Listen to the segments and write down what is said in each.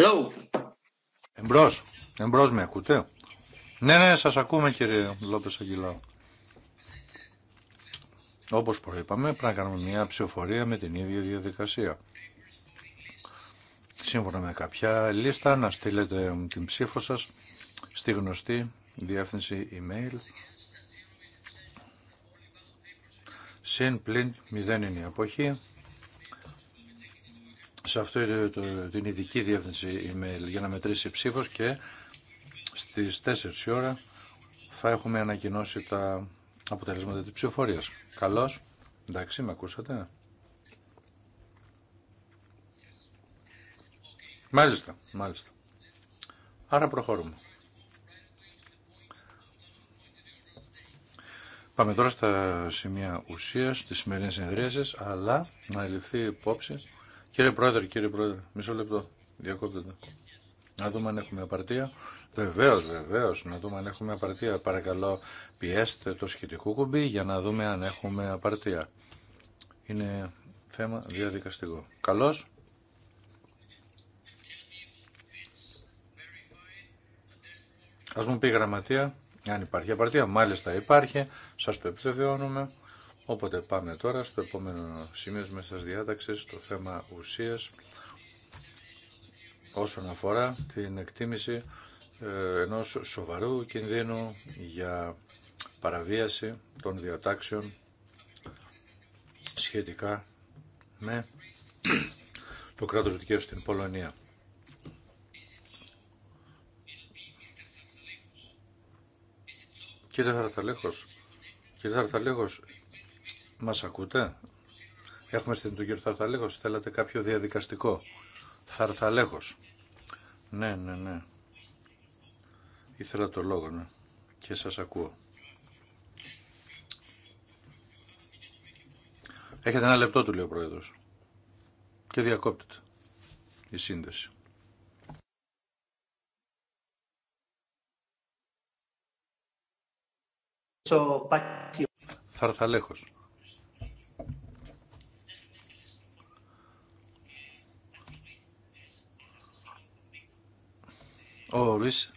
Hello. Εμπρός. Εμπρός με ακούτε. Ναι, ναι, σας ακούμε κύριε Λόπες Αγγελάου. Όπως προείπαμε, πρέπει να κάνουμε μια ψηφοφορία με την ίδια διαδικασία. Σύμφωνα με κάποια λίστα, να στείλετε την ψήφο σας στη γνωστή διεύθυνση email. Συν πλην μηδέν είναι η αποχή σε το την ειδική διεύθυνση email για να μετρήσει ψήφο και στις 4 η θα έχουμε ανακοινώσει τα αποτελέσματα τη ψηφοφορία. Καλώ. Εντάξει, με ακούσατε. Μάλιστα, μάλιστα. Άρα προχωρούμε. Πάμε τώρα στα σημεία ουσίας της σημερινής συνεδρίασης, αλλά να ληφθεί υπόψη Κύριε Πρόεδρε, κύριε Πρόεδρε, μισό λεπτό, διακόπτεται. Να δούμε αν έχουμε απαρτία. βεβαίω, βεβαίω, να δούμε αν έχουμε απαρτία. Παρακαλώ, πιέστε το σχετικό κουμπί για να δούμε αν έχουμε απαρτία. Είναι θέμα διαδικαστικό. Καλώς. Ας μου πει η γραμματεία, αν υπάρχει απαρτία, μάλιστα υπάρχει, σας το επιβεβαιώνουμε. Οπότε πάμε τώρα στο επόμενο σημείο της μέσας διάταξης, το θέμα ουσίας, όσον αφορά την εκτίμηση ε, ενός σοβαρού κινδύνου για παραβίαση των διατάξεων σχετικά με το κράτος δικαίου στην Πολωνία. Κύριε Θαρταλέχος, κύριε Θαρταλέχος, Μα ακούτε? Έχουμε στην του κύριο Θαρθαλέχο. Θέλατε κάποιο διαδικαστικό. Θαρθαλέχο. Ναι, ναι, ναι. Ήθελα το λόγο, ναι. Και σας ακούω. Έχετε ένα λεπτό του, λέει ο Πρόεδρος. Και διακόπτεται η σύνδεση. Θαρθαλέχος. Ο Ρουίς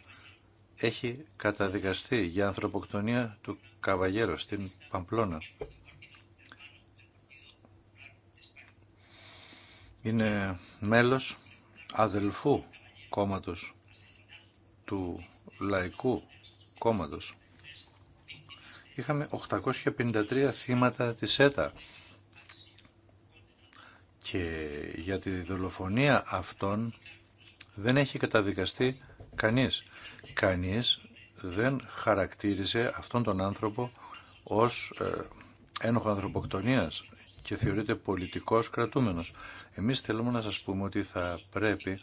έχει καταδικαστεί για ανθρωποκτονία του Καβαγέρο στην Παμπλώνα. Είναι μέλος αδελφού κόμματος του Λαϊκού Κόμματος. Είχαμε 853 θύματα της ΕΤΑ και για τη δολοφονία αυτών δεν έχει καταδικαστεί Κανείς. Κανείς δεν χαρακτήριζε αυτόν τον άνθρωπο ως ε, ένοχο ανθρωποκτονίας και θεωρείται πολιτικός κρατούμενος. Εμείς θέλουμε να σας πούμε ότι θα πρέπει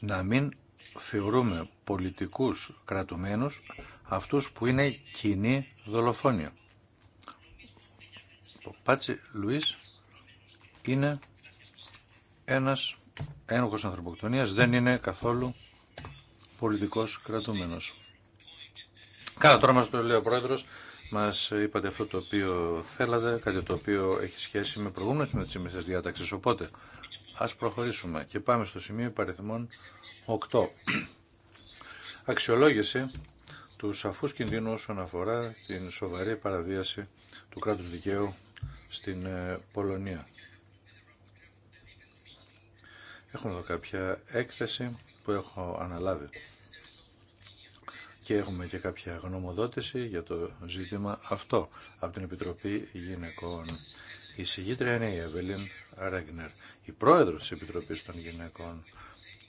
να μην θεωρούμε πολιτικούς κρατουμένους αυτούς που είναι κοινή δολοφόνια. Ο Πάτσι Λουίς είναι ένας ένοχος ανθρωποκτονίας δεν είναι καθόλου πολιτικός κρατούμενος. Καλά, τώρα μας το λέει ο Πρόεδρος, μας είπατε αυτό το οποίο θέλατε, κάτι το οποίο έχει σχέση με προηγούμενες με τις διάταξεις. Οπότε, ας προχωρήσουμε και πάμε στο σημείο υπαριθμών 8. Αξιολόγηση του σαφούς κινδύνου όσον αφορά την σοβαρή παραβίαση του κράτους δικαίου στην ε, Πολωνία. Έχουμε εδώ κάποια έκθεση που έχω αναλάβει και έχουμε και κάποια γνωμοδότηση για το ζήτημα αυτό από την Επιτροπή Γυναικών. Η συγγήτρια είναι η Εβελίν Ρέγνερ, η πρόεδρος της Επιτροπής των Γυναικών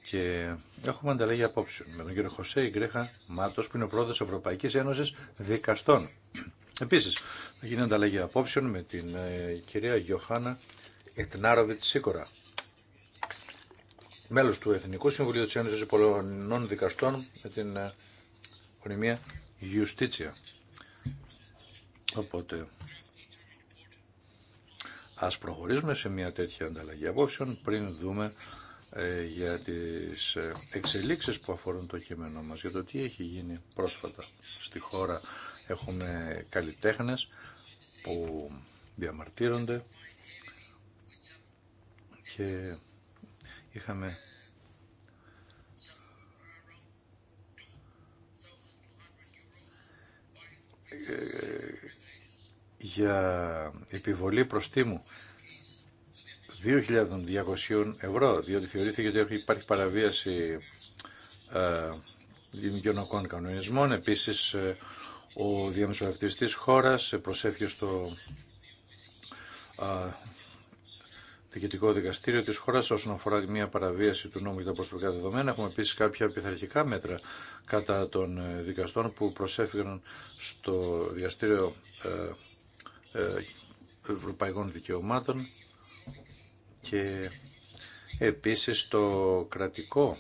και έχουμε ανταλλαγή απόψεων με τον κύριο Χωσέ Γκρέχα Μάτος που είναι ο πρόεδρος Ευρωπαϊκής Ένωσης Δικαστών. Επίσης θα γίνει ανταλλαγή απόψεων με την ε, κυρία Γιωχάνα Ετνάροβιτ Σίκορα μέλος του Εθνικού Συμβουλίου της Ένωση Πολωνών Δικαστών με την ε, ονομία Γιουστίτσια. Οπότε ας προχωρήσουμε σε μια τέτοια ανταλλαγή απόψεων πριν δούμε ε, για τις ε, εξελίξεις που αφορούν το κείμενό μας, για το τι έχει γίνει πρόσφατα στη χώρα. Έχουμε καλλιτέχνες που διαμαρτύρονται και είχαμε για επιβολή προστίμου 2.200 ευρώ, διότι θεωρήθηκε ότι υπάρχει παραβίαση ε, δημιουργικών κανονισμών. Επίσης, ε, ο διαμεσολαβητής της χώρας προσέφηκε στο ε, διοικητικό δικαστήριο τη χώρα όσον αφορά μια παραβίαση του νόμου για τα προσωπικά δεδομένα. Έχουμε επίση κάποια πειθαρχικά μέτρα κατά των ε, δικαστών που προσέφυγαν στο Δικαστήριο ε, ε, Ευρωπαϊκών Δικαιωμάτων και επίσης το κρατικό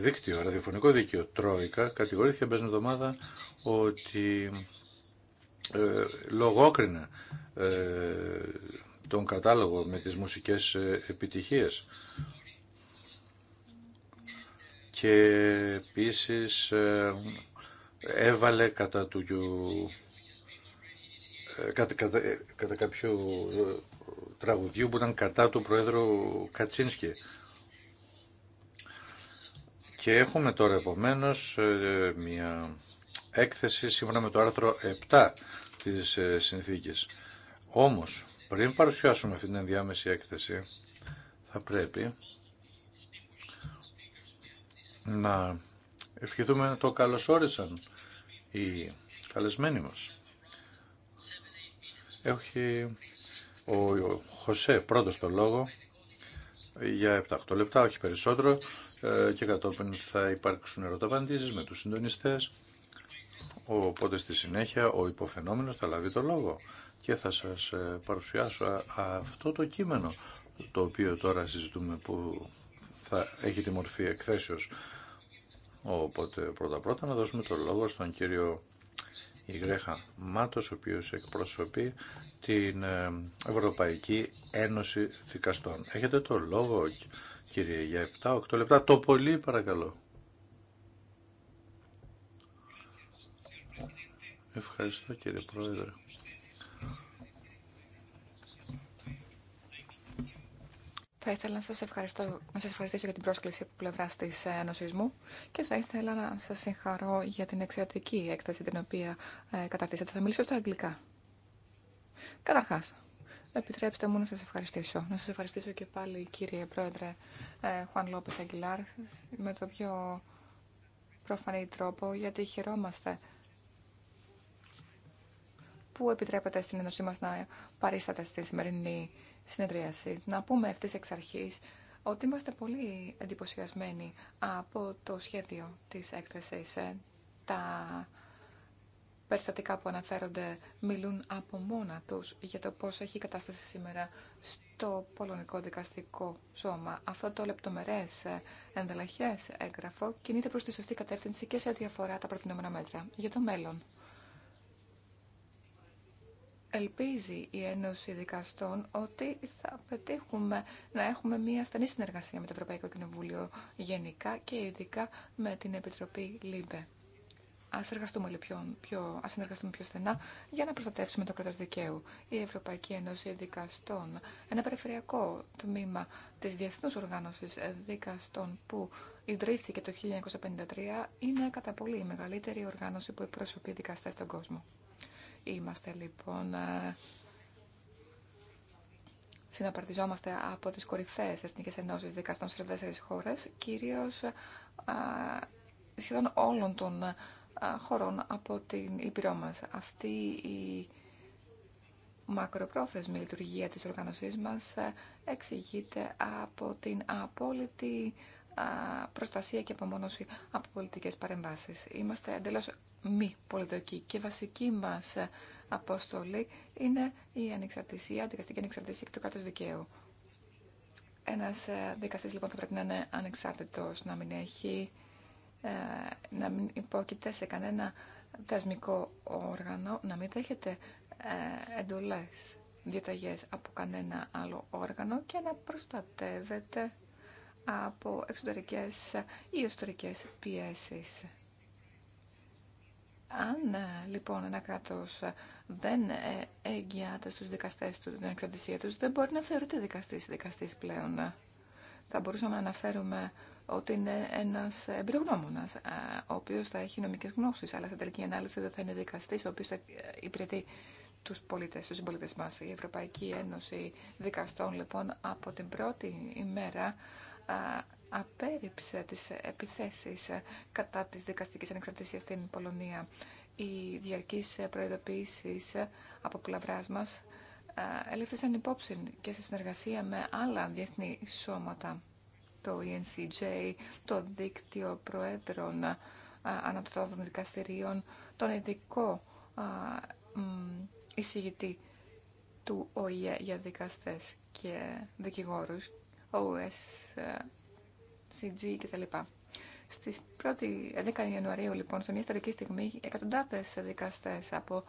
δίκτυο, ραδιοφωνικό δίκτυο Τρόικα κατηγορήθηκε μέσα εβδομάδα ότι ε, λογόκρινα ε, τον κατάλογο με τις μουσικές ε, επιτυχίες. Και επίσης ε, έβαλε κατά του ε, κατά, κατά, κατά κάποιου τραγουδιού που ήταν κατά του Προέδρου Κατσίνσκι. Και έχουμε τώρα επομένως μια έκθεση σύμφωνα με το άρθρο 7 της συνθήκης. Όμως, πριν παρουσιάσουμε αυτή την ενδιάμεση έκθεση, θα πρέπει να ευχηθούμε να το καλωσόρισαν οι καλεσμένοι μας. Έχει ο Χωσέ πρώτος το λόγο για 7-8 λεπτά, όχι περισσότερο, ε, και κατόπιν θα υπάρξουν ερωταπαντήσεις με τους συντονιστές. Οπότε στη συνέχεια ο υποφαινόμενος θα λάβει το λόγο και θα σας ε, παρουσιάσω αυτό το κείμενο το οποίο τώρα συζητούμε που θα έχει τη μορφή εκθέσεως. Οπότε πρώτα πρώτα να δώσουμε το λόγο στον κύριο Ιγρέχα Μάτος, ο οποίος εκπροσωπεί την ε, Ευρωπαϊκή Ένωση Δικαστών. Έχετε το λόγο κύριε για 7-8 λεπτά, το πολύ παρακαλώ. Ευχαριστώ κύριε Πρόεδρε. Θα ήθελα να σας, ευχαριστώ, σας ευχαριστήσω για την πρόσκληση από πλευρά τη Ενωσισμού μου και θα ήθελα να σας συγχαρώ για την εξαιρετική έκταση την οποία ε, καταρτήσατε. Θα μιλήσω στα αγγλικά. Καταρχάς, επιτρέψτε μου να σας ευχαριστήσω. Να σας ευχαριστήσω και πάλι κύριε Πρόεδρε ε, Χουάν Λόπες Αγγιλάρ με το πιο προφανή τρόπο γιατί χαιρόμαστε που επιτρέπετε στην Ένωσή μας να παρίσταται στη σημερινή συνεδρίαση να πούμε ευθύ εξ αρχής ότι είμαστε πολύ εντυπωσιασμένοι από το σχέδιο της έκθεσης. Ε, τα περιστατικά που αναφέρονται μιλούν από μόνα τους για το πώς έχει η κατάσταση σήμερα στο πολωνικό δικαστικό σώμα. Αυτό το λεπτομερές ε, ενδελαχέ έγγραφο κινείται προς τη σωστή κατεύθυνση και σε ό,τι αφορά τα προτινόμενα μέτρα για το μέλλον ελπίζει η Ένωση Δικαστών ότι θα πετύχουμε να έχουμε μια στενή συνεργασία με το Ευρωπαϊκό Κοινοβούλιο γενικά και ειδικά με την Επιτροπή ΛΥΜΠΕ. Α εργαστούμε λοιπόν πιο, ας συνεργαστούμε πιο στενά για να προστατεύσουμε το κράτος δικαίου. Η Ευρωπαϊκή Ένωση Δικαστών, ένα περιφερειακό τμήμα της Διεθνούς Οργάνωσης Δικαστών που ιδρύθηκε το 1953, είναι κατά πολύ η μεγαλύτερη οργάνωση που εκπροσωπεί δικαστές στον κόσμο. Είμαστε λοιπόν, ε, συναπαρτιζόμαστε από τις κορυφαίες εθνικές ενώσεις δικαστών σε 44 χώρες, κυρίως ε, σχεδόν όλων των ε, χωρών από την Ήπειρό μας. Αυτή η μακροπρόθεσμη λειτουργία της οργάνωσής μας εξηγείται από την απόλυτη προστασία και απομόνωση από πολιτικές παρεμβάσεις. Είμαστε εντελώς μη πολιτικοί και βασική μας αποστολή είναι η ανεξαρτησία, η δικαστική ανεξαρτησία και το κράτος δικαίου. Ένας ε, δικαστής λοιπόν θα πρέπει να είναι ανεξάρτητος, να μην έχει, ε, να μην υπόκειται σε κανένα δασμικό όργανο, να μην δέχεται ε, εντολές, διαταγές από κανένα άλλο όργανο και να προστατεύεται από εξωτερικές ή ιστορικές πιέσεις. Αν ε, λοιπόν ένα κράτος ε, δεν ε, εγγυάται στους δικαστές του την εξαρτησία τους, δεν μπορεί να θεωρείται δικαστής ή δικαστής πλέον. Θα μπορούσαμε να αναφέρουμε ότι είναι ένας εμπειρογνώμονας, ο οποίος θα έχει νομικές γνώσεις, αλλά στην τελική ανάλυση δεν θα είναι δικαστής, ο οποίος θα υπηρετεί τους πολίτες, τους συμπολίτες μας. Η Ευρωπαϊκή Ένωση Δικαστών, λοιπόν, από την πρώτη ημέρα απέρριψε τις επιθέσεις κατά της δικαστικής ανεξαρτησίας στην Πολωνία. Οι διαρκείς προειδοποιήσεις από πλευρά μας ελήφθησαν υπόψη και σε συνεργασία με άλλα διεθνή σώματα, το ENCJ, το Δίκτυο Προέδρων Ανατοτάδων Δικαστηρίων, τον ειδικό εισηγητή του ΟΗΕ για δικαστές και δικηγόρους CG κτλ. Στι 1η 11 Ιανουαρίου, λοιπόν, σε μια ιστορική στιγμή, εκατοντάδε δικαστέ από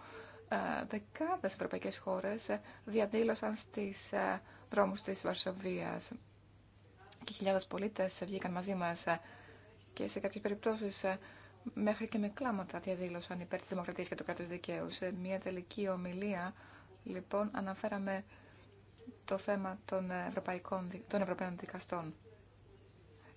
ε, δεκάδε ευρωπαϊκέ χώρε ε, διαδήλωσαν στι ε, δρόμου τη Βαρσοβία. Και χιλιάδε πολίτε βγήκαν μαζί μα και σε κάποιε περιπτώσει μέχρι και με κλάματα διαδήλωσαν υπέρ τη δημοκρατία και του κράτου δικαίου. Σε μια τελική ομιλία, λοιπόν, αναφέραμε το θέμα των, ευρωπαϊκών, των Ευρωπαίων δικαστών.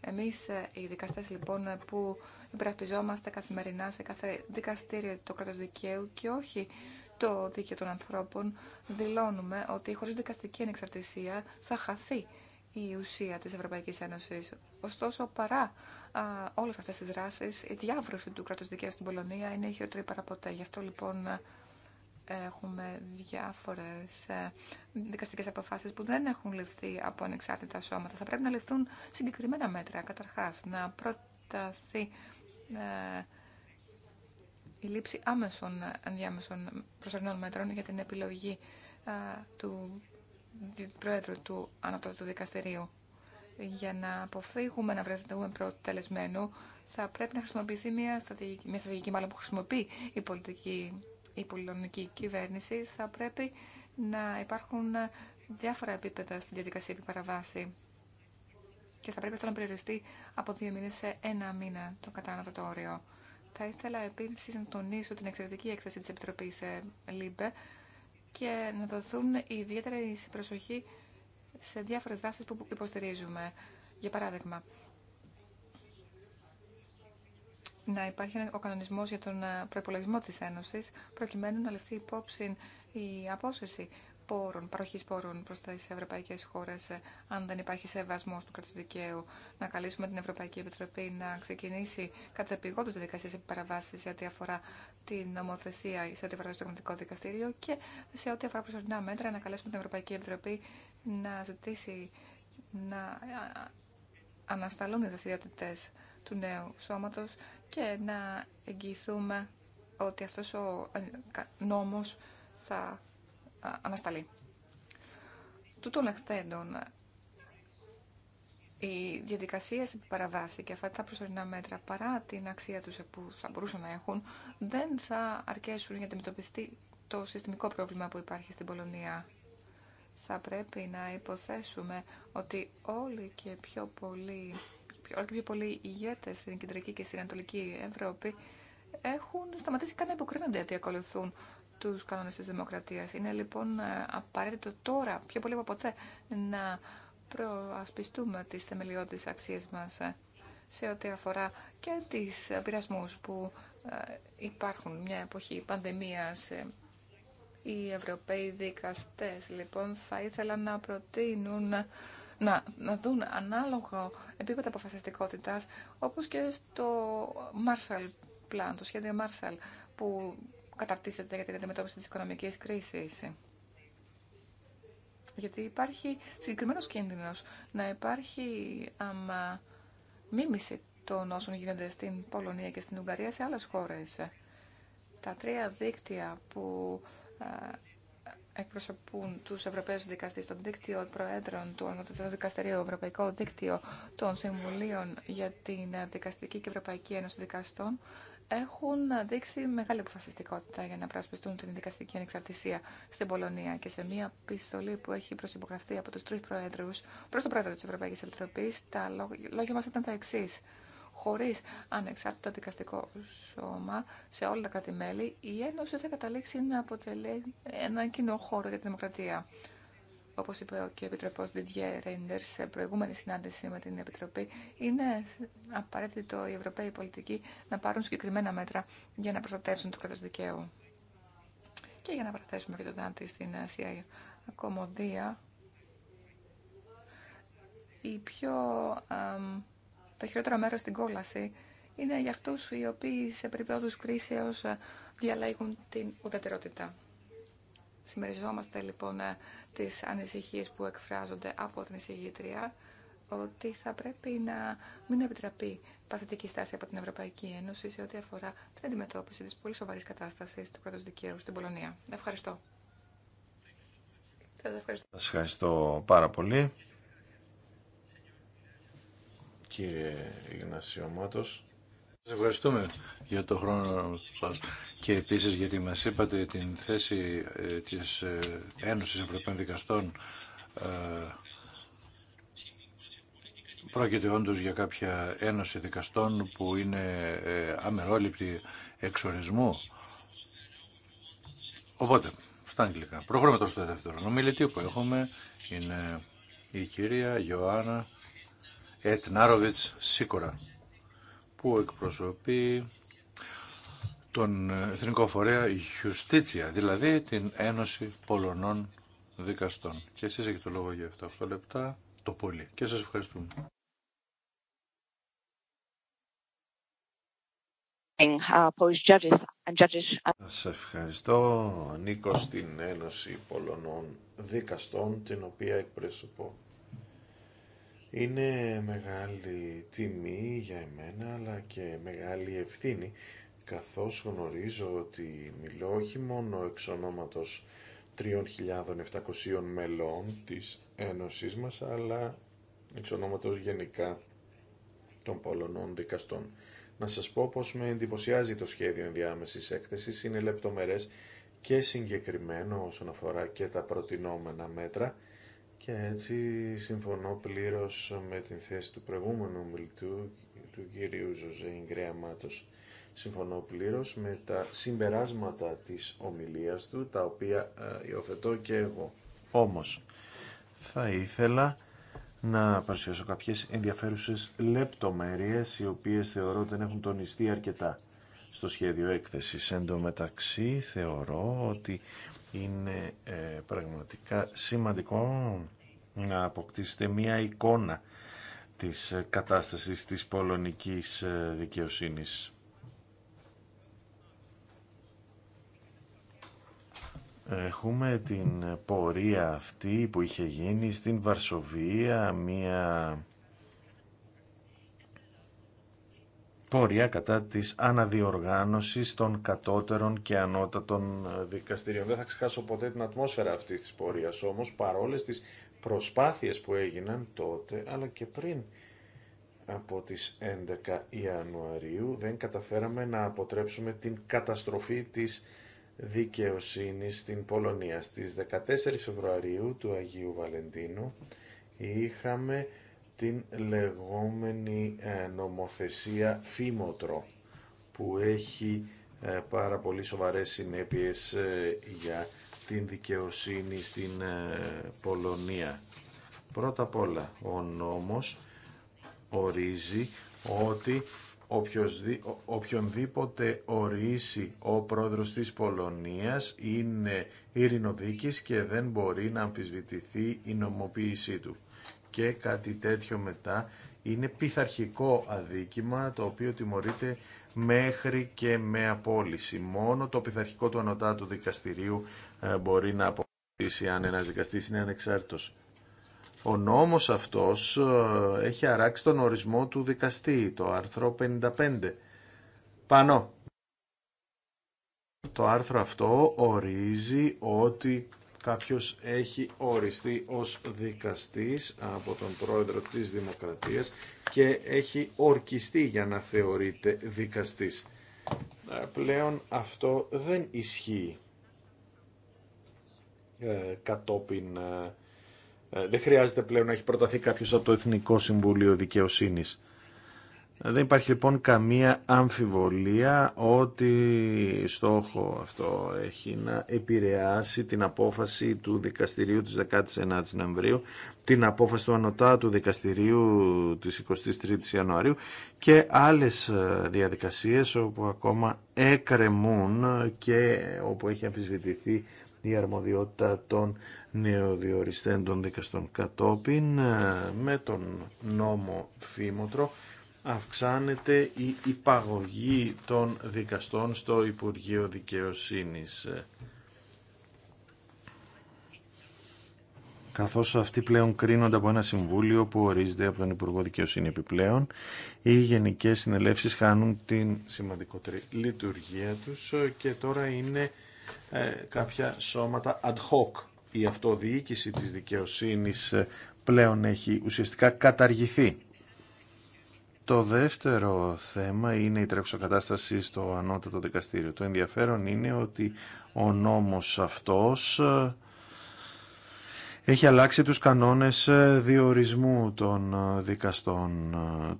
Εμείς ε, οι δικαστές λοιπόν ε, που υπερασπιζόμαστε καθημερινά σε κάθε δικαστήριο του κράτος δικαίου και όχι το δίκαιο των ανθρώπων δηλώνουμε ότι χωρίς δικαστική ανεξαρτησία θα χαθεί η ουσία της Ευρωπαϊκής Ένωσης. Ωστόσο, παρά α, όλες αυτές τις δράσεις, η διάβρωση του κράτους δικαίου στην Πολωνία είναι χειρότερη παραποτέ. Γι' αυτό λοιπόν έχουμε διάφορες ε, δικαστικές αποφάσεις που δεν έχουν ληφθεί από ανεξάρτητα σώματα. Θα πρέπει να ληφθούν συγκεκριμένα μέτρα, καταρχάς, να προταθεί ε, η λήψη άμεσων, ενδιάμεσων προσωρινών μέτρων για την επιλογή ε, του Πρόεδρου του Ανατολικού Δικαστηρίου. Για να αποφύγουμε να βρεθούμε προτελεσμένου, θα πρέπει να χρησιμοποιηθεί μια στρατηγική, μια στρατηγική μάλλον που χρησιμοποιεί η πολιτική η πολυνομική κυβέρνηση, θα πρέπει να υπάρχουν διάφορα επίπεδα στην διαδικασία επί παραβάση. Και θα πρέπει αυτό να περιοριστεί από δύο μήνες σε ένα μήνα το κατάνατο το όριο. Θα ήθελα επίση να τονίσω την εξαιρετική έκθεση της Επιτροπής ε, ΛΥΜΠΕ και να δοθούν ιδιαίτερη προσοχή σε διάφορε δράσει που υποστηρίζουμε. Για παράδειγμα, να υπάρχει ο κανονισμός για τον ε, προπολογισμό της Ένωσης προκειμένου να ληφθεί υπόψη η απόσυρση πόρων, παροχή πόρων προ τι ευρωπαϊκέ χώρε, ε, αν δεν υπάρχει σεβασμό του κράτου δικαίου, να καλήσουμε την Ευρωπαϊκή Επιτροπή να ξεκινήσει κατεπηγόντω διαδικασίε επιπαραβάσει σε ό,τι αφορά την νομοθεσία, σε ό,τι αφορά το Συνταγματικό Δικαστήριο και σε ό,τι αφορά προσωρινά μέτρα, να καλέσουμε την Ευρωπαϊκή Επιτροπή να ζητήσει να ε, ανασταλούν οι δραστηριότητε του νέου σώματος και να εγγυηθούμε ότι αυτός ο ε, νόμος θα ε, ανασταλεί. Τούτων εχθέντων, οι διαδικασίε που παραβάσει και αυτά τα προσωρινά μέτρα, παρά την αξία τους που θα μπορούσαν να έχουν, δεν θα αρκέσουν για να αντιμετωπιστεί το συστημικό πρόβλημα που υπάρχει στην Πολωνία. Θα πρέπει να υποθέσουμε ότι όλοι και πιο πολλοί όλο και πιο πολλοί ηγέτε στην Κεντρική και στην Ανατολική Ευρώπη έχουν σταματήσει καν να υποκρίνονται ότι ακολουθούν του κανόνε τη δημοκρατία. Είναι λοιπόν ε, απαραίτητο τώρα, πιο πολύ από ποτέ, να προασπιστούμε τις θεμελιώδεις αξίες μα ε, σε ό,τι αφορά και τις πειρασμού που ε, υπάρχουν μια εποχή πανδημία. Οι Ευρωπαίοι δικαστές λοιπόν θα ήθελαν να προτείνουν να, να δουν ανάλογο επίπεδο αποφασιστικότητας όπως και στο Marshall Plan, το σχέδιο Marshall που καταρτίζεται για την αντιμετώπιση της οικονομικής κρίσης. Γιατί υπάρχει συγκεκριμένος κίνδυνος να υπάρχει αμα, μίμηση των όσων γίνονται στην Πολωνία και στην Ουγγαρία σε άλλες χώρες. Τα τρία δίκτυα που εκπροσωπούν του Ευρωπαίου δικαστέ το δίκτυο προέδρων του Ανώτατου Δικαστηρίου, Ευρωπαϊκό Δίκτυο των Συμβουλίων για την Δικαστική και Ευρωπαϊκή Ένωση Δικαστών, έχουν δείξει μεγάλη αποφασιστικότητα για να προασπιστούν την δικαστική ανεξαρτησία στην Πολωνία και σε μία επιστολή που έχει προσυπογραφεί από του τρει προέδρου προ τον πρόεδρο τη Ευρωπαϊκή Επιτροπή, τα λόγια μα ήταν τα εξή χωρίς ανεξάρτητο δικαστικό σώμα σε όλα τα κράτη-μέλη, η Ένωση θα καταλήξει να αποτελεί έναν κοινό χώρο για τη δημοκρατία. Όπως είπε και ο Επιτροπός Didier Ρέιντερ σε προηγούμενη συνάντηση με την Επιτροπή, είναι απαραίτητο οι Ευρωπαίοι πολιτικοί να πάρουν συγκεκριμένα μέτρα για να προστατεύσουν το κράτος δικαίου. Και για να παραθέσουμε και το Δάντη στην Ασία Κομμωδία, η πιο το χειρότερο μέρο στην κόλαση είναι για αυτού οι οποίοι σε περιπτώσει κρίσεω ε, διαλέγουν την ουδετερότητα. Συμμεριζόμαστε λοιπόν ε, τι ανησυχίε που εκφράζονται από την εισηγήτρια ότι θα πρέπει να μην επιτραπεί παθητική στάση από την Ευρωπαϊκή Ένωση σε ό,τι αφορά την αντιμετώπιση τη πολύ σοβαρή κατάσταση του κράτους δικαίου στην Πολωνία. Ευχαριστώ. Σας ευχαριστώ. Σας ευχαριστώ πάρα πολύ κύριε Γνασιωμάτος. Σας ευχαριστούμε για το χρόνο σας και επίσης γιατί μας είπατε την θέση ε, της ε, Ένωσης Ευρωπαϊκών Δικαστών ε, Πρόκειται όντως για κάποια ένωση δικαστών που είναι αμερόληπτη εξορισμού. Οπότε, στα αγγλικά. Προχωρούμε τώρα στο δεύτερο νομιλητή που έχουμε. Είναι η κυρία Ιωάννα Νάροβιτς Σίκορα που εκπροσωπεί τον Εθνικό Φορέα Ιουστίτσια, δηλαδή την Ένωση Πολωνών Δικαστών. Και εσείς έχετε το λόγο για 7-8 λεπτά το πολύ. Και σας ευχαριστούμε. Σας ευχαριστώ. Νίκο στην Ένωση Πολωνών Δικαστών, την οποία εκπροσωπώ. Είναι μεγάλη τιμή για εμένα αλλά και μεγάλη ευθύνη καθώς γνωρίζω ότι μιλώ όχι μόνο εξ ονόματος 3.700 μελών της Ένωσής μας αλλά εξ ονόματος γενικά των Πολωνών δικαστών. Να σας πω πως με εντυπωσιάζει το σχέδιο ενδιάμεσης έκθεσης, είναι λεπτομερές και συγκεκριμένο όσον αφορά και τα προτινόμενα μέτρα και έτσι συμφωνώ πλήρως με την θέση του προηγούμενου ομιλητού, του κυρίου Ζωζέ Ιγκρέα Συμφωνώ πλήρως με τα συμπεράσματα της ομιλίας του, τα οποία ε, υιοθετώ και εγώ. Όμως, θα ήθελα να παρουσιάσω κάποιες ενδιαφέρουσες λεπτομέρειες, οι οποίες θεωρώ ότι δεν έχουν τονιστεί αρκετά στο σχέδιο έκθεσης. Εν τω μεταξύ θεωρώ ότι είναι ε, πραγματικά σημαντικό να αποκτήσετε μία εικόνα της ε, κατάστασης της πολωνικής ε, δικαιοσύνης. Έχουμε την πορεία αυτή που είχε γίνει στην Βαρσοβία, μία πόρια κατά της αναδιοργάνωσης των κατώτερων και ανώτατων ε, δικαστηρίων. Δεν θα ξεχάσω ποτέ την ατμόσφαιρα αυτής της πορείας όμως, παρόλες τις προσπάθειες που έγιναν τότε, αλλά και πριν από τις 11 Ιανουαρίου, δεν καταφέραμε να αποτρέψουμε την καταστροφή της δικαιοσύνης στην Πολωνία. Στις 14 Φεβρουαρίου του Αγίου Βαλεντίνου είχαμε την λεγόμενη ε, νομοθεσία φήμοτρο που έχει ε, πάρα πολύ σοβαρές συνέπειες ε, για την δικαιοσύνη στην Πολωνία. Πρώτα απ' όλα, ο νόμος ορίζει ότι οποιονδήποτε ορίσει ο πρόεδρος της Πολωνίας είναι ειρηνοδίκης και δεν μπορεί να αμφισβητηθεί η νομοποίησή του και κάτι τέτοιο μετά είναι πειθαρχικό αδίκημα το οποίο τιμωρείται μέχρι και με απόλυση. Μόνο το πειθαρχικό του ανωτάτου δικαστηρίου ε, μπορεί να αποκτήσει αν ένας δικαστής είναι ανεξάρτητος. Ο νόμος αυτός ε, έχει αράξει τον ορισμό του δικαστή, το άρθρο 55. Πάνω. Το άρθρο αυτό ορίζει ότι κάποιος έχει οριστεί ως δικαστής από τον πρόεδρο της Δημοκρατίας και έχει ορκιστεί για να θεωρείται δικαστής. Ε, πλέον αυτό δεν ισχύει ε, κατόπιν... Ε, ε, δεν χρειάζεται πλέον να έχει προταθεί κάποιος από το Εθνικό Συμβούλιο Δικαιοσύνης. Δεν υπάρχει λοιπόν καμία αμφιβολία ότι στόχο αυτό έχει να επηρεάσει την απόφαση του δικαστηρίου της 19ης Νοεμβρίου, την απόφαση του Ανωτά του δικαστηρίου της 23ης Ιανουαρίου και άλλες ε, διαδικασίες όπου ακόμα έκρεμουν και όπου έχει αμφισβητηθεί η αρμοδιότητα των νεοδιοριστέντων δικαστών κατόπιν ε, με τον νόμο Φήμοτρο αυξάνεται η υπαγωγή των δικαστών στο Υπουργείο Δικαιοσύνης. καθώς αυτοί πλέον κρίνονται από ένα συμβούλιο που ορίζεται από τον Υπουργό Δικαιοσύνη επιπλέον, οι γενικές συνελεύσεις χάνουν την σημαντικότερη λειτουργία τους και τώρα είναι ε, κάποια σώματα ad hoc. Η αυτοδιοίκηση της δικαιοσύνης ε, πλέον έχει ουσιαστικά καταργηθεί. Το δεύτερο θέμα είναι η τρέχουσα κατάσταση στο ανώτατο δικαστήριο. Το ενδιαφέρον είναι ότι ο νόμος αυτός ε, έχει αλλάξει τους κανόνες ε, διορισμού των ε, δικαστών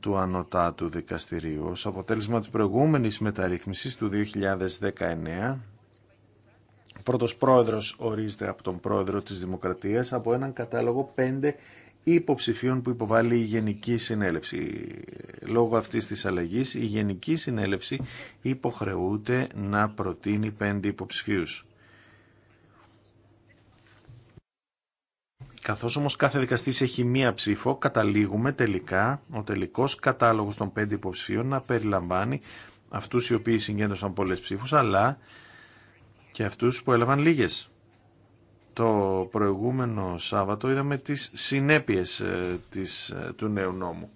του ανωτάτου δικαστηρίου. Ως αποτέλεσμα της προηγούμενης μεταρρύθμισης του 2019, ο πρώτος πρόεδρος ορίζεται από τον πρόεδρο της Δημοκρατίας από έναν κατάλογο πέντε υποψηφίων που υποβάλλει η Γενική Συνέλευση. Λόγω αυτής της αλλαγής η Γενική Συνέλευση υποχρεούται να προτείνει πέντε υποψηφίους. Καθώς όμως κάθε δικαστής έχει μία ψήφο, καταλήγουμε τελικά ο τελικός κατάλογος των πέντε υποψηφίων να περιλαμβάνει αυτούς οι οποίοι συγκέντρωσαν πολλές ψήφους, αλλά και αυτούς που έλαβαν λίγες. Το προηγούμενο Σάββατο είδαμε τις συνέπειες ε, της, ε, του νέου νόμου.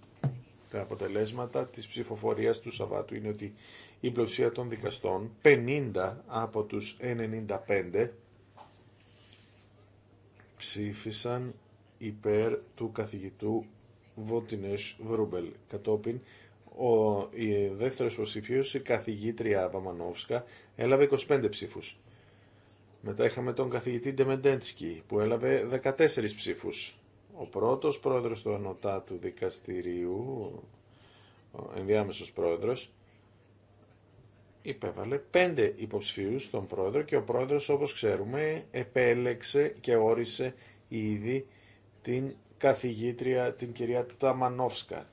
Τα αποτελέσματα της ψηφοφορίας του Σαββάτου είναι ότι η πλειοψηφία των δικαστών, 50 από τους 95, ψήφισαν υπέρ του καθηγητού Βότινες Βρούμπελ. Κατόπιν, ο, η δεύτερος προσηφίος, η καθηγήτρια Βαμανόφσκα, έλαβε 25 ψήφους. Μετά είχαμε τον καθηγητή Ντεμεντέντσκι που έλαβε 14 ψήφους. Ο πρώτος πρόεδρος του Ανωτάτου Δικαστηρίου, ο ενδιάμεσος πρόεδρος, υπέβαλε 5 υποψηφίους στον πρόεδρο και ο πρόεδρος όπως ξέρουμε επέλεξε και όρισε ήδη την καθηγήτρια την κυρία Ταμανόφσκα.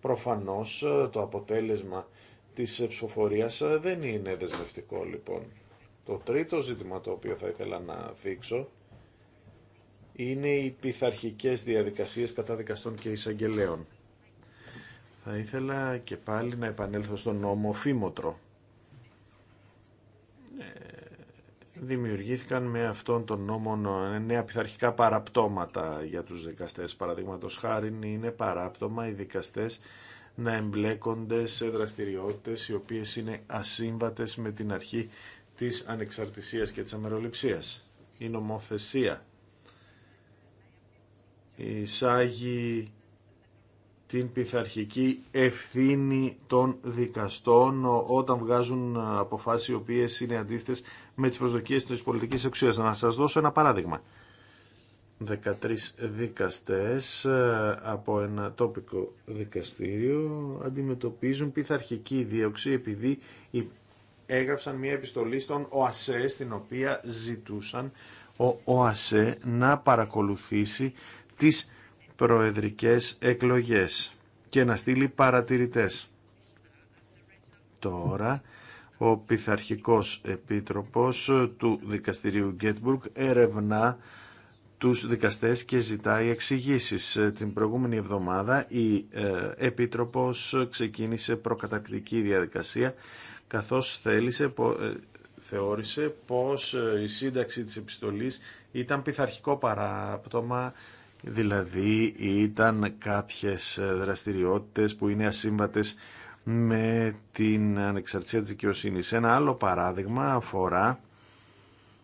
Προφανώς το αποτέλεσμα της ψηφοφορίας δεν είναι δεσμευτικό λοιπόν. Το τρίτο ζήτημα το οποίο θα ήθελα να δείξω, είναι οι πειθαρχικέ διαδικασίες κατά δικαστών και εισαγγελέων. Θα ήθελα και πάλι να επανέλθω στον νόμο Φήμοτρο. Ε, δημιουργήθηκαν με αυτόν τον νόμο νέα πειθαρχικά παραπτώματα για τους δικαστές. Παραδείγματος χάρη είναι παράπτωμα οι δικαστές να εμπλέκονται σε δραστηριότητες οι οποίες είναι ασύμβατες με την αρχή της ανεξαρτησίας και της αμεροληψίας. Η νομοθεσία εισάγει την πειθαρχική ευθύνη των δικαστών όταν βγάζουν αποφάσεις οι οποίες είναι αντίθετες με τις προσδοκίες της πολιτικής εξουσίας. Να σας δώσω ένα παράδειγμα. 13 δικαστές ε, από ένα τόπικο δικαστήριο αντιμετωπίζουν πειθαρχική δίωξη επειδή έγραψαν μια επιστολή στον ΟΑΣΕ στην οποία ζητούσαν ο ΟΑΣΕ να παρακολουθήσει τις προεδρικές εκλογές και να στείλει παρατηρητές. Τώρα ο πειθαρχικός επίτροπος του δικαστηρίου Γκέτμπουργκ ερευνά τους δικαστές και ζητάει εξηγήσει. Την προηγούμενη εβδομάδα η ε, Επίτροπος ξεκίνησε προκατακτική διαδικασία καθώς θέλησε, ε, θεώρησε πως ε, η σύνταξη της επιστολής ήταν πειθαρχικό παράπτωμα, δηλαδή ήταν κάποιες ε, δραστηριότητες που είναι ασύμβατες με την ανεξαρτησία της δικαιοσύνη. Ένα άλλο παράδειγμα αφορά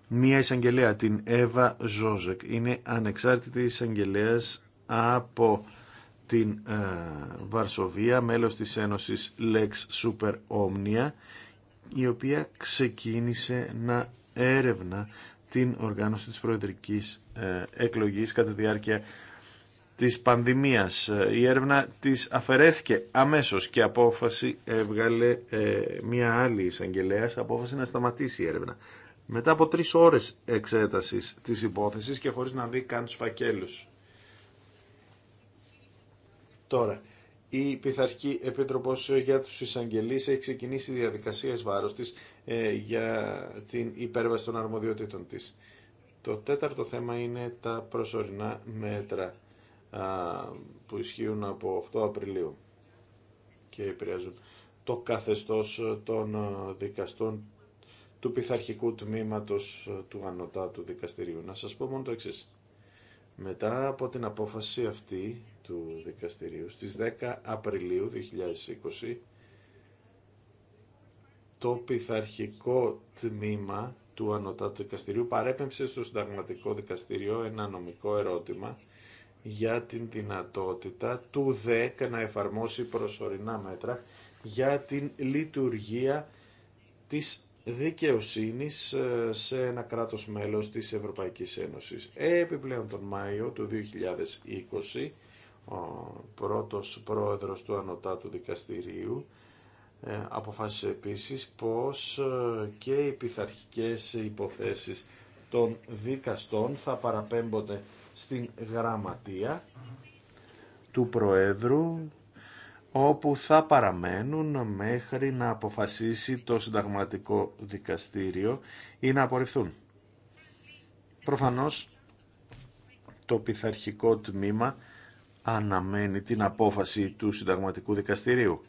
μία εισαγγελέα, την Εύα Ζόζεκ. Είναι ανεξάρτητη εισαγγελέα από την Βαρσοβία, μέλος της Ένωσης Lex Super Omnia η οποία ξεκίνησε να έρευνα την οργάνωση της προεδρικής ε, εκλογής κατά τη διάρκεια της πανδημίας. Η έρευνα της αφαιρέθηκε αμέσως και απόφαση έβγαλε ε, μια άλλη εισαγγελέα απόφαση να σταματήσει η έρευνα. Μετά από τρεις ώρες εξέτασης της υπόθεσης και χωρίς να δει καν τους φακέλους. Τώρα, η Πειθαρχική Επίτροπο για του Εισαγγελεί έχει ξεκινήσει διαδικασία βάρος της ε, για την υπέρβαση των αρμοδιοτήτων της. Το τέταρτο θέμα είναι τα προσωρινά μέτρα που ισχύουν από 8 Απριλίου και επηρεάζουν το καθεστώς των ε, δικαστών του πειθαρχικού τμήματος ε, του Ανωτάτου Δικαστηρίου. Να σας πω μόνο το εξής. Μετά από την απόφαση αυτή, του δικαστηρίου στις 10 Απριλίου 2020 το πειθαρχικό τμήμα του Ανωτάτου Δικαστηρίου παρέπεμψε στο Συνταγματικό Δικαστήριο ένα νομικό ερώτημα για την δυνατότητα του ΔΕΚ να εφαρμόσει προσωρινά μέτρα για την λειτουργία της δικαιοσύνης ε, σε ένα κράτος μέλος της Ευρωπαϊκής Ένωσης. Επιπλέον τον Μάιο του 2020 ο πρώτος πρόεδρος του Ανωτάτου Δικαστηρίου ε, αποφάσισε επίσης πως ε, και οι πειθαρχικές υποθέσεις των δικαστών θα παραπέμπονται στην γραμματεία του Προέδρου όπου θα παραμένουν μέχρι να αποφασίσει το συνταγματικό δικαστήριο ή να απορριφθούν. Προφανώς το πειθαρχικό τμήμα αναμένει την απόφαση του συνταγματικού δικαστηρίου.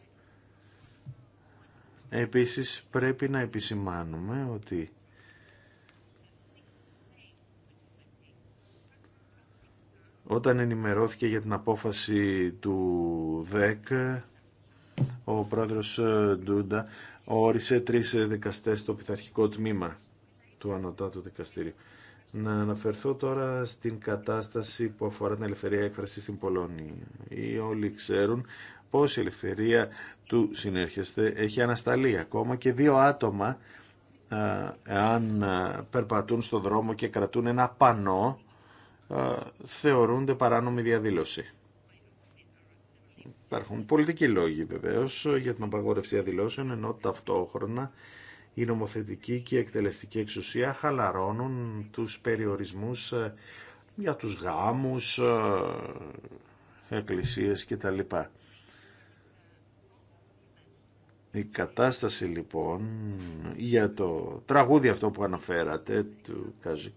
Επίσης πρέπει να επισημάνουμε ότι όταν ενημερώθηκε για την απόφαση του ΔΕΚ ο πρόεδρος ε, Ντούντα όρισε τρεις ε, δικαστές στο πειθαρχικό τμήμα του Ανωτάτου Δικαστηρίου. Να αναφερθώ τώρα στην κατάσταση που αφορά την ελευθερία έκφραση στην Πολωνία. Ή όλοι ξέρουν πως η ελευθερία του συνέρχεστε έχει ανασταλεί ακόμα και δύο άτομα αν περπατούν στον δρόμο και κρατούν ένα πανό θεωρούνται παράνομη διαδήλωση. Υπάρχουν πολιτικοί λόγοι βεβαίως για την απαγόρευση διαδηλώσεων ενώ ταυτόχρονα η νομοθετική και η εκτελεστική εξουσία χαλαρώνουν τους περιορισμούς ε, για τους γάμους, ε, εκκλησίες κτλ. Η κατάσταση λοιπόν για το τραγούδι αυτό που αναφέρατε του Καζικ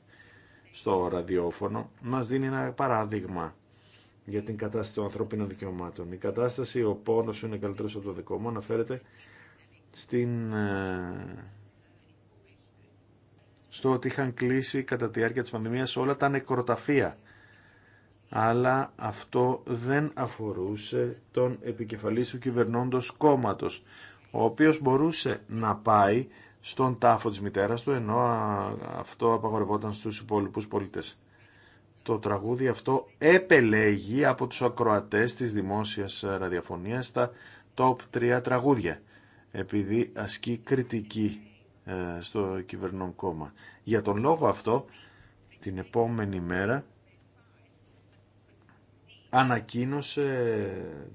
στο ραδιόφωνο μας δίνει ένα παράδειγμα για την κατάσταση των ανθρώπινων δικαιωμάτων. Η κατάσταση, ο πόνος είναι καλύτερος από το δικό μου, αναφέρεται στην, ε, στο ότι είχαν κλείσει κατά τη διάρκεια της πανδημίας όλα τα νεκροταφεία. Αλλά αυτό δεν αφορούσε τον επικεφαλής του κυβερνώντος κόμματος, ο οποίος μπορούσε να πάει στον τάφο της μητέρας του, ενώ αυτό απαγορευόταν στους υπόλοιπους πολίτες. Το τραγούδι αυτό επελέγει από τους ακροατές της δημόσιας ραδιοφωνίας στα top 3 τραγούδια επειδή ασκεί κριτική ε, στο κυβερνών κόμμα. Για τον λόγο αυτό, την επόμενη μέρα ανακοίνωσε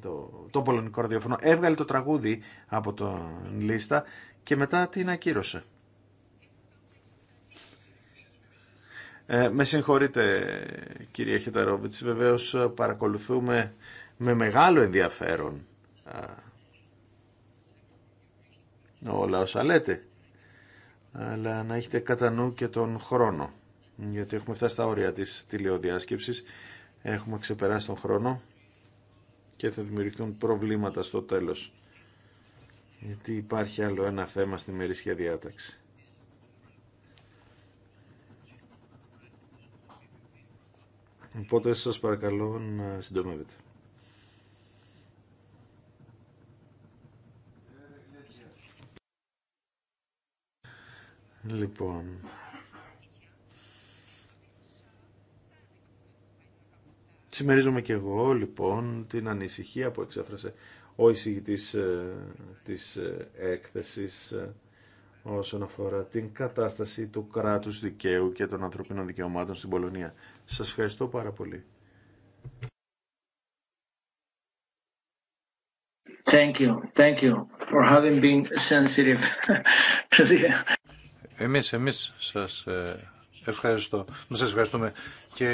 το, το πολωνικό ραδιοφωνό, έβγαλε το τραγούδι από τον λίστα και μετά την ακύρωσε. Ε, με συγχωρείτε κύριε Χεταρόβιτς, βεβαίως παρακολουθούμε με μεγάλο ενδιαφέρον όλα όσα λέτε, αλλά να έχετε κατά νου και τον χρόνο, γιατί έχουμε φτάσει στα όρια της τηλεοδιάσκεψης, έχουμε ξεπεράσει τον χρόνο και θα δημιουργηθούν προβλήματα στο τέλος, γιατί υπάρχει άλλο ένα θέμα στη μερίσια διάταξη. Οπότε σας παρακαλώ να συντομεύετε. Λοιπόν, συμμερίζομαι και εγώ λοιπόν την ανησυχία που εξέφρασε ο εισηγητής ε, της ε, έκθεσης ε, όσον αφορά την κατάσταση του κράτους δικαίου και των ανθρωπίνων δικαιωμάτων στην Πολωνία. Σας ευχαριστώ πάρα πολύ. Thank you. for having been sensitive to the εμείς, εμείς σας ε, ευχαριστώ. Να σας ευχαριστούμε και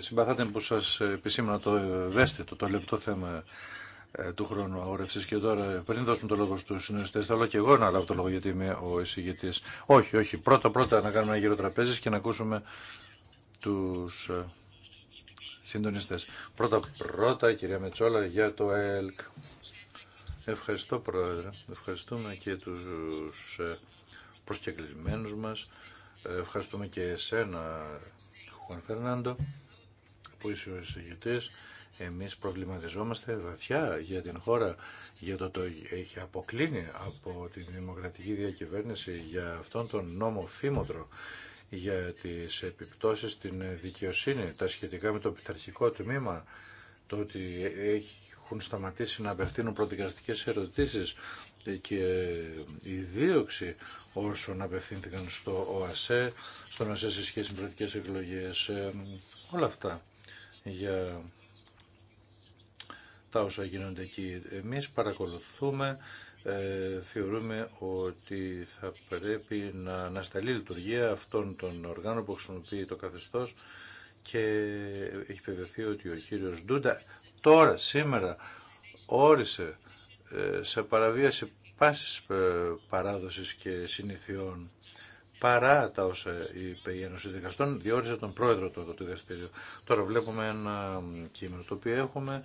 συμπαθάτε που σας επισήμανα το ευαίσθητο, το λεπτό θέμα ε, του χρόνου αγορευσή. Και τώρα, πριν δώσουμε το λόγο στου συνοριστέ, θέλω και εγώ να λάβω το λόγο, γιατί είμαι ο εισηγητή. Όχι, όχι. Πρώτα-πρώτα να κάνουμε ένα γύρο τραπέζι και να ακούσουμε του ε, συντονιστέ. Πρώτα-πρώτα, κυρία Μετσόλα, για το ΕΛΚ. Ευχαριστώ, Πρόεδρε. Ευχαριστούμε και τους προσκεκλημένους μας. Ε, ευχαριστούμε και εσένα, Χουάν Φερνάντο, που είσαι ο εισηγητής. Εμείς προβληματιζόμαστε βαθιά για την χώρα, για το το έχει αποκλίνει από τη δημοκρατική διακυβέρνηση για αυτόν τον νόμο φήμοτρο για τις επιπτώσεις στην δικαιοσύνη, τα σχετικά με το πειθαρχικό τμήμα, το ότι έχουν σταματήσει να απευθύνουν προδικαστικές ερωτήσεις, και η δίωξη όσων απευθύνθηκαν στο ΟΑΣΕ, στον ΟΑΣΕ σε σχέση με πρωτικές εκλογές, ε, όλα αυτά για τα όσα γίνονται εκεί. Εμείς παρακολουθούμε, ε, θεωρούμε ότι θα πρέπει να ανασταλεί η λειτουργία αυτών των οργάνων που χρησιμοποιεί το καθεστώς και έχει επιβεβαιωθεί ότι ο κύριος Ντούντα τώρα, σήμερα, όρισε σε παραβίαση πάσης ε, παράδοσης και συνηθιών παρά τα όσα είπε η Ένωση Δικαστών, διόρισε τον πρόεδρο του το Τώρα βλέπουμε ένα κείμενο το οποίο έχουμε,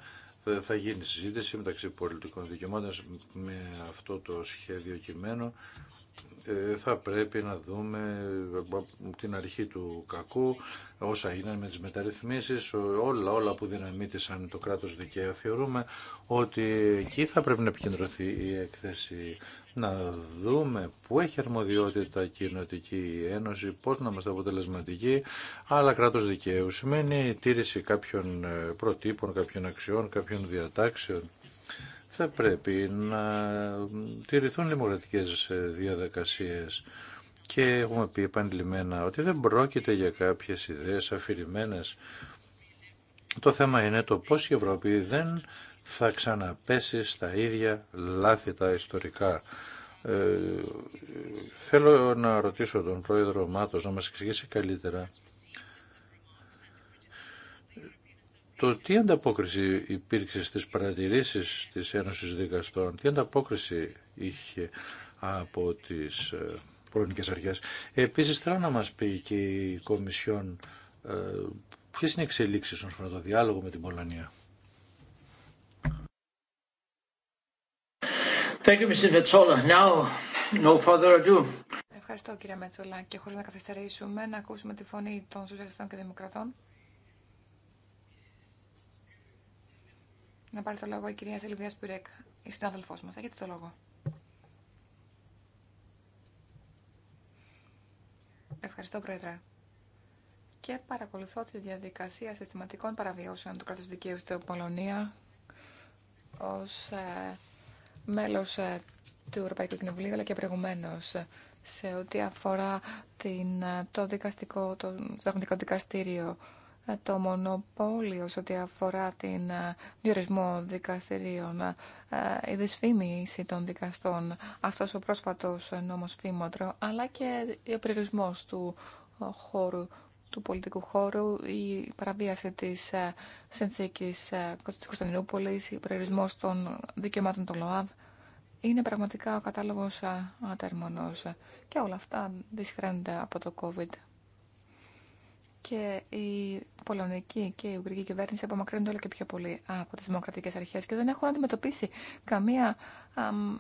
θα γίνει συζήτηση μεταξύ πολιτικών δικαιωμάτων με αυτό το σχέδιο κειμένο ε, θα πρέπει να δούμε ε, την αρχή του κακού, όσα έγιναν με τις μεταρρυθμίσεις, όλα, όλα που δυναμίτησαν το κράτος δικαίου. Θεωρούμε ότι εκεί θα πρέπει να επικεντρωθεί η έκθεση, να δούμε πού έχει αρμοδιότητα η κοινοτική ένωση, πώς να είμαστε αποτελεσματικοί, αλλά κράτος δικαίου σημαίνει τήρηση κάποιων ε, προτύπων, κάποιων αξιών, κάποιων διατάξεων θα πρέπει να τηρηθούν δημοκρατικές διαδικασίες και έχουμε πει επανειλημμένα ότι δεν πρόκειται για κάποιες ιδέες αφηρημένες. Το θέμα είναι το πώς η Ευρώπη δεν θα ξαναπέσει στα ίδια λάθη τα ιστορικά. Ε, θέλω να ρωτήσω τον πρόεδρο Μάτος να μας εξηγήσει καλύτερα το τι ανταπόκριση υπήρξε στις παρατηρήσεις της Ένωσης Δικαστών, τι ανταπόκριση είχε από τις ε, πρώην αρχές. Επίσης θέλω να μας πει και η Κομισιόν ποιε ποιες είναι οι εξελίξεις όσον το διάλογο με την Πολωνία. Now, no further ado. Ευχαριστώ κύριε Μετσολά και χωρίς να καθυστερήσουμε να ακούσουμε τη φωνή των Σοσιαλιστών και Δημοκρατών. Να πάρει το λόγο η κυρία Σελβία Σπουρέκ, η συνάδελφό μα. Έχετε το λόγο. Ευχαριστώ, Πρόεδρε. Και παρακολουθώ τη διαδικασία συστηματικών παραβιώσεων του κράτου δικαίου στην Πολωνία ω ε, μέλο ε, του Ευρωπαϊκού Κοινοβουλίου, αλλά και προηγουμένω ε, σε ό,τι αφορά την, ε, το δικαστικό, το δικαστήριο το μονοπόλιο σε ό,τι αφορά την ε, διορισμό δικαστηρίων, ε, η δυσφήμιση των δικαστών, αυτός ο πρόσφατος νόμος φήμοτρο, αλλά και ο περιορισμός του ε, χώρου του πολιτικού χώρου, η παραβίαση της συνθήκης της Κωνσταντινούπολης, ο περιορισμός των δικαιωμάτων των ΛΟΑΔ, είναι πραγματικά ο κατάλογος ατέρμονος. Και όλα αυτά δυσχρένονται από το COVID και η πολωνική και η ουγγρική κυβέρνηση απομακρύνονται όλο και πιο πολύ από τις δημοκρατικές αρχές και δεν έχουν αντιμετωπίσει καμία, αμ,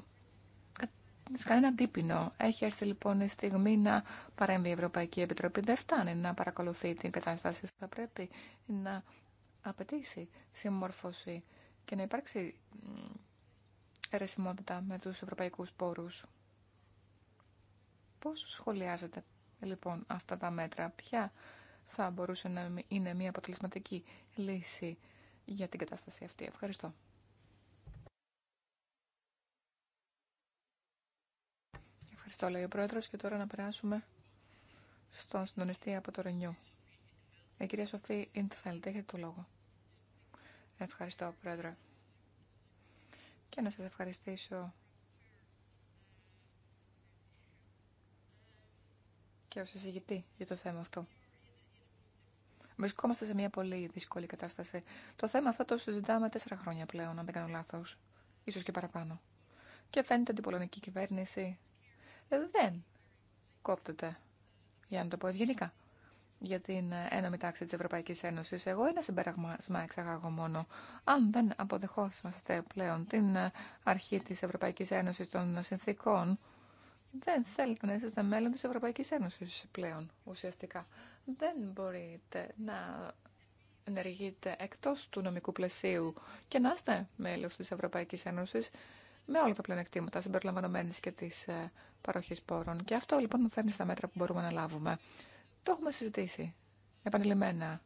κανένα αντίπεινο. Έχει έρθει λοιπόν η στιγμή να παρέμβει η Ευρωπαϊκή Επιτροπή. Δεν φτάνει να παρακολουθεί την κατάσταση. Θα πρέπει να απαιτήσει συμμορφώση και να υπάρξει αιρεσιμότητα με τους ευρωπαϊκούς πόρους. Πώς σχολιάζετε λοιπόν αυτά τα μέτρα, ποια θα μπορούσε να είναι μια αποτελεσματική λύση για την κατάσταση αυτή. Ευχαριστώ. Ευχαριστώ, λέει ο Πρόεδρος. Και τώρα να περάσουμε στον συντονιστή από το Ρενιού. Η κυρία Σοφή Ιντφέλτ, έχετε το λόγο. Ευχαριστώ, Πρόεδρε. Και να σας ευχαριστήσω και ως εισηγητή για το θέμα αυτό. Βρισκόμαστε σε μια πολύ δύσκολη κατάσταση. Το θέμα αυτό το συζητάμε τέσσερα χρόνια πλέον, αν δεν κάνω λάθο. Ίσως και παραπάνω. Και φαίνεται ότι η πολωνική κυβέρνηση δεν κόπτεται, για να το πω ευγενικά, για την ένωμη τάξη της Ευρωπαϊκής Ένωσης. Εγώ ένα συμπέραγμα εξαγάγω μόνο. Αν δεν αποδεχόμαστε πλέον την αρχή τη Ευρωπαϊκή Ένωση των συνθήκων, δεν θέλετε να είστε μέλλον της Ευρωπαϊκής Ένωσης πλέον ουσιαστικά. Δεν μπορείτε να ενεργείτε εκτός του νομικού πλαισίου και να είστε μέλος της Ευρωπαϊκής Ένωσης με όλα τα πλεονεκτήματα συμπεριλαμβανομένης και της ε, παροχής πόρων. Και αυτό λοιπόν φέρνει στα μέτρα που μπορούμε να λάβουμε. Το έχουμε συζητήσει επανειλημμένα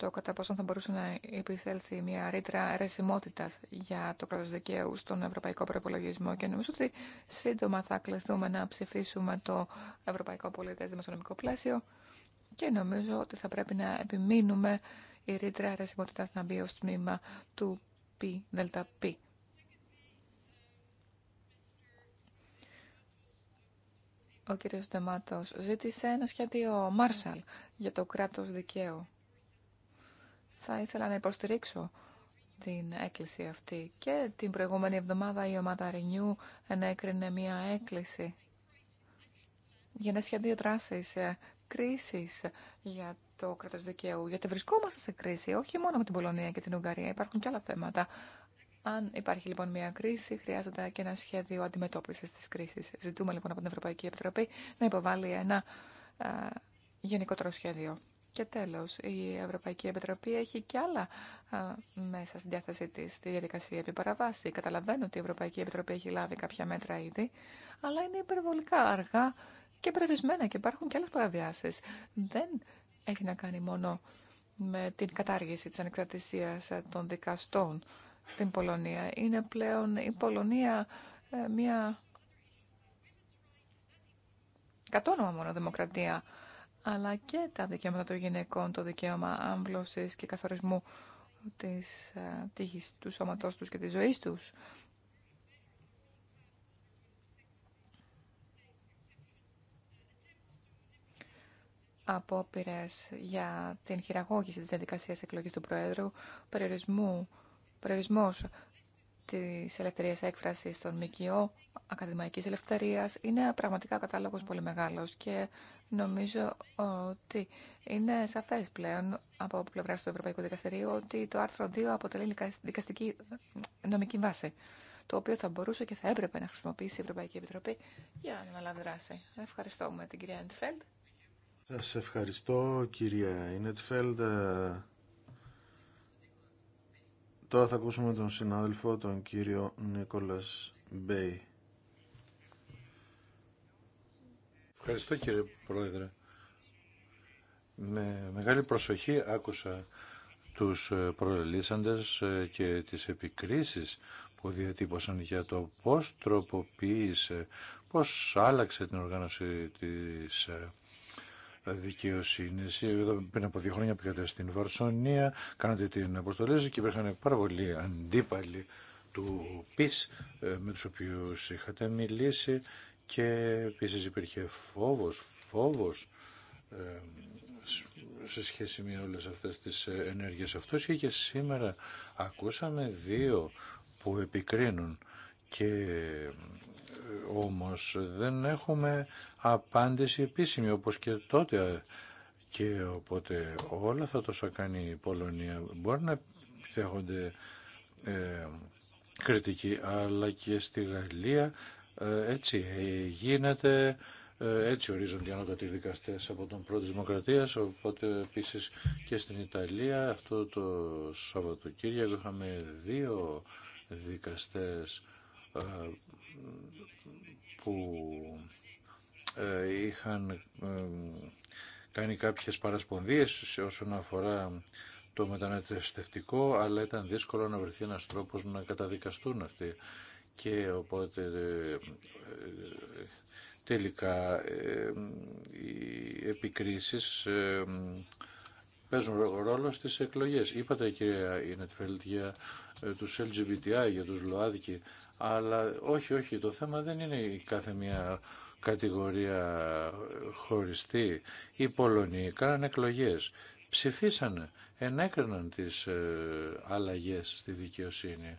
το κατά πόσο θα μπορούσε να επιθέλθει μια ρήτρα αιρεσιμότητα για το κράτο δικαίου στον ευρωπαϊκό προπολογισμό. Και νομίζω ότι σύντομα θα κληθούμε να ψηφίσουμε το ευρωπαϊκό πολιτέ δημοσιονομικό πλαίσιο και νομίζω ότι θα πρέπει να επιμείνουμε η ρήτρα αιρεσιμότητα να μπει ω τμήμα του ΠΔΠ. Ο κύριος Ντεμάτος ζήτησε ένα σχέδιο Μάρσαλ για το κράτος δικαίου. Θα ήθελα να υποστηρίξω την έκκληση αυτή. Και την προηγούμενη εβδομάδα η ομάδα Renew ενέκρινε μία έκκληση για να σχέδιο δράσης ε, κρίσης για το κράτος δικαίου. Γιατί βρισκόμαστε σε κρίση, όχι μόνο με την Πολωνία και την Ουγγαρία, υπάρχουν και άλλα θέματα. Αν υπάρχει λοιπόν μια κρίση, χρειάζεται και ένα σχέδιο αντιμετώπιση τη κρίση. Ζητούμε λοιπόν από την Ευρωπαϊκή Επιτροπή να υποβάλει ένα ε, γενικότερο σχέδιο και τέλος, η Ευρωπαϊκή Επιτροπή έχει και άλλα μέσα στην διάθεσή της στη διαδικασία επιπαραβάση. Καταλαβαίνω ότι η Ευρωπαϊκή Επιτροπή έχει λάβει κάποια μέτρα ήδη, αλλά είναι υπερβολικά αργά και περιορισμένα και υπάρχουν και άλλες παραβιάσεις. Δεν έχει να κάνει μόνο με την κατάργηση της ανεξαρτησίας των δικαστών στην Πολωνία. Είναι πλέον η Πολωνία ε, μια κατόνομα μόνο δημοκρατία αλλά και τα δικαιώματα των γυναικών, το δικαίωμα άμβλωσης και καθορισμού της ε, τύχης του σώματός τους και της ζωής τους. Απόπειρε για την χειραγώγηση της διαδικασίας εκλογής του Προέδρου, περιορισμού, περιορισμός της ελευθερίας έκφρασης των ΜΚΟ, ακαδημαϊκής ελευθερίας, είναι πραγματικά κατάλογος πολύ μεγάλος και νομίζω ότι είναι σαφές πλέον από πλευρά του Ευρωπαϊκού Δικαστηρίου ότι το άρθρο 2 αποτελεί δικαστική ε, νομική βάση, το οποίο θα μπορούσε και θα έπρεπε να χρησιμοποιήσει η Ευρωπαϊκή Επιτροπή για να αναλάβει δράση. Ευχαριστώ με την κυρία Εντφέλντ. Σας ευχαριστώ κυρία Εντφέλντ. Ε, Τώρα θα ακούσουμε τον συνάδελφο, τον κύριο Νίκολας Μπέι. Ευχαριστώ κύριε Πρόεδρε. Με μεγάλη προσοχή άκουσα τους ε, προελίσσαντες ε, και τις επικρίσεις που διατύπωσαν για το πώς τροποποίησε, πώς άλλαξε την οργάνωση της ε, δικαιοσύνη. Εδώ πριν από δύο χρόνια πήγατε στην Βαρσονία, κάνατε την αποστολή και υπήρχαν πάρα πολλοί αντίπαλοι του ΠΙΣ ε, με τους οποίους είχατε μιλήσει και επίση υπήρχε φόβος, φόβος ε, σε σχέση με όλες αυτές τις ε, ενέργειες αυτούς και, και σήμερα ακούσαμε δύο που επικρίνουν και όμως δεν έχουμε απάντηση επίσημη όπως και τότε και οπότε όλα θα το κάνει η Πολωνία. Μπορεί να φτιάχονται ε, κριτική αλλά και στη Γαλλία ε, έτσι ε, γίνεται ε, έτσι ορίζονται οι ανώτατοι δικαστές από τον πρώτο Δημοκρατίας, οπότε επίσης και στην Ιταλία αυτό το Σαββατοκύριακο είχαμε δύο δικαστές που ε, είχαν ε, κάνει κάποιες παρασπονδίες όσον αφορά το μεταναστευτικό, αλλά ήταν δύσκολο να βρεθεί ένας τρόπος να καταδικαστούν αυτοί. Και οπότε ε, τελικά οι επικρίσεις παίζουν ρόλο στις εκλογές. Είπατε κυρία Ινετφέλτ για τους LGBTI, για τους ΛΟΑΔΚΙ, αλλά όχι, όχι, το θέμα δεν είναι η κάθε μια κατηγορία χωριστή. Οι Πολωνοί κάνανε εκλογές, ψηφίσανε, ενέκριναν τις ε, αλλαγές στη δικαιοσύνη.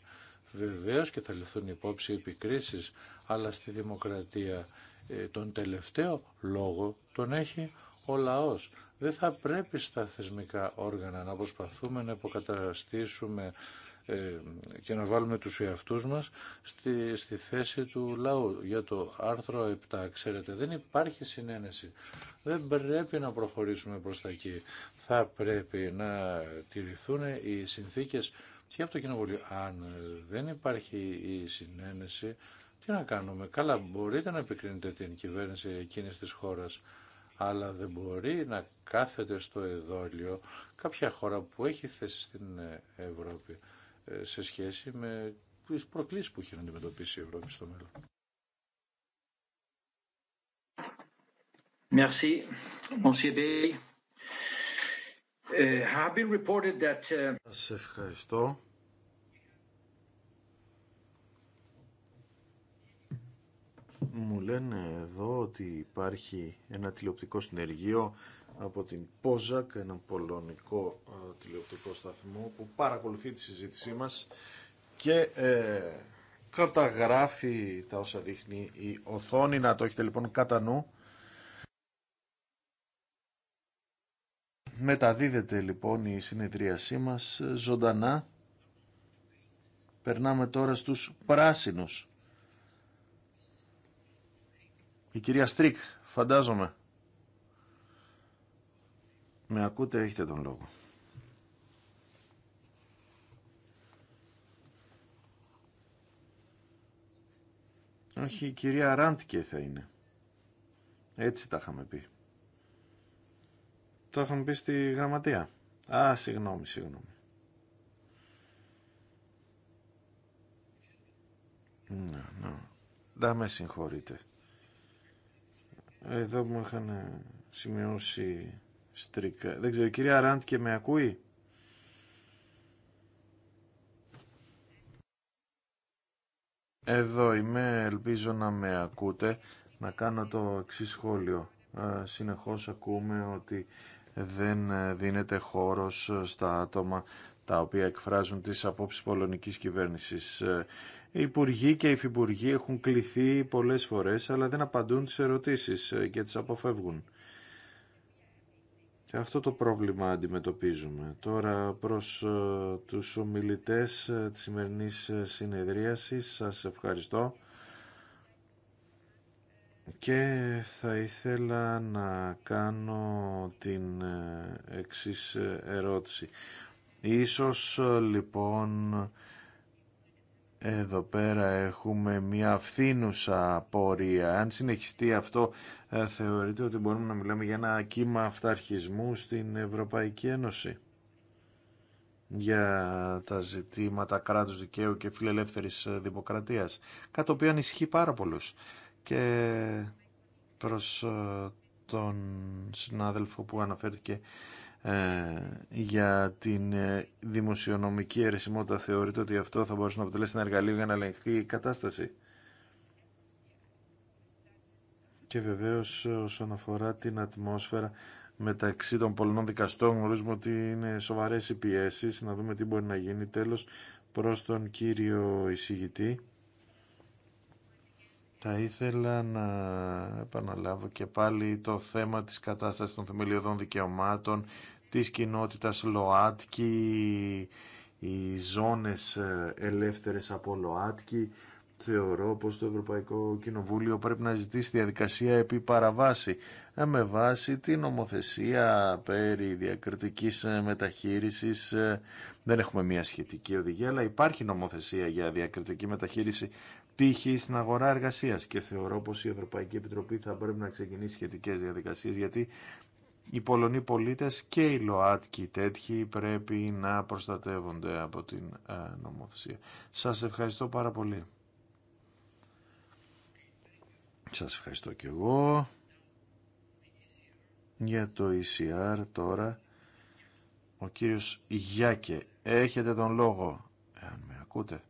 Βεβαίως και θα ληφθούν υπόψη επικρίσεις, αλλά στη δημοκρατία ε, τον τελευταίο λόγο τον έχει ο λαός. Δεν θα πρέπει στα θεσμικά όργανα να προσπαθούμε να υποκαταστήσουμε ε, και να βάλουμε τους εαυτούς μας στη, στη θέση του λαού. Για το άρθρο 7, ξέρετε, δεν υπάρχει συνένεση. Δεν πρέπει να προχωρήσουμε προς τα εκεί. Θα πρέπει να τηρηθούν οι συνθήκες και από το Κοινοβουλίο. Αν δεν υπάρχει η συνένεση, τι να κάνουμε. Καλά, μπορείτε να επικρίνετε την κυβέρνηση εκείνης της χώρας, αλλά δεν μπορεί να κάθεται στο εδόλιο κάποια χώρα που έχει θέση στην Ευρώπη σε σχέση με τις προκλήσεις που έχει να αντιμετωπίσει η Ευρώπη στο μέλλον. Merci, Monsieur Bay. Ε, have been reported that. Ε, Σας ευχαριστώ. Μου λένε εδώ ότι υπάρχει ένα τηλεοπτικό συνεργείο από την Πόζακ, έναν πολωνικό ε, τηλεοπτικό σταθμό που παρακολουθεί τη συζήτησή μας και ε, καταγράφει τα όσα δείχνει η οθόνη. Να το έχετε λοιπόν κατά νου. Μεταδίδεται λοιπόν η συνεδρίασή μας ζωντανά. Περνάμε τώρα στους πράσινους. Η κυρία Στρίκ, φαντάζομαι. Με ακούτε, έχετε τον λόγο. Όχι, η κυρία Ράντκε θα είναι. Έτσι τα είχαμε πει. Τα είχαμε πει στη γραμματεία. Α, συγγνώμη, συγγνώμη. Να, να. Να με συγχωρείτε. Εδώ μου είχαν σημειώσει στρικα. Δεν ξέρω, η κυρία Ράντ και με ακούει. Εδώ είμαι, ελπίζω να με ακούτε. Να κάνω το εξή σχόλιο. Ε, συνεχώς ακούμε ότι δεν δίνεται χώρος στα άτομα τα οποία εκφράζουν τις απόψεις πολωνικής κυβέρνησης. Ε, οι υπουργοί και οι υφυπουργοί έχουν κληθεί πολλές φορές, αλλά δεν απαντούν τις ερωτήσεις ε, και τις αποφεύγουν. Και αυτό το πρόβλημα αντιμετωπίζουμε. Τώρα προς ε, τους ομιλητές ε, της σημερινής συνεδρίασης σας ευχαριστώ και θα ήθελα να κάνω την εξής ερώτηση. Ίσως λοιπόν εδώ πέρα έχουμε μια αυθύνουσα πορεία. Αν συνεχιστεί αυτό, ε, θεωρείτε ότι μπορούμε να μιλάμε για ένα κύμα αυταρχισμού στην Ευρωπαϊκή Ένωση για τα ζητήματα κράτους δικαίου και φιλελεύθερης ε, δημοκρατίας, κάτι το οποίο ανησυχεί πάρα πολλούς. Και προς ε, τον συνάδελφο που αναφέρθηκε ε, για την ε, δημοσιονομική αιρεσιμότητα θεωρείτε ότι αυτό θα μπορούσε να αποτελέσει ένα εργαλείο για να ελεγχθεί η κατάσταση. Και βεβαίως όσον αφορά την ατμόσφαιρα μεταξύ των πολλών δικαστών γνωρίζουμε ότι είναι σοβαρές οι πιέσεις να δούμε τι μπορεί να γίνει τέλος προς τον κύριο εισηγητή θα ήθελα να επαναλάβω και πάλι το θέμα της κατάστασης των θεμελιωδών δικαιωμάτων, της κοινότητας ΛΟΑΤΚΙ, οι ζώνες ε, ελεύθερες από ΛΟΑΤΚΙ. Θεωρώ πως το Ευρωπαϊκό Κοινοβούλιο πρέπει να ζητήσει διαδικασία επί παραβάση ε, με βάση την νομοθεσία περί διακριτικής ε, μεταχείρισης. Δεν έχουμε μια σχετική οδηγία, αλλά υπάρχει νομοθεσία για διακριτική μεταχείριση πύχη στην αγορά εργασία και θεωρώ πως η Ευρωπαϊκή Επιτροπή θα πρέπει να ξεκινήσει σχετικέ διαδικασίες γιατί οι Πολωνοί πολίτε και οι ΛΟΑΤΚΙ τέτοιοι πρέπει να προστατεύονται από την ε, νομοθεσία. Σας ευχαριστώ πάρα πολύ. Σας ευχαριστώ και εγώ για το ECR τώρα. Ο κύριος Γιάκε, έχετε τον λόγο, εάν με ακούτε.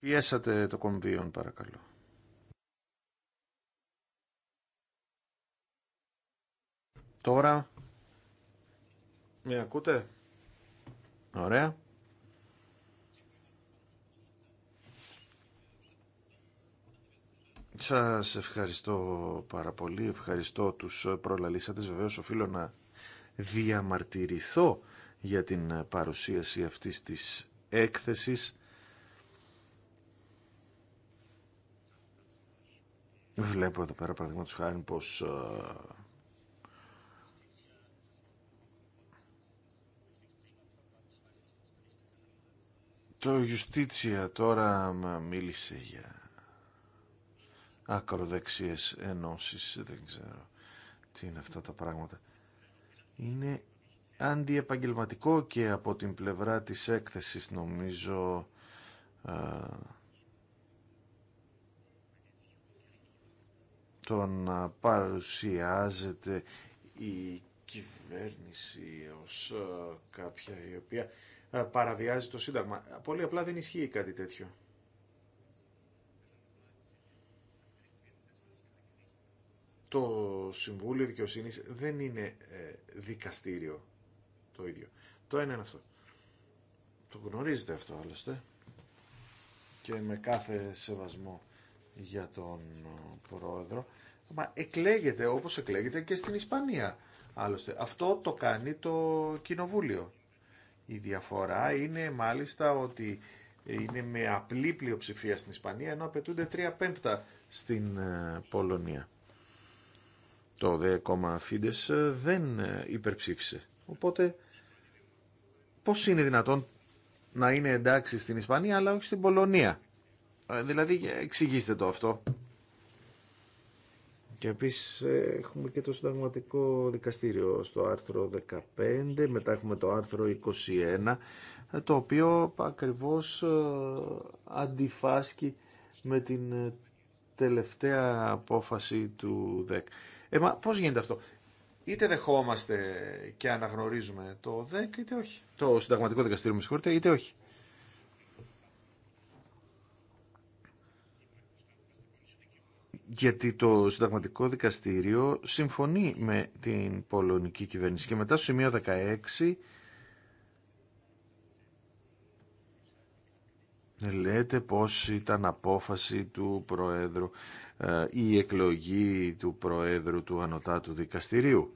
Πιέσατε το κομβίον, παρακαλώ. Τώρα, με ακούτε. Ωραία. Σας ευχαριστώ πάρα πολύ. Ευχαριστώ τους προλαλήσατες. Βεβαίως οφείλω να διαμαρτυρηθώ για την ε, παρουσίαση αυτής της έκθεσης. Βλέπω εδώ πέρα παραδείγματος χάρη πως ε, Το Ιουστίτσια τώρα μίλησε για ακροδεξίες ενώσεις, δεν ξέρω τι είναι αυτά τα πράγματα. Είναι αντιεπαγγελματικό και από την πλευρά της έκθεσης νομίζω ε, το να παρουσιάζεται η κυβέρνηση ως ε, κάποια η οποία ε, παραβιάζει το Σύνταγμα. Πολύ απλά δεν ισχύει κάτι τέτοιο. Το Συμβούλιο Δικαιοσύνης δεν είναι δικαστήριο το ίδιο. Το ένα είναι αυτό. Το γνωρίζετε αυτό άλλωστε και με κάθε σεβασμό για τον ε, πρόεδρο. Μα εκλέγεται όπως εκλέγεται και στην Ισπανία άλλωστε. Αυτό το κάνει το κοινοβούλιο. Η διαφορά είναι μάλιστα ότι είναι με απλή πλειοψηφία στην Ισπανία ενώ απαιτούνται τρία πέμπτα στην ε, Πολωνία. Το δε κόμμα ε, δεν υπερψήφισε. Οπότε πώς είναι δυνατόν να είναι εντάξει στην Ισπανία αλλά όχι στην Πολωνία. Ε, δηλαδή εξηγήστε το αυτό. Και επίση ε, έχουμε και το συνταγματικό δικαστήριο στο άρθρο 15, μετά έχουμε το άρθρο 21, ε, το οποίο ακριβώς αντιφάσκει με την τελευταία απόφαση του ΔΕΚ. Ε, μα πώς γίνεται αυτό είτε δεχόμαστε και αναγνωρίζουμε το ΔΕΚ, είτε όχι. Το συνταγματικό δικαστήριο, με συγχωρείτε, είτε όχι. Γιατί το συνταγματικό δικαστήριο συμφωνεί με την πολωνική κυβέρνηση. Και μετά στο σημείο 16 λέτε πως ήταν απόφαση του Προέδρου ε, η εκλογή του Προέδρου του Ανωτάτου Δικαστηρίου.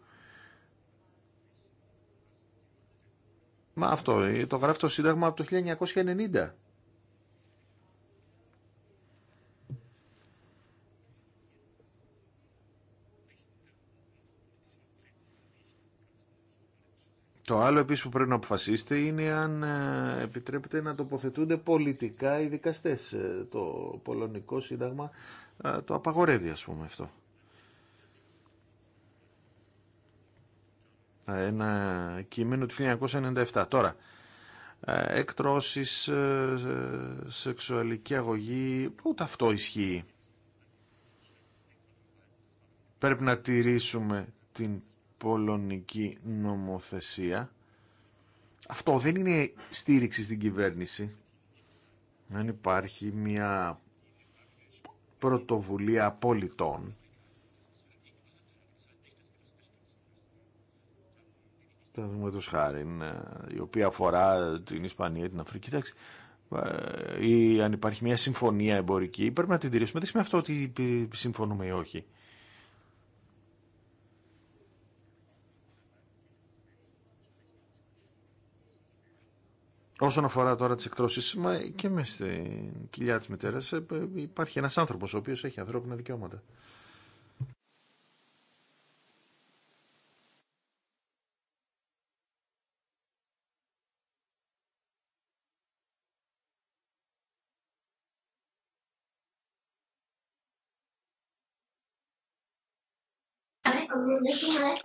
Μα αυτό, ε, το γράφει το Σύνταγμα από το 1990. Το άλλο επίσης που πρέπει να αποφασίσετε είναι αν ε, επιτρέπεται να τοποθετούνται πολιτικά οι δικαστές. Ε, το πολωνικό σύνταγμα το απαγορεύει ας πούμε αυτό. ένα κείμενο του 1997. Τώρα, ε, εκτρώσεις, ε, σεξουαλική αγωγή, ούτε αυτό ισχύει. Πρέπει να τηρήσουμε την πολωνική νομοθεσία. Αυτό δεν είναι στήριξη στην κυβέρνηση. Αν υπάρχει μια πρωτοβουλία πολιτών τους χάρη, ναι, η οποία αφορά την Ισπανία, την Αφρική, Κοιτάξτε, ή αν υπάρχει μια συμφωνία εμπορική, πρέπει να την τηρήσουμε. Δεν σημαίνει αυτό ότι συμφωνούμε ή όχι. Όσον αφορά τώρα τις εκτρώσεις, και με στην κοιλιά της μητέρας ε, υπάρχει ένας άνθρωπος ο οποίος έχει ανθρώπινα δικαιώματα.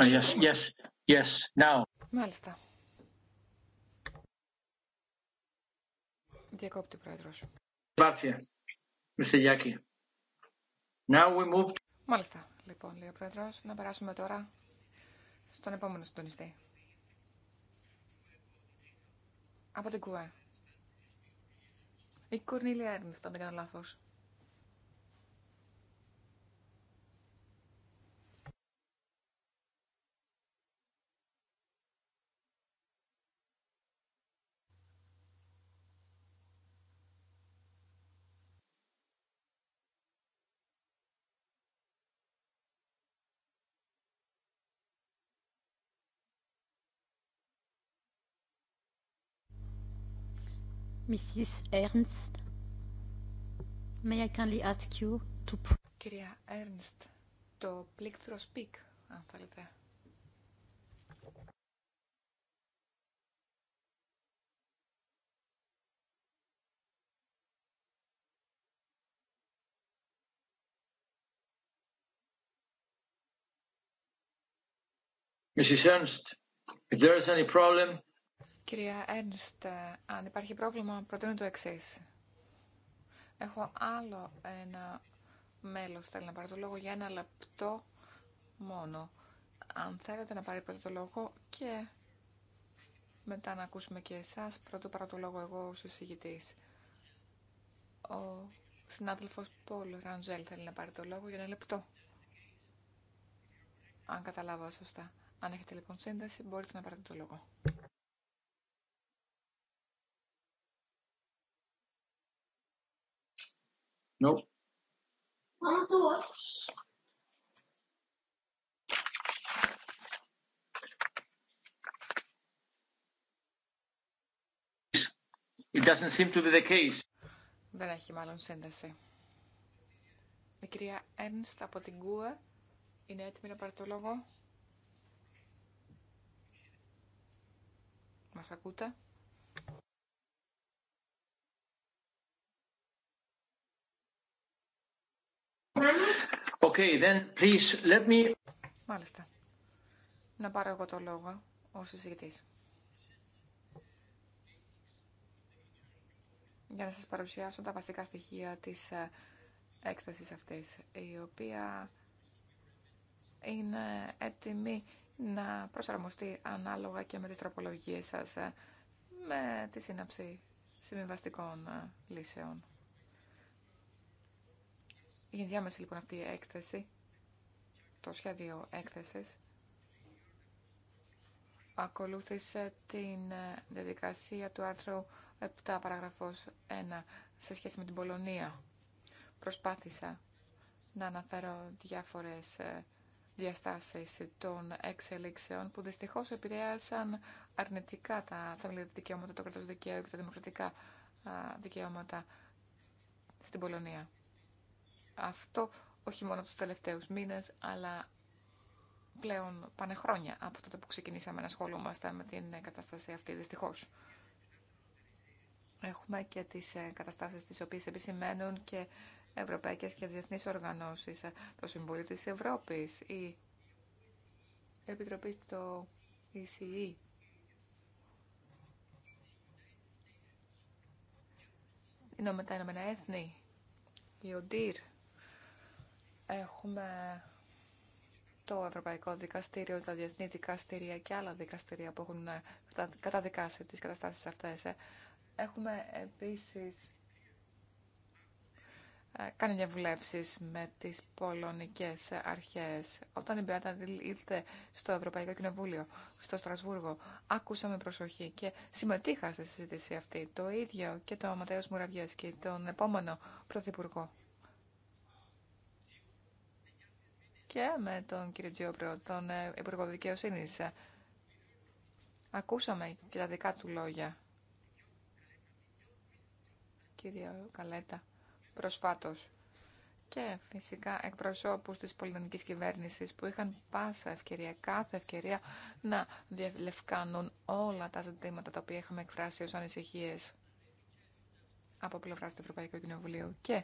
Yes, yes, yes, now. Μάλιστα. Διακόπτη πρόεδρος. Now we move to... Μάλιστα, λοιπόν, λέει ο πρόεδρος. Να περάσουμε τώρα στον επόμενο συντονιστή. Από την ΚΟΕ. Η Κορνίλια Έρνης, αν δεν κάνω λάθος. Mrs. Ernst, may I kindly ask you to... Κυρία Ernst, το πλήκτρο speak, αν θέλετε. Mrs. Ernst, if there is any problem, Κυρία Ένστε, αν υπάρχει πρόβλημα, προτείνω το εξή. Έχω άλλο ένα μέλος, θέλει να πάρει το λόγο για ένα λεπτό μόνο. Αν θέλετε να πάρει πρώτα το λόγο και μετά να ακούσουμε και εσάς, πρώτο παρά το λόγο εγώ ως εισηγητής. Ο συνάδελφος Πολ Ραντζέλ θέλει να πάρει το λόγο για ένα λεπτό. Αν καταλάβω σωστά. Αν έχετε λοιπόν σύνδεση, μπορείτε να πάρετε το λόγο. Nope It doesn't seem to be the case. Δεν έχει μάλλον σύνδεση. Η κυρία Ένστ από την ΚΟΕ είναι έτοιμη να πάρει το λόγο. Μας ακούτε. Okay, then please Μάλιστα. Να πάρω εγώ το λόγο ω συζητητή. Για να σας παρουσιάσω τα βασικά στοιχεία της ε, έκθεσης αυτής, η οποία είναι έτοιμη να προσαρμοστεί ανάλογα και με τις τροπολογίες σας ε, με τη σύναψη συμβιβαστικών ε, λύσεων. Η διάμεση λοιπόν αυτή η έκθεση, το σχέδιο έκθεσης. Ακολούθησε την διαδικασία του άρθρου 7 παραγραφός 1 σε σχέση με την Πολωνία. Προσπάθησα να αναφέρω διάφορες ε, διαστάσεις των εξελίξεων που δυστυχώς επηρέασαν αρνητικά τα θεμελιώδη δικαιώματα, το κράτος δικαίου και τα δημοκρατικά δικαιώματα στην Πολωνία. Αυτό όχι μόνο τους τελευταίους μήνες, αλλά πλέον πάνε χρόνια από τότε που ξεκινήσαμε να ασχολούμαστε με την κατάσταση αυτή, δυστυχώς. Έχουμε και τις ε, καταστάσεις τις οποίες επισημαίνουν και ευρωπαϊκές και διεθνείς οργανώσεις, ε, το Συμβούλιο της Ευρώπης, η Επιτροπή στο ECE. Είναι με τα Έθνη, η ΟΝΤΙΡ, Έχουμε το Ευρωπαϊκό Δικαστήριο, τα διεθνή δικαστήρια και άλλα δικαστήρια που έχουν ε, καταδικάσει τις καταστάσεις αυτές. Ε. Έχουμε επίσης ε, κάνει διαβουλεύσεις με τις πολωνικές αρχές. Όταν η Μπέατα ήρθε στο Ευρωπαϊκό Κοινοβούλιο, στο Στρασβούργο, άκουσα με προσοχή και συμμετείχα στη συζήτηση αυτή. Το ίδιο και το Ματέος Μουραβιέσκη, τον επόμενο Πρωθυπουργό και με τον κύριο Τζιόπρο, τον ε, Υπουργό Δικαιοσύνη. Ακούσαμε και τα δικά του λόγια. Κύριε Καλέτα, προσφάτως και φυσικά εκπροσώπους της πολιτικής κυβέρνησης που είχαν πάσα ευκαιρία, κάθε ευκαιρία να διαλευκάνουν όλα τα ζητήματα τα οποία είχαμε εκφράσει ως ανησυχίες από πλευράς του Ευρωπαϊκού Κοινοβουλίου. Και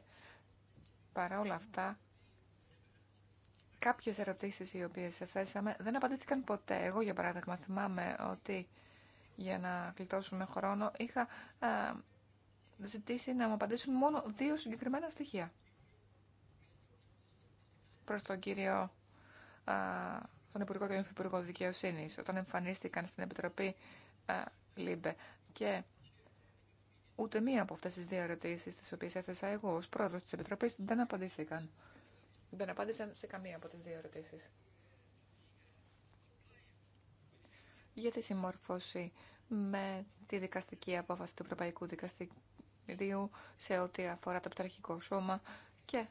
παρά όλα αυτά κάποιες ερωτήσεις οι οποίες θέσαμε δεν απαντήθηκαν ποτέ. Εγώ, για παράδειγμα, θυμάμαι ότι για να κλειτώσουμε χρόνο είχα ε, ζητήσει να μου απαντήσουν μόνο δύο συγκεκριμένα στοιχεία. Προς τον κύριο, α, ε, τον Υπουργό και τον Υφυπουργό Δικαιοσύνης, όταν εμφανίστηκαν στην Επιτροπή α, ε, ΛΥΜΠΕ και ούτε μία από αυτές τις δύο ερωτήσεις τις οποίες έθεσα εγώ ως πρόεδρος της Επιτροπής δεν απαντήθηκαν. Δεν απάντησαν σε καμία από τις δύο ερωτήσεις. Για τη συμμόρφωση με τη δικαστική απόφαση του Ευρωπαϊκού Δικαστηρίου σε ό,τι αφορά το πτωρχικό σώμα και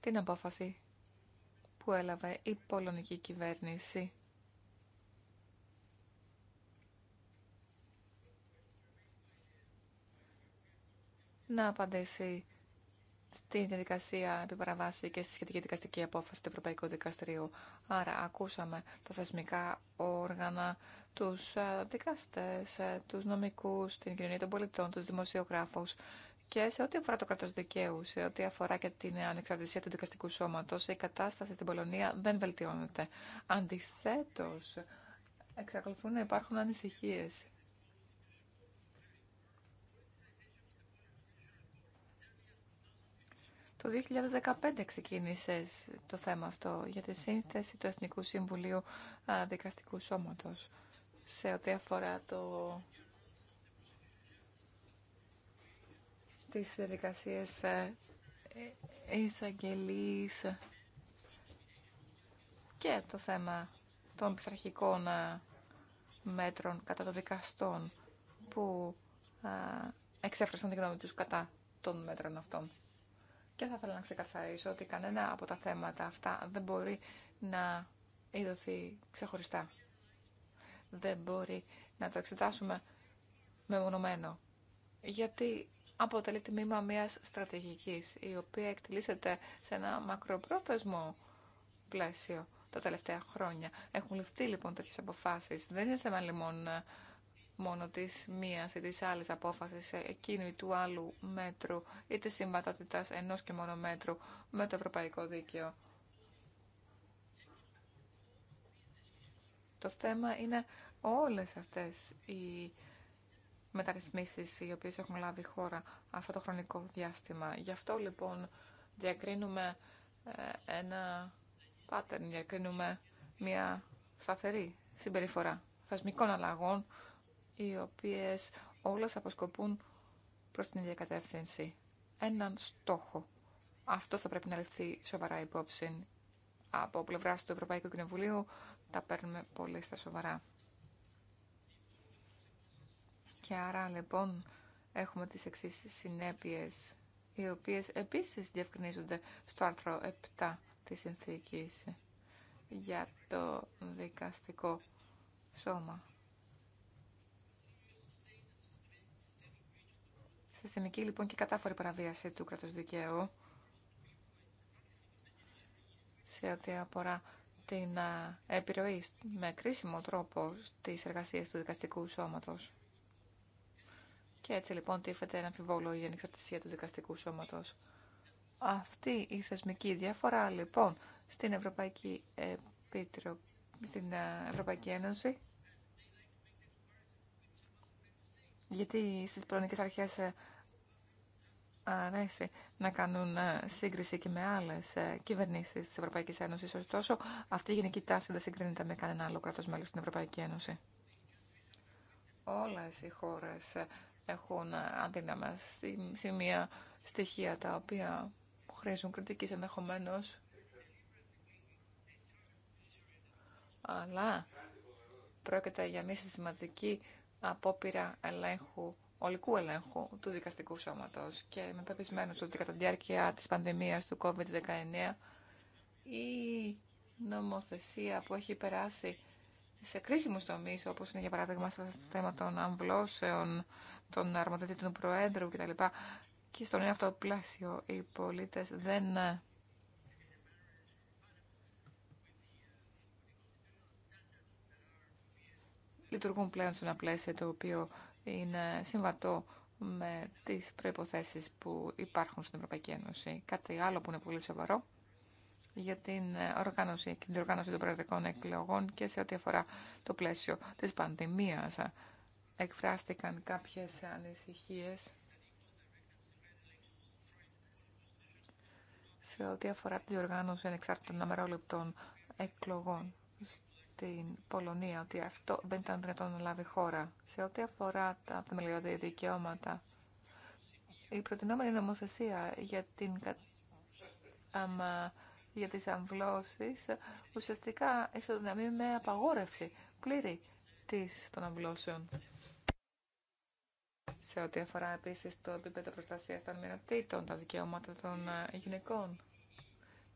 την απόφαση που έλαβε η πολωνική κυβέρνηση να απαντήσει στη διαδικασία επιπαραβάση και στη σχετική δικαστική απόφαση του Ευρωπαϊκού Δικαστηρίου. Άρα ακούσαμε τα θεσμικά όργανα, τους ε, δικαστές, ε, τους νομικούς, την κοινωνία των πολιτών, τους δημοσιογράφους και σε ό,τι αφορά το κράτος δικαίου, σε ό,τι αφορά και την ανεξαρτησία του δικαστικού σώματος, η κατάσταση στην Πολωνία δεν βελτιώνεται. Αντιθέτως, εξακολουθούν να υπάρχουν ανησυχίες Το 2015 ξεκίνησε το θέμα αυτό για τη σύνθεση του Εθνικού Συμβουλίου Δικαστικού Σώματος σε ό,τι αφορά το... τις διαδικασίες εισαγγελής ε, και το θέμα των πειθαρχικών μέτρων κατά των δικαστών που εξέφρασαν τη γνώμη τους κατά των μέτρων αυτών. Και θα ήθελα να ξεκαθαρίσω ότι κανένα από τα θέματα αυτά δεν μπορεί να ειδωθεί ξεχωριστά. Δεν μπορεί να το εξετάσουμε μεμονωμένο. Γιατί αποτελεί τμήμα μιας στρατηγικής, η οποία εκτελήσεται σε ένα μακροπρόθεσμο πλαίσιο τα τελευταία χρόνια. Έχουν ληφθεί λοιπόν τέτοιες αποφάσεις. Δεν είναι θέμα λοιπόν μόνο της μία ή της άλλης απόφασης εκείνου ή του άλλου μέτρου ή της συμβατότητας ενός και μόνο μέτρου με το ευρωπαϊκό δίκαιο. Το θέμα είναι όλες αυτές οι μεταρρυθμίσεις οι οποίες έχουν λάβει η χώρα αυτό το χρονικό διάστημα. Γι' αυτό λοιπόν διακρίνουμε ε, ένα pattern, διακρίνουμε μια σταθερή συμπεριφορά θεσμικών αλλαγών οι οποίες όλες αποσκοπούν προς την ίδια κατεύθυνση. Έναν στόχο. Αυτό θα πρέπει να ληφθεί σοβαρά υπόψη. Από πλευρά του Ευρωπαϊκού Κοινοβουλίου τα παίρνουμε πολύ στα σοβαρά. Και άρα λοιπόν έχουμε τις εξής συνέπειες, οι οποίες επίσης διευκρινίζονται στο άρθρο 7 της συνθήκης για το δικαστικό σώμα. Συστημική λοιπόν και κατάφορη παραβίαση του κράτους δικαίου σε ό,τι αφορά την επιρροή με κρίσιμο τρόπο στις εργασίες του δικαστικού σώματος. Και έτσι λοιπόν τύφεται ένα αμφιβόλο η ανεξαρτησία του δικαστικού σώματος. Αυτή η θεσμική διαφορά λοιπόν στην Ευρωπαϊκή, Επίτρο... στην Ευρωπαϊκή Ένωση γιατί στις προνοικές αρχές ε, αρέσει να κάνουν ε, σύγκριση και με άλλε κυβερνήσει τη Ευρωπαϊκή Ένωση. Ωστόσο, αυτή η γενική τάση δεν συγκρίνεται με κανένα άλλο κράτο μέλο στην Ευρωπαϊκή Ένωση. Όλε οι χώρε ε, έχουν ε, αδύναμα σημεία, στοιχεία τα οποία χρήζουν κριτική ενδεχομένω. Αλλά πρόκειται για μη συστηματική απόπειρα ελέγχου ολικού ελέγχου του δικαστικού σώματος και είμαι πεπισμένος ότι κατά τη διάρκεια της πανδημίας του COVID-19 η νομοθεσία που έχει περάσει σε κρίσιμους τομείς, όπως είναι για παράδειγμα στο θέμα των αμβλώσεων, των αρμοδιοτήτων του Προέδρου κτλ. Και στον ένα αυτό πλαίσιο οι πολίτες δεν ε, λειτουργούν πλέον σε ένα πλαίσιο το οποίο είναι συμβατό με τις προϋποθέσεις που υπάρχουν στην Ευρωπαϊκή Ένωση. Κάτι άλλο που είναι πολύ σοβαρό για την οργάνωση των προεδρικών εκλογών και σε ό,τι αφορά το πλαίσιο της πανδημίας. Εκφράστηκαν κάποιες ανησυχίες σε ό,τι αφορά τη διοργάνωση ανεξάρτητων αμερόληπτων εκλογών την Πολωνία ότι αυτό δεν ήταν δυνατόν να λάβει χώρα. Σε ό,τι αφορά τα θεμελιώδη δικαιώματα, η προτινόμενη νομοθεσία για, την, αμα, για τις αμβλώσεις ουσιαστικά ισοδυναμεί με απαγόρευση πλήρη της των αμβλώσεων. Σε ό,τι αφορά επίσης το επίπεδο προστασίας των μειονοτήτων, τα δικαιώματα των ε, γυναικών,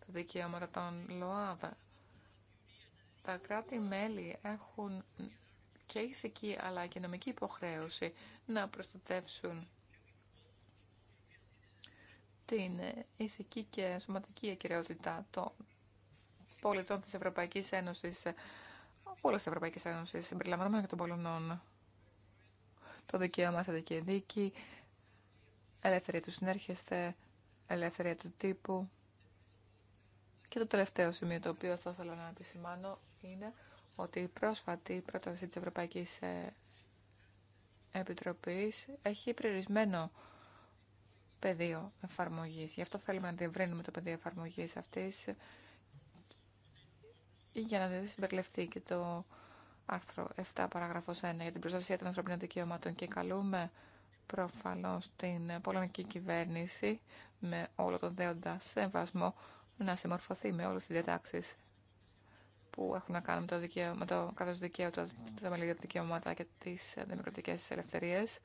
τα δικαιώματα των ΛΟΑΔΑ, τα κράτη-μέλη έχουν και ηθική αλλά και νομική υποχρέωση να προστατεύσουν την ηθική και σωματική ακυρεότητα των πολιτών της Ευρωπαϊκής Ένωσης, όλες της Ευρωπαϊκής Ένωσης, συμπεριλαμβανόμενα και των Πολωνών. Το δικαίωμα στα δική δίκη, ελεύθερη του συνέρχεστε, ελεύθερη του τύπου, και το τελευταίο σημείο το οποίο θα ήθελα να επισημάνω είναι ότι η πρόσφατη πρόταση της Ευρωπαϊκής ε, Επιτροπής έχει περιορισμένο πεδίο εφαρμογής. Γι' αυτό θέλουμε να διευρύνουμε το πεδίο εφαρμογής αυτής για να συμπεριληφθεί και το άρθρο 7 παράγραφος 1 για την προστασία των ανθρωπίνων δικαιωμάτων και καλούμε προφανώς την πολωνική κυβέρνηση με όλο τον δέοντα σεβασμό να συμμορφωθεί με όλες τις διατάξεις που έχουν να κάνουν με το, καθώς δικαίωτο το τα θεμελιώδη δικαιώματα και τις δημοκρατικέ ελευθερίες,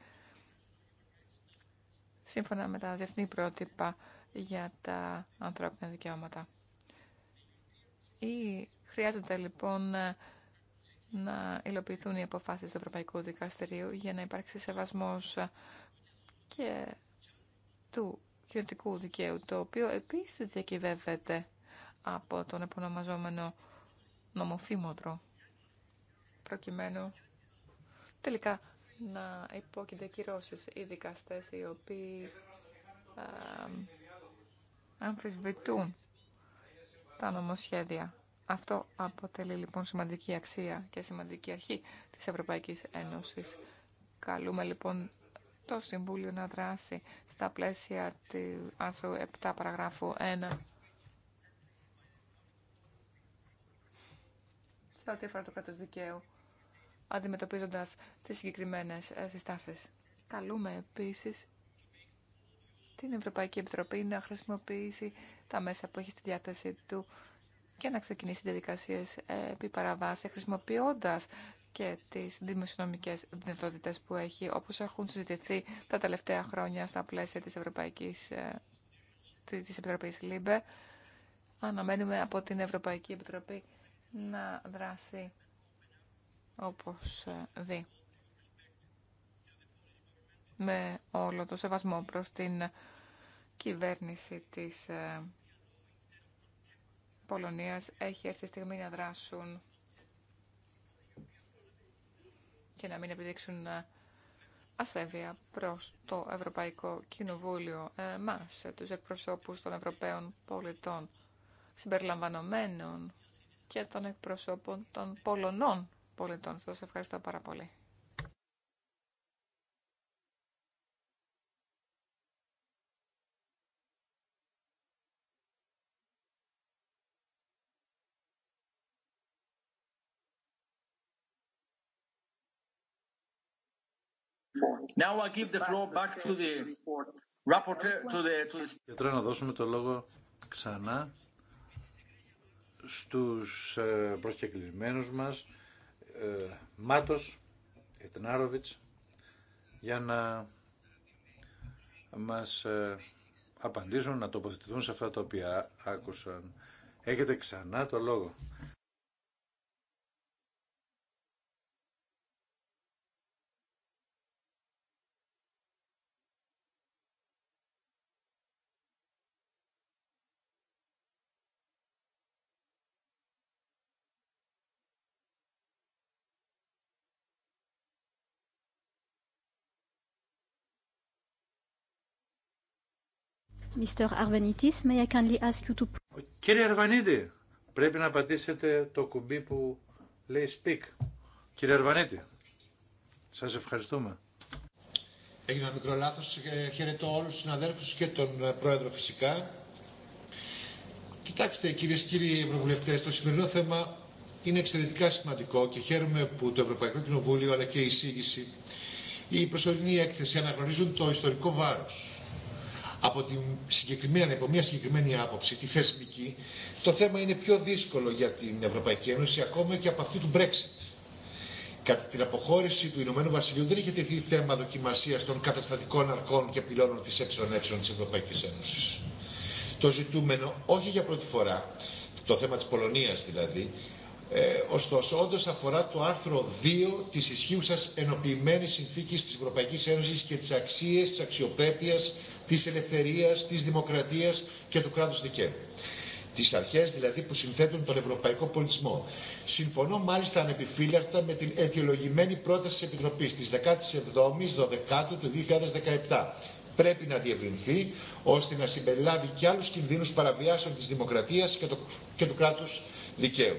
σύμφωνα με τα διεθνή πρότυπα για τα ανθρώπινα δικαιώματα. Ή χρειάζεται λοιπόν να υλοποιηθούν οι αποφάσεις του Ευρωπαϊκού Δικαστηρίου για να υπάρξει σεβασμός και του ιδιωτικού δικαίου, το οποίο επίσης διακυβεύεται από τον επωνομαζόμενο νομοφήμοτρο, προκειμένου τελικά να υπόκεινται κυρώσεις οι δικαστές οι οποίοι α, αμφισβητούν τα νομοσχέδια. Αυτό αποτελεί λοιπόν σημαντική αξία και σημαντική αρχή της Ευρωπαϊκής Ένωσης. Καλούμε λοιπόν το Συμβούλιο να δράσει στα πλαίσια του άρθρου 7 παραγράφου 1. Σε ό,τι αφορά το κράτος δικαίου, αντιμετωπίζοντας τις συγκεκριμένες ε, συστάσεις. Καλούμε επίσης την Ευρωπαϊκή Επιτροπή να χρησιμοποιήσει τα μέσα που έχει στη διάθεσή του και να ξεκινήσει διαδικασίε ε, επί παραβάση, χρησιμοποιώντα και τις δημοσιονομικές δυνατότητες που έχει, όπως έχουν συζητηθεί τα τελευταία χρόνια στα πλαίσια της Ευρωπαϊκής ε, της Επιτροπής ΛΥΜΠΕ. Αναμένουμε από την Ευρωπαϊκή Επιτροπή να δράσει όπως ε, δει. Με όλο το σεβασμό προς την κυβέρνηση της ε, Πολωνίας έχει έρθει η στιγμή να δράσουν και να μην επιδείξουν ε, ασέβεια προς το Ευρωπαϊκό Κοινοβούλιο, ε, μας, ε, τους εκπροσώπους των Ευρωπαίων πολιτών, συμπεριλαμβανομένων και των εκπροσώπων των Πολωνών πολιτών. Σας ευχαριστώ πάρα πολύ. Now τώρα να δώσουμε το λόγο ξανά στους ε, προσκεκλημένους μας ε, Μάτος Ετνάροβιτς για να μας ε, απαντήσουν, να τοποθετηθούν σε αυτά τα οποία άκουσαν. Έχετε ξανά το λόγο. Mr. Arvanitis, may I kindly ask you to... Κύριε Αρβανίτη, πρέπει να πατήσετε το κουμπί που λέει speak. Κύριε Αρβανίτη, σας ευχαριστούμε. Έγινε ένα μικρό λάθος. Ε, χαιρετώ όλους τους συναδέλφους και τον ε, Πρόεδρο φυσικά. Κοιτάξτε κυρίες και κύριοι Ευρωβουλευτές, το σημερινό θέμα είναι εξαιρετικά σημαντικό και χαίρομαι που το Ευρωπαϊκό Κοινοβούλιο αλλά και η εισήγηση, η προσωρινή έκθεση αναγνωρίζουν το ιστορικό βάρος από, την συγκεκριμένη, από μια συγκεκριμένη άποψη, τη θεσμική, το θέμα είναι πιο δύσκολο για την Ευρωπαϊκή Ένωση ακόμα και από αυτή του Brexit. Κατά την αποχώρηση του Ηνωμένου Βασιλείου δεν είχε τεθεί θέμα δοκιμασία των καταστατικών αρκών και πυλώνων τη ΕΕ τη Ευρωπαϊκή Ένωση. Το ζητούμενο, όχι για πρώτη φορά, το θέμα τη Πολωνία, δηλαδή, ε, ωστόσο, όντω αφορά το άρθρο 2 τη ισχύουσα ενοποιημένη συνθήκη τη Ευρωπαϊκή Ένωση και τι αξίε τη αξιοπρέπεια της ελευθερίας, της δημοκρατίας και του κράτους δικαίου. Τις αρχές δηλαδή που συνθέτουν τον ευρωπαϊκό πολιτισμό. Συμφωνώ μάλιστα ανεπιφύλακτα με την αιτιολογημένη πρόταση της Επιτροπής της 17ης 12 του 2017 πρέπει να διευρυνθεί ώστε να συμπεριλάβει και άλλους κινδύνους παραβιάσεων της δημοκρατίας και, το, και του κράτους δικαίου.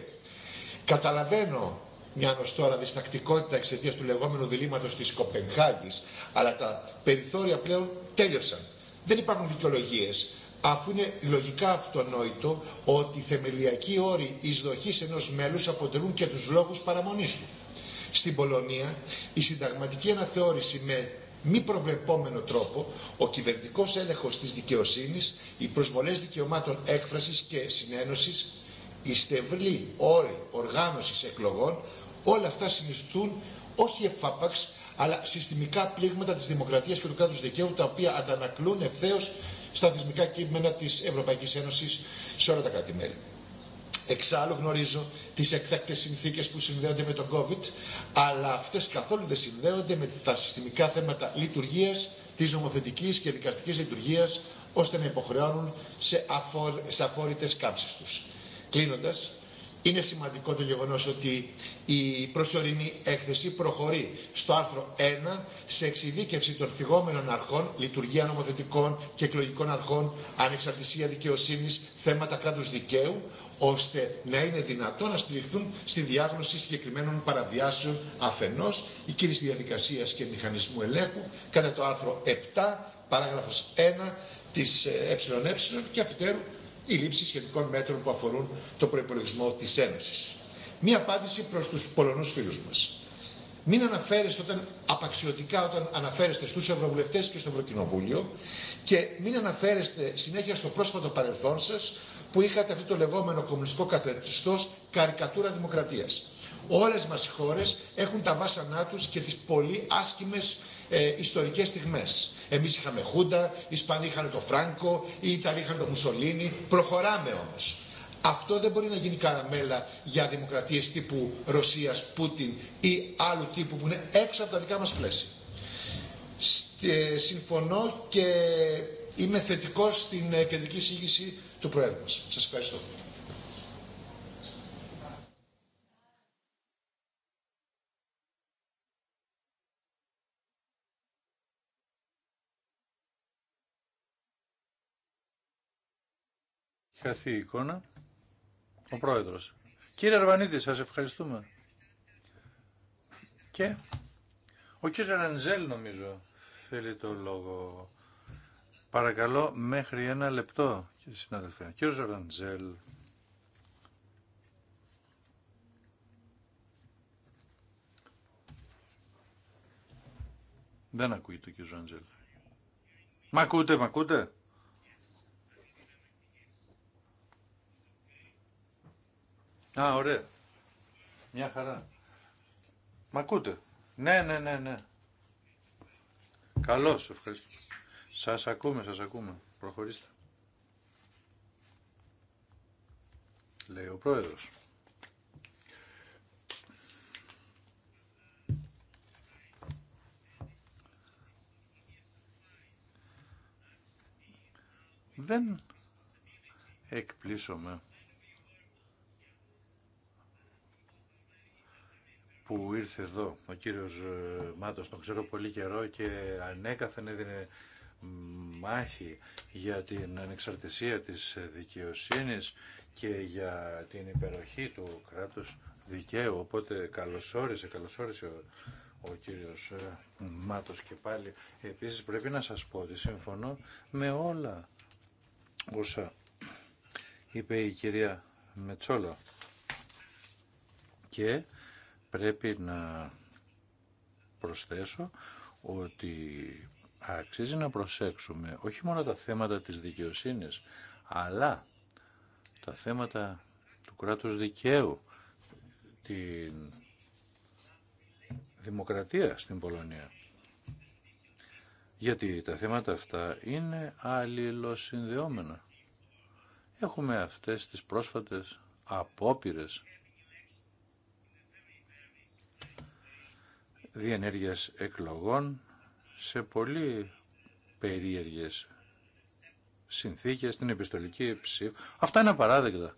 Καταλαβαίνω μια νοστόρα διστακτικότητα εξαιτία του λεγόμενου διλήμματος της Κοπενχάγης, αλλά τα περιθώρια πλέον τέλειωσαν. Δεν υπάρχουν δικαιολογίε αφού είναι λογικά αυτονόητο ότι οι θεμελιακοί όροι εισδοχή ενός μέλους αποτελούν και τους λόγους παραμονή του. Στην Πολωνία, η συνταγματική αναθεώρηση με μη προβλεπόμενο τρόπο, ο κυβερνητικό έλεγχος της δικαιοσύνη, οι προσβολές δικαιωμάτων έκφρασης και συνένωση, οι στευλή όρη οργάνωση εκλογών, όλα αυτά συνιστούν όχι εφάπαξ, αλλά συστημικά πλήγματα της δημοκρατίας και του κράτους δικαίου, τα οποία αντανακλούν ευθέω στα θεσμικά κείμενα τη Ευρωπαϊκή Ένωση σε όλα τα κράτη-μέλη. Εξάλλου γνωρίζω τι εκτάκτε συνθήκε που συνδέονται με τον COVID, αλλά αυτέ καθόλου δεν συνδέονται με τα συστημικά θέματα λειτουργία, τη νομοθετική και δικαστική λειτουργία, ώστε να υποχρεώνουν σε, αφορ... σε αφόρητε κάμψει του. Κλείνοντα, είναι σημαντικό το γεγονός ότι η προσωρινή έκθεση προχωρεί στο άρθρο 1 σε εξειδίκευση των φυγόμενων αρχών, λειτουργία νομοθετικών και εκλογικών αρχών, ανεξαρτησία δικαιοσύνης, θέματα κράτους δικαίου, ώστε να είναι δυνατό να στηριχθούν στη διάγνωση συγκεκριμένων παραβιάσεων αφενός, η κίνηση διαδικασίας και μηχανισμού ελέγχου, κατά το άρθρο 7, παράγραφος 1 της ΕΕ και αφιτέρου η λήψη σχετικών μέτρων που αφορούν το προπολογισμό τη Ένωση. Μία απάντηση προ του Πολωνού φίλου μα. Μην αναφέρεστε όταν, απαξιωτικά όταν αναφέρεστε στου Ευρωβουλευτέ και στο Ευρωκοινοβούλιο και μην αναφέρεστε συνέχεια στο πρόσφατο παρελθόν σα που είχατε αυτό το λεγόμενο κομμουνιστικό καθεστώ καρικατούρα δημοκρατία. Όλε μα οι χώρε έχουν τα βάσανά του και τι πολύ άσχημε ε, ιστορικέ στιγμές. Εμεί είχαμε Χούντα, οι Ισπανοί είχαν το Φράγκο, οι Ιταλοί είχαν το Μουσολίνι. Προχωράμε όμω. Αυτό δεν μπορεί να γίνει καραμέλα για δημοκρατίε τύπου Ρωσία, Πούτιν ή άλλου τύπου που είναι έξω από τα δικά μα πλαίσια. Συμφωνώ και είμαι θετικό στην ε, κεντρική εισήγηση του Προέδρου μα. Σας ευχαριστώ. χαθεί η εικόνα. Ο πρόεδρος. Κύριε Αρβανίτη, σας ευχαριστούμε. Και ο κύριος Ρανζέλ νομίζω θέλει το λόγο. Παρακαλώ μέχρι ένα λεπτό, κύριε συνάδελφε. Κύριος Ρανζέλ. Δεν ακούει το κύριο Ρανζέλ. Μ' ακούτε, μ' ακούτε. Α, ωραία. Μια χαρά. Μ' ακούτε. Ναι, ναι, ναι, ναι. Καλώς, ευχαριστώ. Σας ακούμε, σας ακούμε. Προχωρήστε. Λέει ο πρόεδρος. Δεν εκπλήσωμε που ήρθε εδώ ο κύριος ε, Μάτος, τον ξέρω πολύ καιρό και ανέκαθεν έδινε μάχη για την ανεξαρτησία της δικαιοσύνης και για την υπεροχή του κράτους δικαίου. Οπότε καλωσόρισε, καλωσόρισε ο, ο κύριος ε, Μάτος και πάλι. Επίσης πρέπει να σας πω ότι συμφωνώ με όλα όσα είπε η κυρία Μετσόλα. Και πρέπει να προσθέσω ότι αξίζει να προσέξουμε όχι μόνο τα θέματα της δικαιοσύνης, αλλά τα θέματα του κράτους δικαίου, την δημοκρατία στην Πολωνία. Γιατί τα θέματα αυτά είναι αλληλοσυνδεόμενα. Έχουμε αυτές τις πρόσφατες απόπειρες διενέργειας εκλογών σε πολύ περίεργες συνθήκες, στην επιστολική ψήφα. Αυτά είναι απαράδεκτα.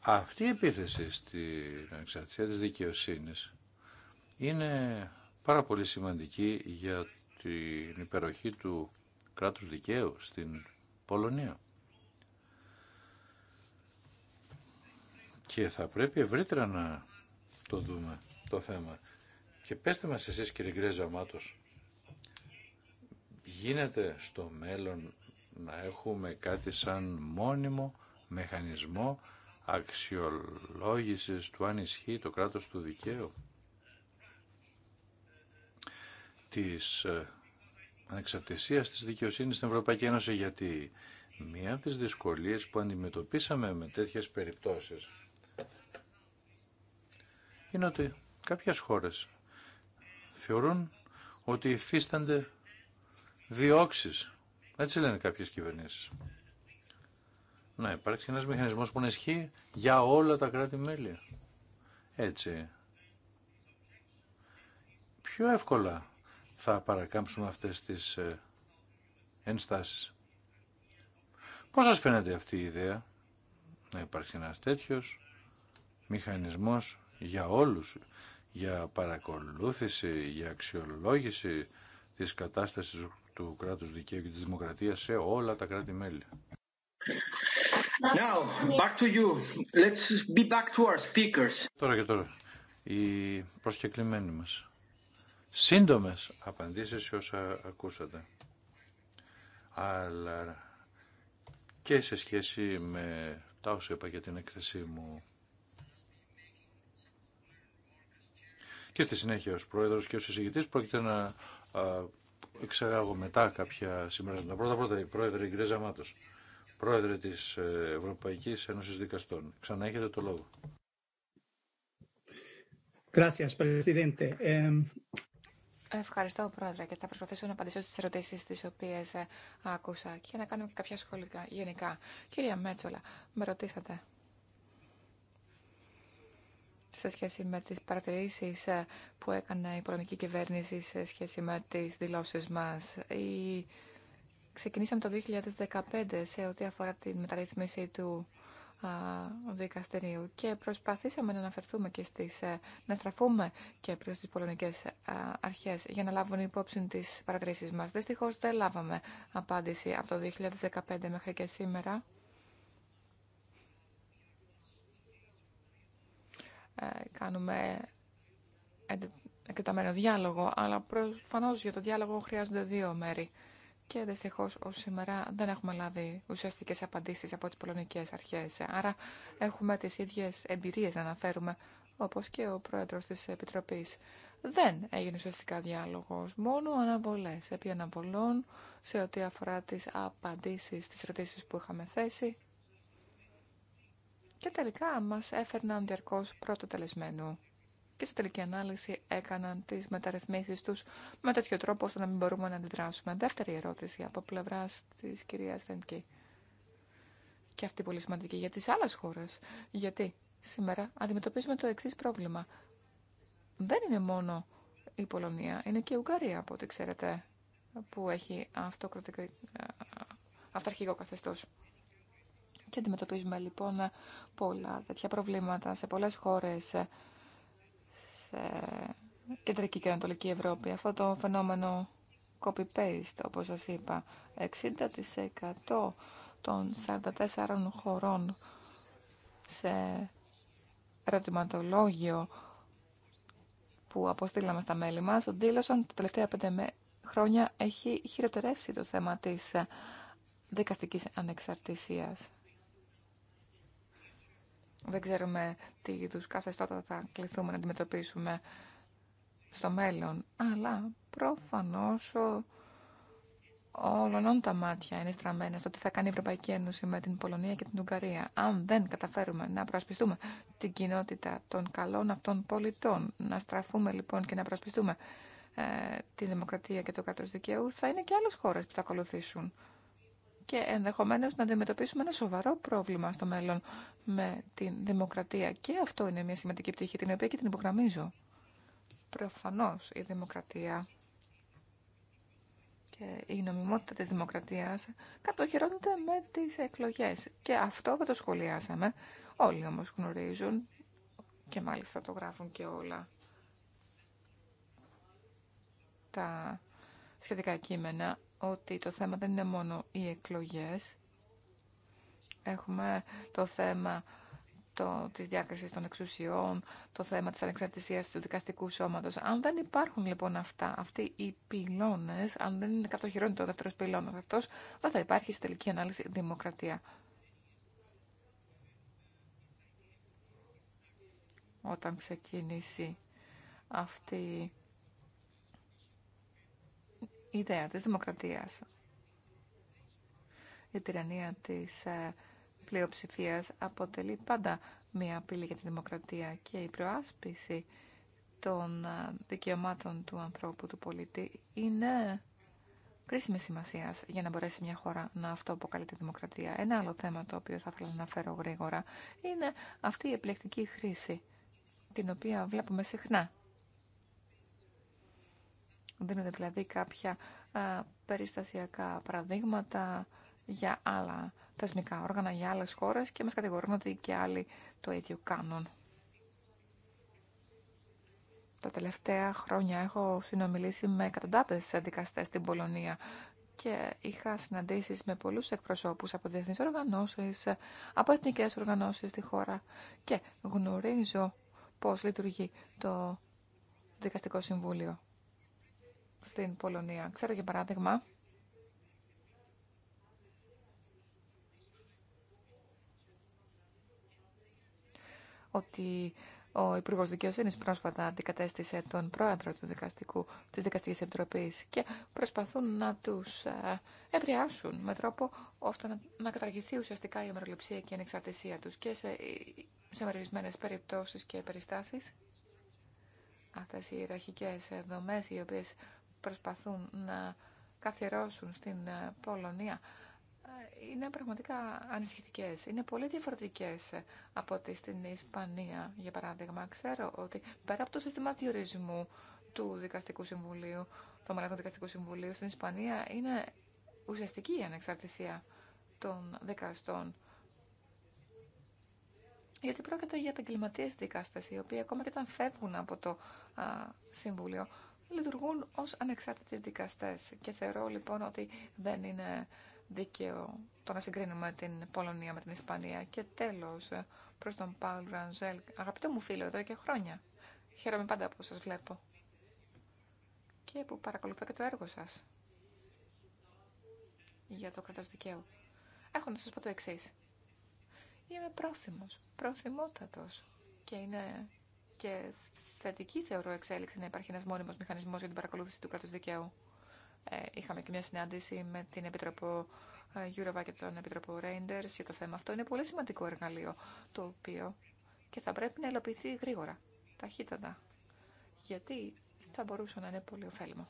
Αυτή η επίθεση στην εξαρτησία της δικαιοσύνης είναι πάρα πολύ σημαντική για την υπεροχή του κράτους δικαίου στην Πολωνία. και θα πρέπει ευρύτερα να το δούμε το θέμα. Και πέστε μας εσείς κύριε Γκρέζα Μάτος, γίνεται στο μέλλον να έχουμε κάτι σαν μόνιμο μεχανισμό αξιολόγησης του αν ισχύει το κράτος του δικαίου της ε, ανεξαρτησίας της δικαιοσύνης στην Ευρωπαϊκή Ένωση γιατί μία από τις δυσκολίες που αντιμετωπίσαμε με τέτοιες περιπτώσεις είναι ότι κάποιες χώρες θεωρούν ότι υφίστανται διώξεις. Έτσι λένε κάποιες κυβερνήσεις. Να υπάρξει ένας μηχανισμός που να ισχύει για όλα τα κράτη-μέλη. Έτσι. Πιο εύκολα θα παρακάμψουμε αυτές τις ε, ενστάσεις. Πώς σας φαίνεται αυτή η ιδέα να υπάρξει ένας τέτοιος μηχανισμός για όλους, για παρακολούθηση, για αξιολόγηση της κατάστασης του κράτους δικαίου και της δημοκρατίας σε όλα τα κράτη-μέλη. Τώρα και τώρα, οι προσκεκλημένοι μας. Σύντομες απαντήσεις σε όσα ακούσατε. Αλλά και σε σχέση με τα όσα είπα για την έκθεσή μου Και στη συνέχεια ως πρόεδρος και ως εισηγητής πρόκειται να εξαγάγω μετά κάποια συμπεράσματα. Πρώτα πρώτα η πρόεδρε Γκρέζα Μάτος, πρόεδρε της ε, Ευρωπαϊκής Ένωσης Δικαστών. Ξανά έχετε το λόγο. Ευχαριστώ, Πρόεδρε, και θα προσπαθήσω να απαντήσω στι ερωτήσει τι οποίε ε, άκουσα και να κάνω και κάποια σχόλια γενικά. Κυρία Μέτσολα, με ρωτήσατε σε σχέση με τις παρατηρήσεις ε, που έκανε η πολωνική κυβέρνηση σε σχέση με τις δηλώσεις μας. Η... Ξεκινήσαμε το 2015 σε ό,τι αφορά τη μεταρρύθμιση του α, δικαστηρίου και προσπαθήσαμε να αναφερθούμε και στις, ε, να στραφούμε και προς τις πολωνικές αρχές για να λάβουν υπόψη τις παρατηρήσεις μας. Δυστυχώς δεν λάβαμε απάντηση από το 2015 μέχρι και σήμερα. Ε, κάνουμε εκτεταμένο διάλογο, αλλά προφανώ για το διάλογο χρειάζονται δύο μέρη. Και δυστυχώ ω σήμερα δεν έχουμε λάβει ουσιαστικέ απαντήσει από τι πολωνικέ αρχέ. Άρα έχουμε τι ίδιε εμπειρίε να αναφέρουμε, όπω και ο πρόεδρο τη Επιτροπή. Δεν έγινε ουσιαστικά διάλογο, μόνο αναβολέ. Επί αναβολών σε ό,τι αφορά τι απαντήσει, τι ερωτήσει που είχαμε θέσει και τελικά μας έφερναν διαρκώς πρώτο τελεσμένου. Και σε τελική ανάλυση έκαναν τις μεταρρυθμίσεις τους με τέτοιο τρόπο ώστε να μην μπορούμε να αντιδράσουμε. Δεύτερη ερώτηση από πλευράς της κυρίας Ρενκή. Και αυτή πολύ σημαντική για τις άλλες χώρες. Γιατί σήμερα αντιμετωπίζουμε το εξή πρόβλημα. Δεν είναι μόνο η Πολωνία, είναι και η Ουγγαρία από ό,τι ξέρετε που έχει αυτοκρατικό, ε, αυταρχικό καθεστώς. Και αντιμετωπίζουμε λοιπόν πολλά τέτοια προβλήματα σε πολλές χώρες σε κεντρική και ανατολική Ευρώπη. Αυτό το φαινόμενο copy-paste, όπως σας είπα, 60% των 44 χωρών σε ερωτηματολόγιο που αποστήλαμε στα μέλη μας, δήλωσαν τα τελευταία πέντε χρόνια έχει χειροτερεύσει το θέμα της δικαστικής ανεξαρτησίας. Δεν ξέρουμε τι είδου καθεστώτα θα κληθούμε να αντιμετωπίσουμε στο μέλλον. Αλλά προφανώς όλων τα μάτια είναι στραμμένα στο τι θα κάνει η Ευρωπαϊκή Ένωση με την Πολωνία και την Ουγγαρία. Αν δεν καταφέρουμε να προασπιστούμε την κοινότητα των καλών αυτών πολιτών, να στραφούμε λοιπόν και να προασπιστούμε ε, τη δημοκρατία και το κράτος δικαίου, θα είναι και άλλες χώρες που θα ακολουθήσουν και ενδεχομένως να αντιμετωπίσουμε ένα σοβαρό πρόβλημα στο μέλλον με την δημοκρατία. Και αυτό είναι μια σημαντική πτυχή, την οποία και την υπογραμμίζω. Προφανώς η δημοκρατία και η νομιμότητα της δημοκρατίας κατοχυρώνεται με τις εκλογές. Και αυτό δεν το σχολιάσαμε. Όλοι όμως γνωρίζουν και μάλιστα το γράφουν και όλα τα σχετικά κείμενα ότι το θέμα δεν είναι μόνο οι εκλογές. Έχουμε το θέμα το, της διάκρισης των εξουσιών, το θέμα της ανεξαρτησίας του δικαστικού σώματος. Αν δεν υπάρχουν λοιπόν αυτά, αυτοί οι πυλώνες, αν δεν είναι κατοχυρώνεται ο δεύτερος πυλώνας αυτός, δεν θα υπάρχει στη τελική ανάλυση δημοκρατία. Όταν ξεκινήσει αυτή ιδέα της δημοκρατίας. Η τυραννία της ε, πλειοψηφίας αποτελεί πάντα μια απειλή για τη δημοκρατία και η προάσπιση των ε, δικαιωμάτων του ανθρώπου, του πολίτη, είναι κρίσιμη σημασία για να μπορέσει μια χώρα να αυτό αποκαλείται δημοκρατία. Ένα άλλο θέμα το οποίο θα ήθελα να αναφέρω γρήγορα είναι αυτή η επιλεκτική χρήση, την οποία βλέπουμε συχνά Δίνονται δηλαδή κάποια ε, περιστασιακά παραδείγματα για άλλα θεσμικά όργανα, για άλλες χώρες και μας κατηγορούν ότι και άλλοι το ίδιο κάνουν. Τα τελευταία χρόνια έχω συνομιλήσει με εκατοντάδες δικαστές στην Πολωνία και είχα συναντήσεις με πολλούς εκπροσώπους από διεθνείς οργανώσεις, από εθνικές οργανώσεις στη χώρα και γνωρίζω πώς λειτουργεί το Δικαστικό Συμβούλιο στην Πολωνία. Ξέρω για παράδειγμα ότι ο Υπουργό Δικαιοσύνη πρόσφατα αντικατέστησε τον πρόεδρο του δικαστικού, της Δικαστικής Επιτροπής και προσπαθούν να τους ευρεάσουν με τρόπο ώστε να, καταργηθεί ουσιαστικά η αμεροληψία και η ανεξαρτησία τους και σε, σε μερισμένε περιπτώσεις και περιστάσεις. Αυτές οι ιεραρχικές δομές οι οποίες προσπαθούν να καθιερώσουν στην ε, Πολωνία ε, είναι πραγματικά ανησυχητικέ. Είναι πολύ διαφορετικέ ε, από ό,τι στην Ισπανία, για παράδειγμα. Ξέρω ότι πέρα από το σύστημα διορισμού του Δικαστικού Συμβουλίου, το Μαλακών Δικαστικού Συμβουλίου, στην Ισπανία είναι ουσιαστική η ανεξαρτησία των δικαστών. Γιατί πρόκειται για επαγγελματίε δικάστε, οι οποίοι ακόμα και όταν φεύγουν από το Συμβούλιο, λειτουργούν ως ανεξάρτητοι δικαστές και θεωρώ λοιπόν ότι δεν είναι δίκαιο το να συγκρίνουμε την Πολωνία με την Ισπανία και τέλος προς τον Παουλ Ρανζέλ, αγαπητό μου φίλο εδώ και χρόνια. Χαίρομαι πάντα που σας βλέπω και που παρακολουθώ και το έργο σας για το κρατός δικαίου. Έχω να σας πω το εξή. Είμαι πρόθυμος, πρόθυμότατος και είναι και θετική θεωρώ εξέλιξη να υπάρχει ένα μόνιμο μηχανισμό για την παρακολούθηση του κράτου δικαίου. Ε, είχαμε και μια συνάντηση με την Επίτροπο ε, Γιούρεβα και τον Επίτροπο Ρέιντερ για το θέμα αυτό. Είναι πολύ σημαντικό εργαλείο το οποίο και θα πρέπει να υλοποιηθεί γρήγορα, ταχύτατα. Γιατί θα μπορούσε να είναι πολύ ωφέλιμο.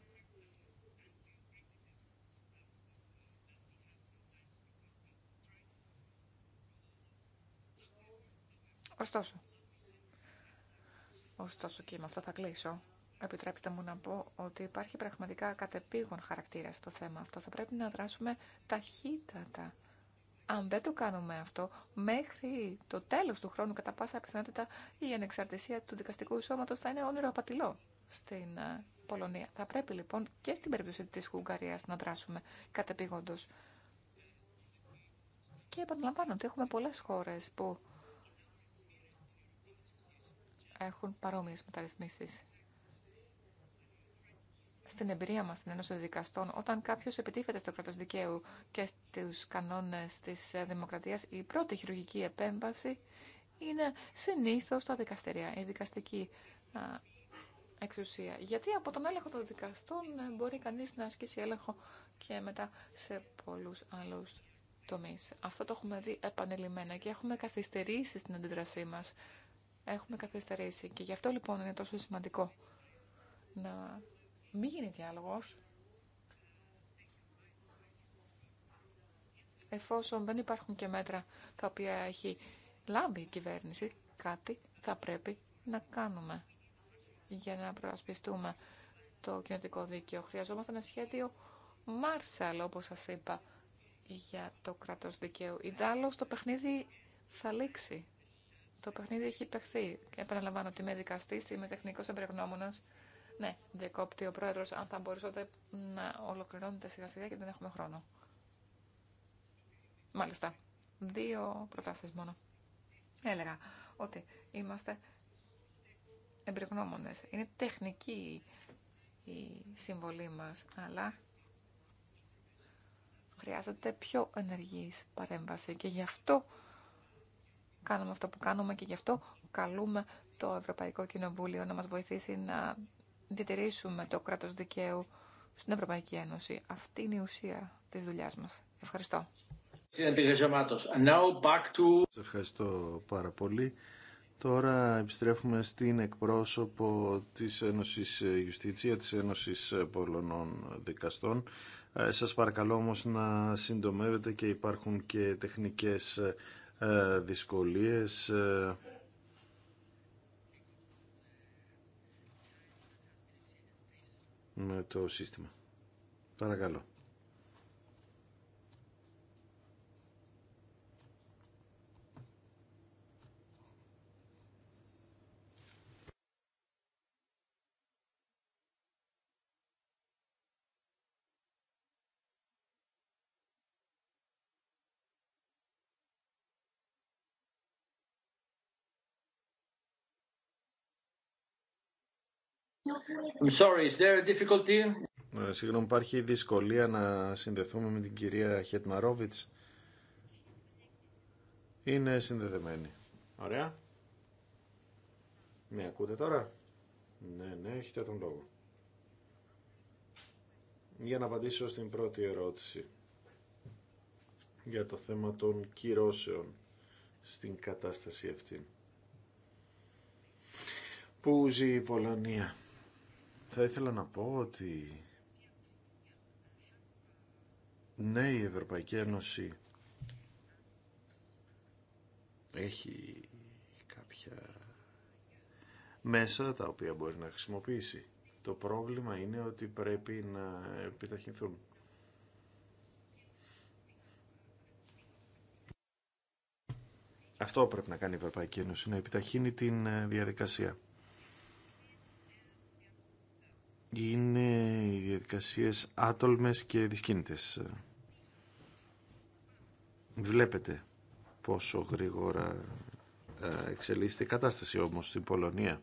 Ωστόσο, Ωστόσο και με αυτό θα κλείσω. Επιτρέψτε μου να πω ότι υπάρχει πραγματικά κατεπήγον χαρακτήρα στο θέμα αυτό. Θα πρέπει να δράσουμε ταχύτατα. Αν δεν το κάνουμε αυτό, μέχρι το τέλος του χρόνου, κατά πάσα πιθανότητα, η ανεξαρτησία του δικαστικού σώματος θα είναι όνειρο απατηλό στην ε, Πολωνία. Θα πρέπει λοιπόν και στην περίπτωση της Ουγγαρίας να δράσουμε κατεπήγοντος. Και επαναλαμβάνω ότι έχουμε πολλές χώρες που έχουν παρόμοιες μεταρρυθμίσεις. Στην εμπειρία μας στην Ένωση Δικαστών, όταν κάποιος επιτίθεται στο κράτος δικαίου και στους κανόνες της δημοκρατίας, η πρώτη χειρουργική επέμβαση είναι συνήθως τα δικαστηρία, η δικαστική εξουσία. Γιατί από τον έλεγχο των δικαστών ε, μπορεί κανείς να ασκήσει έλεγχο και μετά σε πολλούς άλλους τομείς. Αυτό το έχουμε δει επανελειμμένα και έχουμε καθυστερήσει στην αντίδρασή μας έχουμε καθυστερήσει. Και γι' αυτό λοιπόν είναι τόσο σημαντικό να μην γίνει διάλογος εφόσον δεν υπάρχουν και μέτρα τα οποία έχει λάβει η κυβέρνηση, κάτι θα πρέπει να κάνουμε για να προασπιστούμε το κοινωτικό δίκαιο. Χρειαζόμαστε ένα σχέδιο Μάρσαλ, όπως σας είπα, για το κράτος δικαίου. Ιδάλλως το παιχνίδι θα λήξει το παιχνίδι έχει παιχθεί. Επαναλαμβάνω ότι είμαι δικαστή, είμαι τεχνικό εμπειρογνώμονα. Ναι, διακόπτει ο πρόεδρο. Αν θα μπορούσατε να ολοκληρώνετε σιγά σιγά γιατί δεν έχουμε χρόνο. Μάλιστα. Δύο προτάσει μόνο. Έλεγα ότι είμαστε εμπειρογνώμονε. Είναι τεχνική η συμβολή μα, αλλά χρειάζεται πιο ενεργής παρέμβαση και γι' αυτό Κάνουμε αυτό που κάνουμε και γι' αυτό καλούμε το Ευρωπαϊκό Κοινοβούλιο να μας βοηθήσει να διατηρήσουμε το κράτος δικαίου στην Ευρωπαϊκή Ένωση. Αυτή είναι η ουσία της δουλειάς μας. Ευχαριστώ. Σας ευχαριστώ πάρα πολύ. Τώρα επιστρέφουμε στην εκπρόσωπο της Ένωσης Ιουστίτσια, της Ένωσης Πολωνών Δικαστών. Ε, σας παρακαλώ όμως να συντομεύετε και υπάρχουν και τεχνικές ε, δυσκολίες ε. με το σύστημα. Παρακαλώ. I'm sorry, is there a difficulty? Ε, συγγνώμη, υπάρχει δυσκολία να συνδεθούμε με την κυρία Χετμαρόβιτς. Είναι συνδεδεμένη. Ωραία. Με ακούτε τώρα. Ναι, ναι, έχετε τον λόγο. Για να απαντήσω στην πρώτη ερώτηση για το θέμα των κυρώσεων στην κατάσταση αυτή που ζει η Πολωνία. Θα ήθελα να πω ότι ναι, η Ευρωπαϊκή Ένωση έχει κάποια μέσα τα οποία μπορεί να χρησιμοποιήσει. Το πρόβλημα είναι ότι πρέπει να επιταχυνθούν. Αυτό πρέπει να κάνει η Ευρωπαϊκή Ένωση, να επιταχύνει την ε, διαδικασία. είναι οι διαδικασίες άτολμες και δυσκίνητες. Βλέπετε πόσο γρήγορα ε, εξελίσσεται η κατάσταση όμως στην Πολωνία.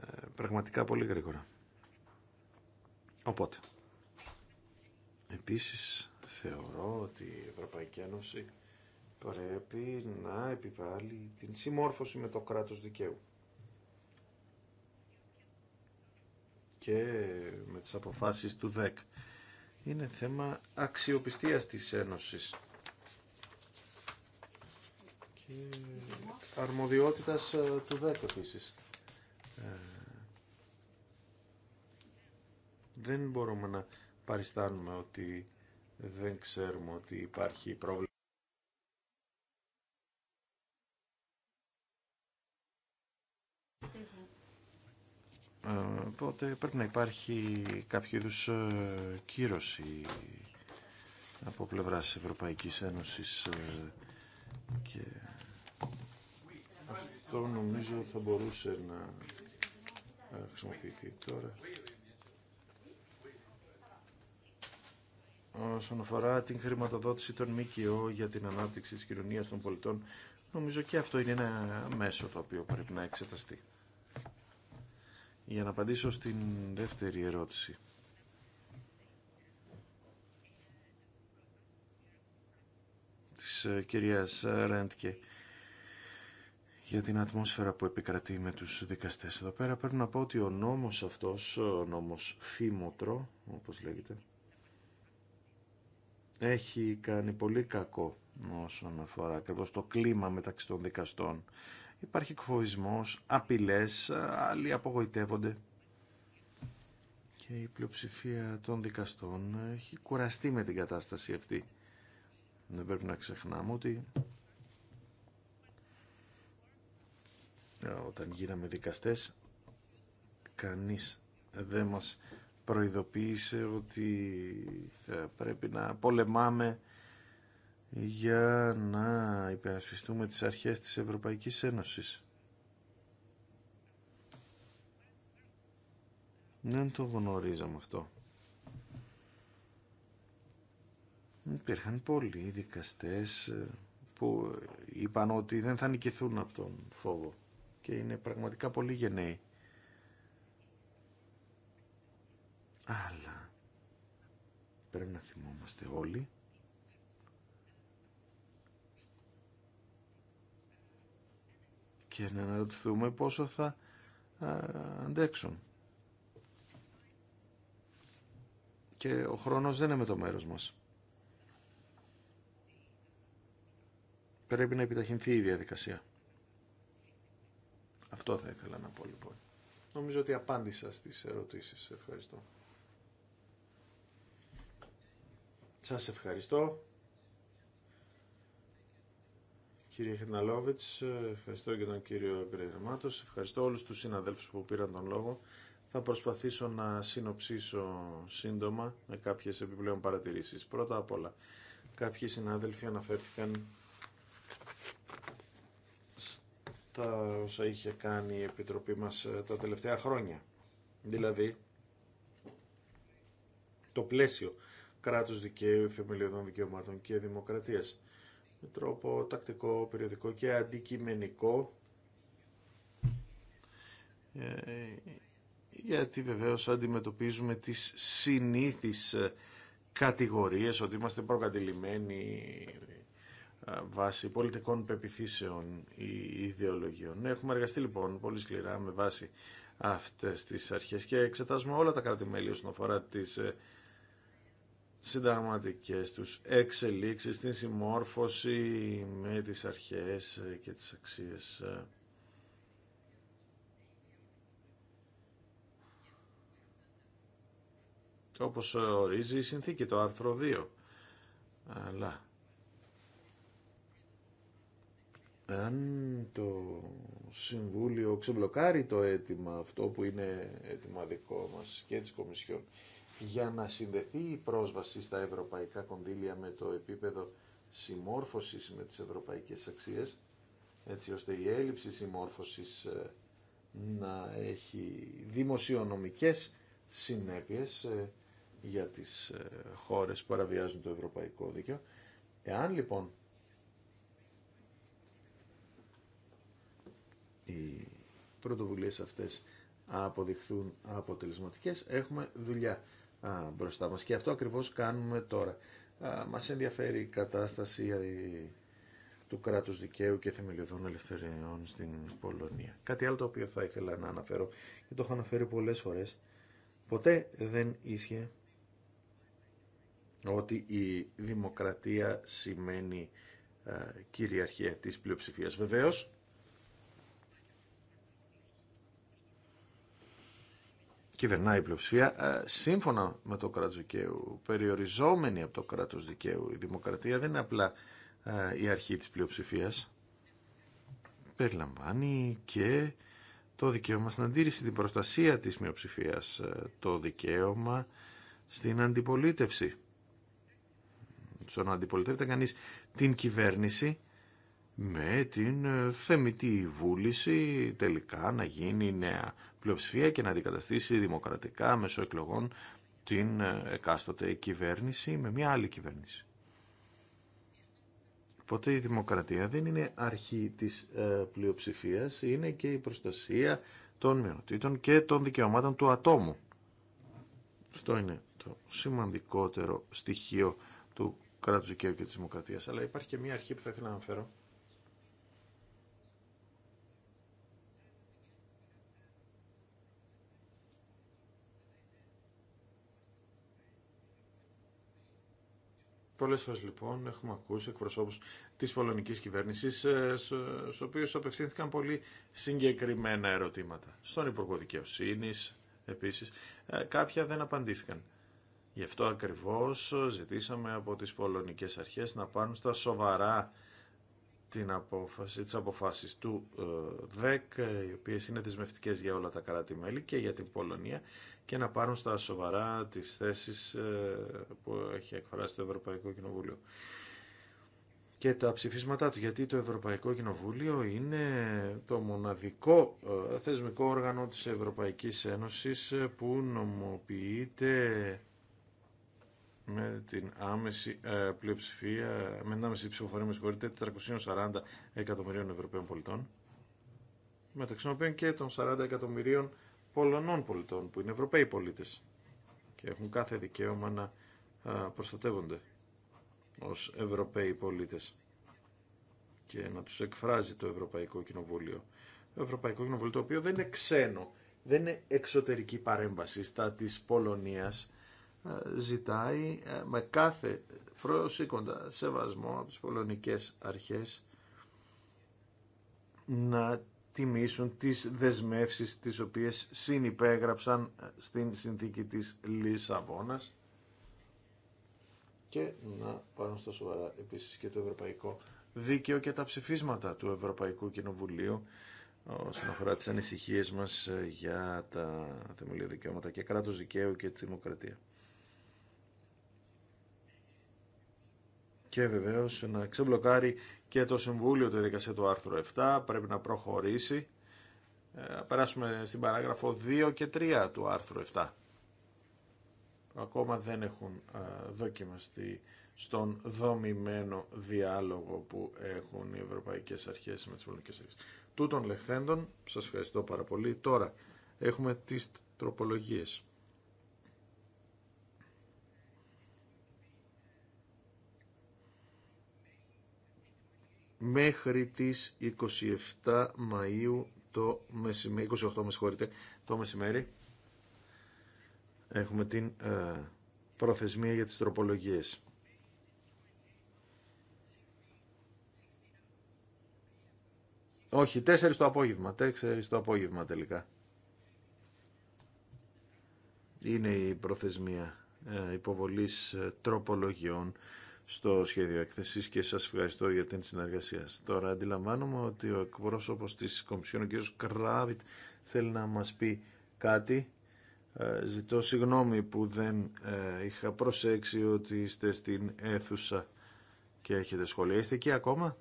Ε, πραγματικά πολύ γρήγορα. Οπότε, επίσης θεωρώ ότι η Ευρωπαϊκή Ένωση πρέπει να επιβάλλει την συμμόρφωση με το κράτος δικαίου. και με τις αποφάσεις του ΔΕΚ. Είναι θέμα αξιοπιστίας της Ένωσης και αρμοδιότητας ε, του ΔΕΚ επίσης. Ε, δεν μπορούμε να παριστάνουμε ότι δεν ξέρουμε ότι υπάρχει πρόβλημα. Οπότε πρέπει να υπάρχει κάποιο είδου ε, κύρωση από πλευράς Ευρωπαϊκής Ένωσης ε, και αυτό νομίζω θα μπορούσε να χρησιμοποιηθεί τώρα. Όσον αφορά την χρηματοδότηση των ΜΚΟ για την ανάπτυξη της κοινωνίας των πολιτών, νομίζω και αυτό είναι ένα μέσο το οποίο πρέπει να εξεταστεί για να απαντήσω στην δεύτερη ερώτηση. Της ε, κυρίας Ρέντκε για την ατμόσφαιρα που επικρατεί με τους δικαστές. Εδώ πέρα πρέπει να πω ότι ο νόμος αυτός, ο νόμος Φήμωτρο, όπως λέγεται, έχει κάνει πολύ κακό όσον αφορά ακριβώς το κλίμα μεταξύ των δικαστών Υπάρχει εκφοβισμός, απειλές, άλλοι απογοητεύονται. Και η πλειοψηφία των δικαστών έχει κουραστεί με την κατάσταση αυτή. Δεν πρέπει να ξεχνάμε ότι όταν γίναμε δικαστές κανείς δεν μας προειδοποίησε ότι θα πρέπει να πολεμάμε για να υπερασπιστούμε τις αρχές της Ευρωπαϊκής Ένωσης. Δεν το γνωρίζαμε αυτό. Υπήρχαν πολλοί δικαστές ε, που είπαν ότι δεν θα νικηθούν από τον φόβο και είναι πραγματικά πολύ γενναίοι. Αλλά πρέπει να θυμόμαστε όλοι και να αναρωτηθούμε πόσο θα ε, αντέξουν. Και ο χρόνος δεν είναι με το μέρος μας. Πρέπει να επιταχυνθεί η διαδικασία. Αυτό θα ήθελα να πω λοιπόν. Νομίζω ότι απάντησα στις ερωτήσεις. Ευχαριστώ. Σας ευχαριστώ. κύριε Χρυναλόβιτς, ευχαριστώ και τον κύριο Γκρεγραμμάτος, ευχαριστώ όλους τους συναδέλφους που πήραν τον λόγο. Θα προσπαθήσω να συνοψίσω σύντομα με κάποιες επιπλέον παρατηρήσεις. Πρώτα απ' όλα, κάποιοι συνάδελφοι αναφέρθηκαν στα όσα είχε κάνει η Επιτροπή μας ε, τα τελευταία χρόνια. Δηλαδή, το πλαίσιο κράτους δικαίου, θεμελιωδών δικαιωμάτων και δημοκρατίας με τρόπο τακτικό, περιοδικό και αντικειμενικό ε, γιατί βεβαίως αντιμετωπίζουμε τις συνήθεις ε, κατηγορίες ότι είμαστε προκατηλημένοι ε, βάσει πολιτικών πεπιθήσεων ή ιδεολογιών. Έχουμε εργαστεί λοιπόν πολύ σκληρά με βάση αυτές τις αρχές και εξετάζουμε όλα τα κράτη-μέλη όσον αφορά τις συνταγματικές τους εξελίξεις, στην συμμόρφωση με τις αρχές και τις αξίες. Όπως ορίζει η συνθήκη, το άρθρο 2. Αλλά αν το Συμβούλιο ξεμπλοκάρει το αίτημα αυτό που είναι αίτημα δικό μας και της Κομισιόν για να συνδεθεί η πρόσβαση στα ευρωπαϊκά κονδύλια με το επίπεδο συμμόρφωσης με τις ευρωπαϊκές αξίες, έτσι ώστε η έλλειψη συμμόρφωσης ε, να έχει δημοσιονομικές συνέπειες ε, για τις ε, χώρες που παραβιάζουν το ευρωπαϊκό δίκαιο. Εάν λοιπόν οι πρωτοβουλίες αυτές αποδειχθούν αποτελεσματικές, έχουμε δουλειά μπροστά μας. Και αυτό ακριβώς κάνουμε τώρα. Μας ενδιαφέρει η κατάσταση του κράτους δικαίου και θεμελιωδών ελευθεριών στην Πολωνία. Κάτι άλλο το οποίο θα ήθελα να αναφέρω και το έχω αναφέρει πολλές φορές. Ποτέ δεν ίσχυε ότι η δημοκρατία σημαίνει κυριαρχία της πλειοψηφίας. Βεβαίως, κυβερνάει η πλειοψηφία, ε, σύμφωνα με το κράτο δικαίου, περιοριζόμενη από το κράτο δικαίου. Η δημοκρατία δεν είναι απλά ε, η αρχή της πλειοψηφία. Περιλαμβάνει και το δικαίωμα στην αντίρρηση, την προστασία της μειοψηφίας, ε, το δικαίωμα στην αντιπολίτευση. Στο να αντιπολιτεύεται κανείς την κυβέρνηση με την ε, θεμητή βούληση τελικά να γίνει νέα πλειοψηφία και να αντικαταστήσει δημοκρατικά μέσω εκλογών την ε, εκάστοτε κυβέρνηση με μια άλλη κυβέρνηση. Οπότε η δημοκρατία δεν είναι αρχή της ε, πλειοψηφίας, είναι και η προστασία των μειονοτήτων και των δικαιωμάτων του ατόμου. Αυτό είναι το σημαντικότερο στοιχείο του κράτους δικαίου και της δημοκρατίας. Αλλά υπάρχει και μια αρχή που θα ήθελα να αναφέρω Πολλέ φορέ λοιπόν έχουμε ακούσει εκπροσώπου της πολωνικής κυβέρνησης ε, στους οποίους απευθύνθηκαν πολύ συγκεκριμένα ερωτήματα. Στον Υπουργό Δικαιοσύνη, επίσης ε, κάποια δεν απαντήθηκαν. Γι' αυτό ακριβώς ε, ζητήσαμε από τις πολωνικές αρχές να πάρουν στα σοβαρά την απόφαση, τις αποφάσεις του ε, ΔΕΚ, ε, οι οποίες είναι δεσμευτικέ για όλα τα κράτη-μέλη και για την Πολωνία και να πάρουν στα σοβαρά τις θέσεις ε, που έχει εκφράσει το Ευρωπαϊκό Κοινοβούλιο και τα ψηφίσματά του, γιατί το Ευρωπαϊκό Κοινοβούλιο είναι το μοναδικό θεσμικό όργανο της Ευρωπαϊκής Ένωσης που νομοποιείται με την άμεση ε, πλειοψηφία, με την άμεση ψηφοφορία, με συγχωρείτε, 440 εκατομμυρίων Ευρωπαίων πολιτών, μεταξύ των οποίων και των 40 εκατομμυρίων Πολωνών πολιτών, που είναι Ευρωπαίοι πολίτες και έχουν κάθε δικαίωμα να ε, προστατεύονται ως Ευρωπαίοι πολίτες και να τους εκφράζει το Ευρωπαϊκό Κοινοβούλιο. Το Ευρωπαϊκό Κοινοβούλιο το οποίο δεν είναι ξένο, δεν είναι εξωτερική παρέμβαση στα της Πολωνίας, ε, ζητάει ε, με κάθε προσήκοντα σεβασμό από τις πολωνικές αρχές να τιμήσουν τις δεσμεύσεις τις οποίες συνυπέγραψαν ε, στην συνθήκη της Λισαβόνας και να πάρουν στα σοβαρά επίσης και το Ευρωπαϊκό Δίκαιο και τα ψηφίσματα του Ευρωπαϊκού Κοινοβουλίου όσον αφορά τις ανησυχίες μας για τα θεμελιώδη δικαιώματα και κράτος δικαίου και τη δημοκρατία. και βεβαίω να ξεμπλοκάρει και το Συμβούλιο τη δικασία του άρθρου 7. Πρέπει να προχωρήσει. Ε, περάσουμε στην παράγραφο 2 και 3 του άρθρου 7. Ακόμα δεν έχουν ε, δοκιμαστεί στον δομημένο διάλογο που έχουν οι ευρωπαϊκές αρχές με τις πολιτικές αρχές. Τούτων λεχθέντων, σας ευχαριστώ πάρα πολύ. Τώρα έχουμε τις τροπολογίες. μέχρι τις 27 Μαΐου το μεσημέρι, 28 με το μεσημέρι. Έχουμε την ε, προθεσμία για τις τροπολογίες. Όχι, 4 το απόγευμα, τέσσερις το απόγευμα τελικά. Είναι η προθεσμία ε, υποβολής ε, τροπολογιών στο σχέδιο έκθεσης και σας ευχαριστώ για την συνεργασία. Τώρα αντιλαμβάνομαι ότι ο εκπρόσωπος της Κομισιόν, ο κ. Κράβιτ, θέλει να μας πει κάτι. Ε, ζητώ συγγνώμη που δεν ε, είχα προσέξει ότι είστε στην αίθουσα και έχετε σχολεία. Είστε εκεί ακόμα.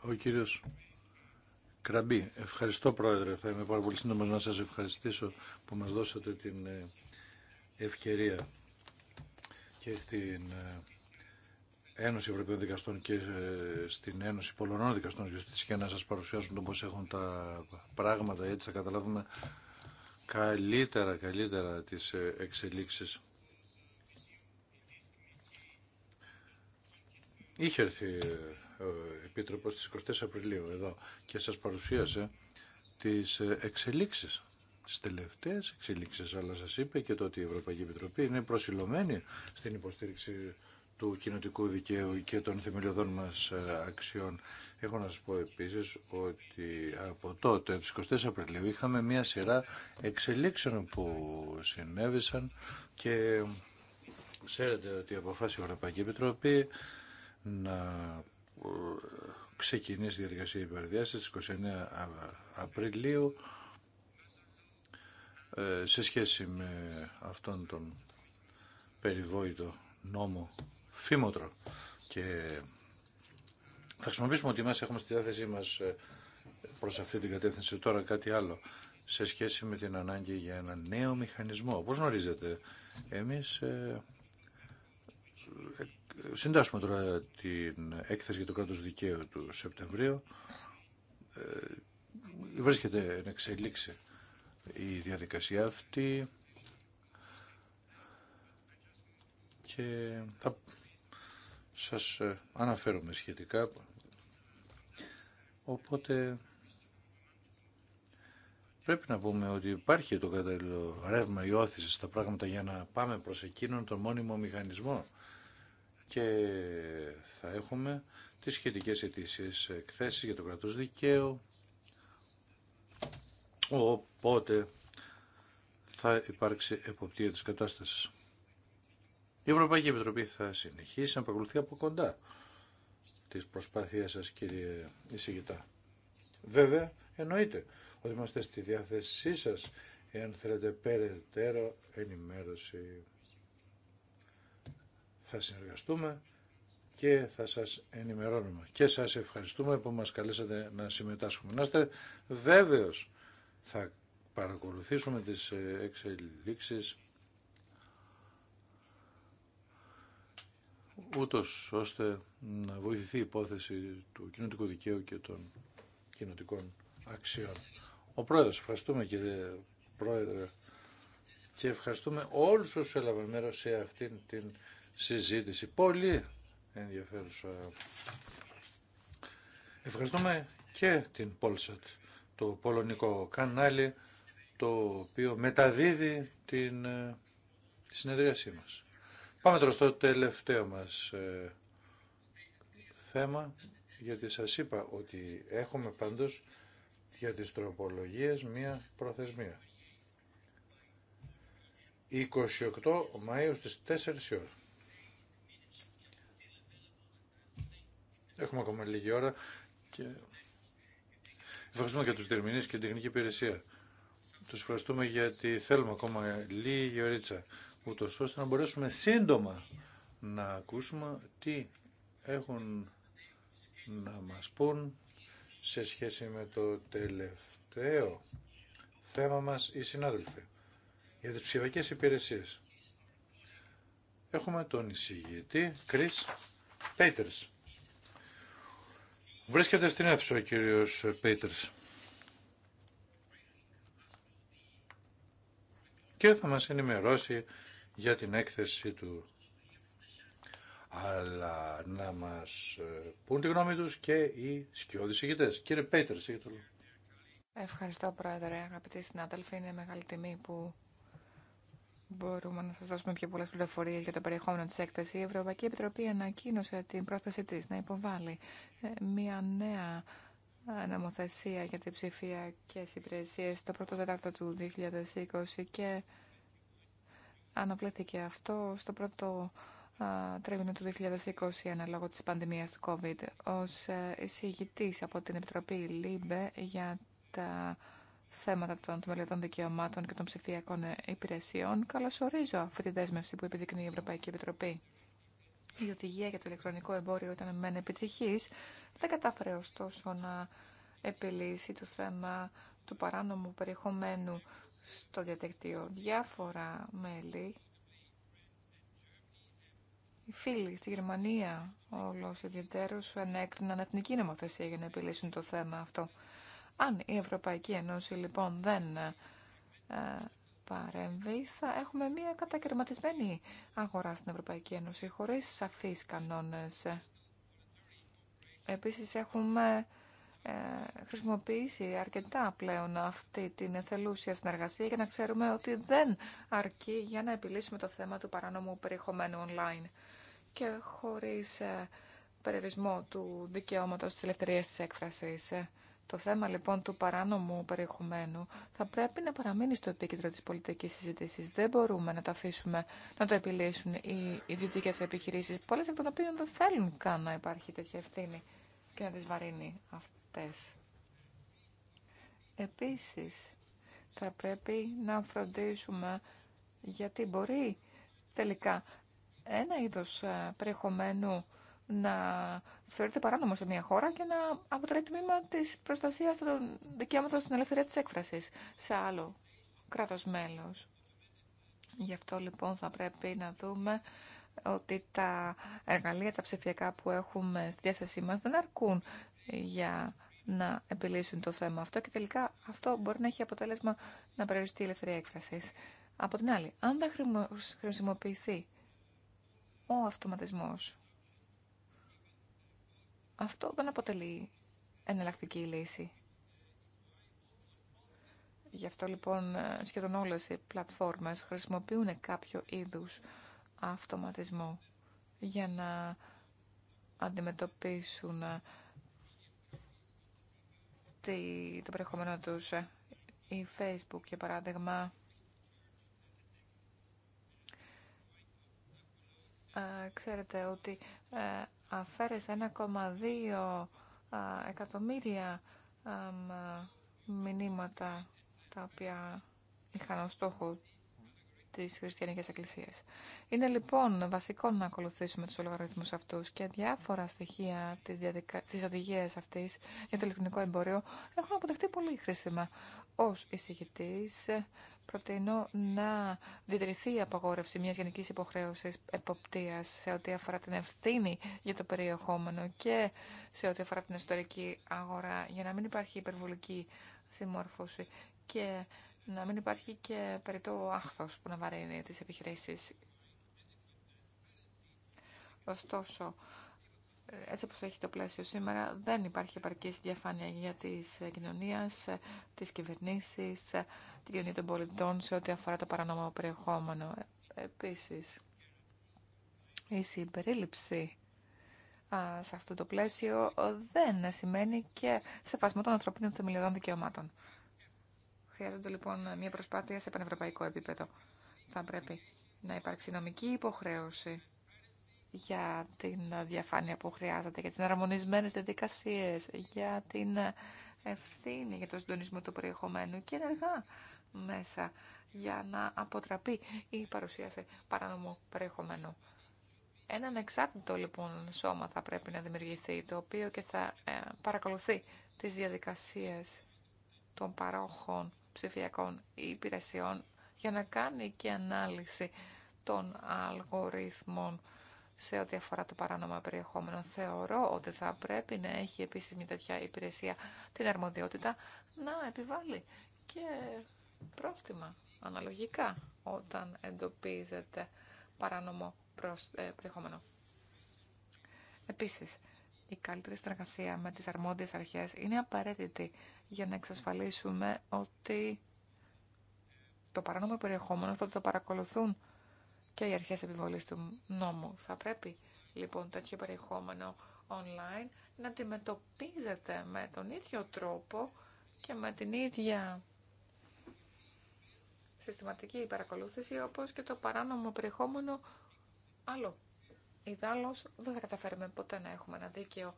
Ο κύριος Κραμπή. Ευχαριστώ πρόεδρε. Θα είμαι πάρα πολύ σύντομος να σας ευχαριστήσω που μας δώσατε την ε, ευκαιρία και στην ε, Ένωση Ευρωπαίων Δικαστών και ε, στην Ένωση Πολωνών Δικαστών για και να σας παρουσιάσουν το πώς έχουν τα πράγματα έτσι θα καταλάβουμε καλύτερα, καλύτερα τις ε, εξελίξεις. Είχε έρθει ο Επίτροπος στις 24 Απριλίου εδώ και σας παρουσίασε τις εξελίξεις τις τελευταίε εξελίξεις, αλλά σας είπε και το ότι η Ευρωπαϊκή Επιτροπή είναι προσιλωμένη στην υποστήριξη του κοινοτικού δικαίου και των θεμελιωδών μας ε, αξιών. Έχω να σας πω επίσης ότι από τότε, το 24 Απριλίου, είχαμε μια σειρά εξελίξεων που συνέβησαν και ξέρετε ότι αποφάσισε η Ευρωπαϊκή Επιτροπή να ε, ξεκινήσει η διαδικασία υπερδιάσταση στις 29 Απριλίου ε, σε σχέση με αυτόν τον περιβόητο νόμο φήμοτρο και θα χρησιμοποιήσουμε ότι μας έχουμε στη διάθεσή μας ε, προς αυτή την κατεύθυνση τώρα κάτι άλλο σε σχέση με την ανάγκη για ένα νέο μηχανισμό. Όπως γνωρίζετε, εμείς ε, συντάσσουμε τώρα την έκθεση για το κράτος δικαίου του Σεπτεμβρίου. Βρίσκεται να εξελίξει η διαδικασία αυτή και θα σας ε, αναφέρομαι σχετικά οπότε πρέπει να πούμε ότι υπάρχει το κατάλληλο ρεύμα η όθηση στα πράγματα για να πάμε προς εκείνον τον μόνιμο μηχανισμό και θα έχουμε τις σχετικές αιτήσεις εκθέσεις για το κρατούς δικαίου πότε θα υπάρξει εποπτεία της κατάστασης. Η Ευρωπαϊκή Επιτροπή θα συνεχίσει να παρακολουθεί από κοντά τις προσπάθειές σας κύριε Ισηγητά. Βέβαια εννοείται ότι είμαστε στη διάθεσή σας εάν θέλετε περαιτέρω ενημέρωση. Θα συνεργαστούμε και θα σας ενημερώνουμε. Και σας ευχαριστούμε που μας καλέσατε να συμμετάσχουμε. Να είστε βέβαιος θα παρακολουθήσουμε τις ε, εξελίξεις ούτως ώστε να βοηθηθεί η υπόθεση του κοινωτικού δικαίου και των κοινωτικών αξιών. Ο Πρόεδρος, ευχαριστούμε κύριε Πρόεδρε και ευχαριστούμε όλους όσους έλαβαν μέρος σε αυτήν την συζήτηση. Πολύ ενδιαφέρουσα. Ευχαριστούμε και την Polsat, το πολωνικό κανάλι το οποίο μεταδίδει την ε, συνεδρίασή μας. Πάμε τώρα στο τελευταίο μας ε, θέμα, γιατί σας είπα ότι έχουμε πάντως για τις τροπολογίες μία προθεσμία. 28 Μαΐου στις 4 η ώρα. Έχουμε ακόμα λίγη ώρα και ευχαριστούμε και τους τερμινείς και την τεχνική υπηρεσία τους ευχαριστούμε γιατί θέλουμε ακόμα λίγη ωρίτσα, ούτως ώστε να μπορέσουμε σύντομα να ακούσουμε τι έχουν να μας πούν σε σχέση με το τελευταίο θέμα μας οι συνάδελφοι για τις ψηφιακές υπηρεσίες. Έχουμε τον εισηγητή Chris Peters. Βρίσκεται στην αίθουσα ο κύριος Peters. και θα μας ενημερώσει για την έκθεση του. Αλλά να μας ε, πούν τη γνώμη τους και οι σκιώδεις ηγητές. Κύριε Πέιτερ, έχετε το Ευχαριστώ, Πρόεδρε. Αγαπητοί συνάδελφοι, είναι μεγάλη τιμή που μπορούμε να σας δώσουμε πιο πολλές πληροφορίες για το περιεχόμενο της έκθεση. Η Ευρωπαϊκή Επιτροπή ανακοίνωσε την πρόθεσή της να υποβάλει ε, μια νέα νομοθεσία για την ψηφιακέ υπηρεσίε το πρώτο τέταρτο του 2020 και αναβλέθηκε αυτό στο πρώτο τρίμηνο του 2020 αναλόγω της πανδημίας του COVID ως ε, εισηγητής από την Επιτροπή ΛΥΜΠΕ για τα θέματα των θεμελιωδών δικαιωμάτων και των ψηφιακών ε, υπηρεσιών. Καλωσορίζω αυτή τη δέσμευση που επιδεικνύει η Ευρωπαϊκή Επιτροπή η οδηγία για το ηλεκτρονικό εμπόριο ήταν μεν επιτυχή. δεν κατάφερε ωστόσο να επιλύσει το θέμα του παράνομου περιεχομένου στο διαδικτύο. Διάφορα μέλη, οι φίλοι στη Γερμανία όλο ιδιαίτερω, ενέκριναν εθνική νομοθεσία για να επιλύσουν το θέμα αυτό. Αν η Ευρωπαϊκή Ένωση λοιπόν δεν ε, παρέμβει, θα έχουμε μια κατακαιρματισμένη αγορά στην Ευρωπαϊκή Ένωση, χωρίς σαφείς κανόνες. Επίσης, έχουμε ε, χρησιμοποιήσει αρκετά πλέον αυτή την εθελούσια συνεργασία για να ξέρουμε ότι δεν αρκεί για να επιλύσουμε το θέμα του παρανόμου περιεχομένου online και χωρίς ε, περιορισμό του δικαιώματος της ελευθερίας της έκφρασης. Το θέμα λοιπόν του παράνομου περιεχομένου θα πρέπει να παραμείνει στο επίκεντρο της πολιτικής συζήτησης. Δεν μπορούμε να το αφήσουμε να το επιλύσουν οι ιδιωτικέ επιχειρήσεις, πολλές εκ των οποίων δεν θέλουν καν να υπάρχει τέτοια ευθύνη και να τις βαρύνει αυτές. Επίσης, θα πρέπει να φροντίσουμε γιατί μπορεί τελικά ένα είδος ε, περιεχομένου να θεωρείται παράνομο σε μια χώρα και να αποτελεί τμήμα τη προστασία των δικαιώματων στην ελευθερία τη έκφραση σε άλλο κράτο μέλο. Γι' αυτό λοιπόν θα πρέπει να δούμε ότι τα εργαλεία, τα ψηφιακά που έχουμε στη διάθεσή μας δεν αρκούν για να επιλύσουν το θέμα αυτό και τελικά αυτό μπορεί να έχει αποτέλεσμα να περιοριστεί η ελευθερία έκφρασης. Από την άλλη, αν δεν χρησιμοποιηθεί ο αυτοματισμός αυτό δεν αποτελεί εναλλακτική λύση. Γι' αυτό λοιπόν σχεδόν όλες οι πλατφόρμες χρησιμοποιούν κάποιο είδους αυτοματισμό για να αντιμετωπίσουν ε, το περιεχόμενό τους. Η Facebook, για παράδειγμα, ε, ξέρετε ότι ε, αφαίρεσε 1,2 εκατομμύρια μηνύματα τα οποία είχαν ως στόχο τις χριστιανικές εκκλησίες. Είναι λοιπόν βασικό να ακολουθήσουμε τους λογαριασμούς αυτούς και διάφορα στοιχεία της, διαδικα... της οδηγίας αυτής για το ηλεκτρονικό εμπόριο έχουν αποδεχτεί πολύ χρήσιμα. Ως εισηγητής προτείνω να διτηρηθεί η απαγόρευση μιας γενικής υποχρέωσης εποπτείας σε ό,τι αφορά την ευθύνη για το περιεχόμενο και σε ό,τι αφορά την ιστορική αγορά για να μην υπάρχει υπερβολική συμμόρφωση και να μην υπάρχει και περιττό άχθος που να βαρύνει τις επιχειρήσεις. Ωστόσο, έτσι όπως έχει το πλαίσιο σήμερα, δεν υπάρχει επαρκή διαφάνεια για τις κοινωνίες, τις κυβερνήσεις, την κοινωνία των πολιτών σε ό,τι αφορά το παράνομο περιεχόμενο. Επίσης, η συμπερίληψη σε αυτό το πλαίσιο δεν σημαίνει και σεβασμό των ανθρωπίνων θεμελιωδών δικαιωμάτων. Χρειάζονται λοιπόν μια προσπάθεια σε πανευρωπαϊκό επίπεδο. Θα πρέπει να υπάρξει νομική υποχρέωση για την διαφάνεια που χρειάζεται, για τις αναρμονισμένες διαδικασίες, για την ευθύνη, για το συντονισμό του περιεχομένου και ενεργά μέσα για να αποτραπεί η παρουσίαση παράνομο περιεχομένο. Έναν εξάρτητο λοιπόν σώμα θα πρέπει να δημιουργηθεί, το οποίο και θα ε, παρακολουθεί τις διαδικασίες των παρόχων ψηφιακών υπηρεσιών για να κάνει και ανάλυση των αλγορίθμων σε ό,τι αφορά το παράνομο περιεχόμενο. Θεωρώ ότι θα πρέπει να έχει επίσης μια τέτοια υπηρεσία την αρμοδιότητα να επιβάλλει και πρόστιμα αναλογικά όταν εντοπίζεται παράνομο ε, περιεχόμενο. Επίσης, η καλύτερη συνεργασία με τις αρμόδιες αρχές είναι απαραίτητη για να εξασφαλίσουμε ότι το παράνομο περιεχόμενο θα το παρακολουθούν και οι αρχές επιβολής του νόμου. Θα πρέπει λοιπόν τέτοιο περιεχόμενο online να αντιμετωπίζεται με τον ίδιο τρόπο και με την ίδια συστηματική παρακολούθηση όπως και το παράνομο περιεχόμενο άλλο. Ιδάλλως δεν θα καταφέρουμε ποτέ να έχουμε ένα δίκαιο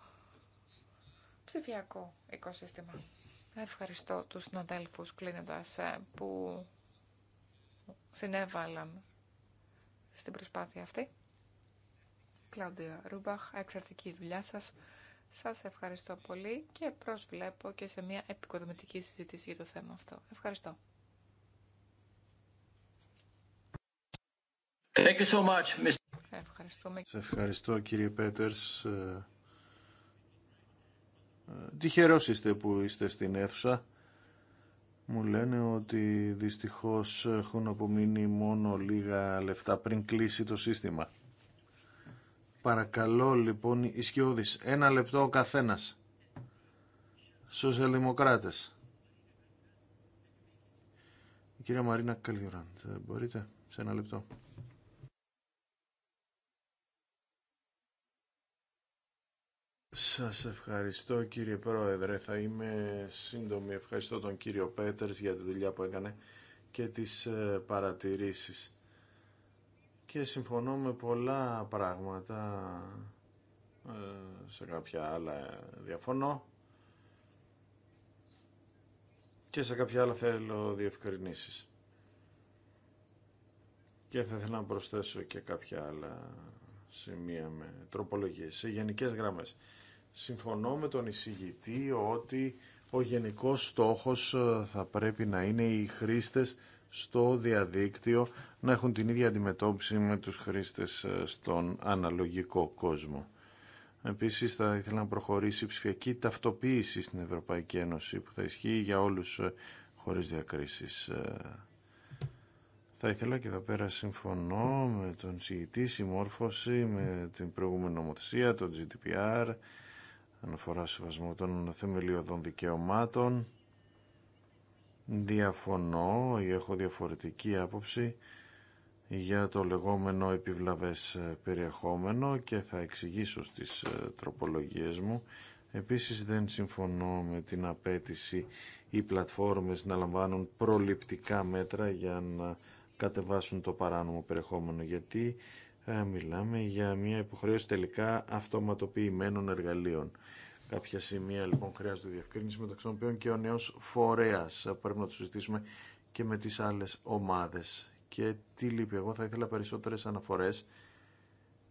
ψηφιακό οικοσύστημα. Ευχαριστώ τους συναδέλφους κλείνοντας ε, που συνέβαλαν στην προσπάθεια αυτή. Κλάντια Ρούμπαχ, εξαρτική δουλειά σας. Σας ευχαριστώ πολύ και προσβλέπω και σε μια επικοδομητική συζήτηση για το θέμα αυτό. Ευχαριστώ. Thank you so much, Σε ευχαριστώ κύριε Πέτερς. Ε, ε, τυχερός είστε που είστε στην αίθουσα μου λένε ότι δυστυχώς έχουν απομείνει μόνο λίγα λεφτά πριν κλείσει το σύστημα. Παρακαλώ λοιπόν ισχυώδης, ένα λεπτό ο καθένας. Σοσιαλδημοκράτες. Η κυρία Μαρίνα Καλιουράντ, μπορείτε σε ένα λεπτό. Σας ευχαριστώ κύριε Πρόεδρε. Θα είμαι σύντομη. Ευχαριστώ τον κύριο Πέτερς για τη δουλειά που έκανε και τις ε, παρατηρήσεις. Και συμφωνώ με πολλά πράγματα. Ε, σε κάποια άλλα διαφωνώ. Και σε κάποια άλλα θέλω διευκρινήσεις. Και θα ήθελα να προσθέσω και κάποια άλλα σημεία με τροπολογίες, σε γενικές γραμμές συμφωνώ με τον εισηγητή ότι ο γενικός στόχος ε, θα πρέπει να είναι οι χρήστες στο διαδίκτυο να έχουν την ίδια αντιμετώπιση με τους χρήστες ε, στον αναλογικό κόσμο. Επίσης θα ήθελα να προχωρήσει η ψηφιακή ταυτοποίηση στην Ευρωπαϊκή Ένωση που θα ισχύει για όλους ε, χωρίς διακρίσεις. Θα ήθελα και εδώ πέρα συμφωνώ με τον συγητή, συμμόρφωση με την προηγούμενη νομοθεσία, το GDPR, αναφορά σεβασμού των θεμελιωδών δικαιωμάτων. Διαφωνώ ή έχω διαφορετική άποψη για το λεγόμενο επιβλαβές ε, περιεχόμενο και θα εξηγήσω στις ε, τροπολογίες μου. Επίσης δεν συμφωνώ με την απέτηση οι πλατφόρμες να λαμβάνουν προληπτικά μέτρα για να κατεβάσουν το παράνομο περιεχόμενο γιατί μιλάμε για μια υποχρέωση τελικά αυτοματοποιημένων εργαλείων. Κάποια σημεία λοιπόν χρειάζεται διευκρίνηση μεταξύ των οποίων και ο νέος φορέας. Πρέπει να το συζητήσουμε και με τις άλλες ομάδες. Και τι λείπει, εγώ θα ήθελα περισσότερες αναφορές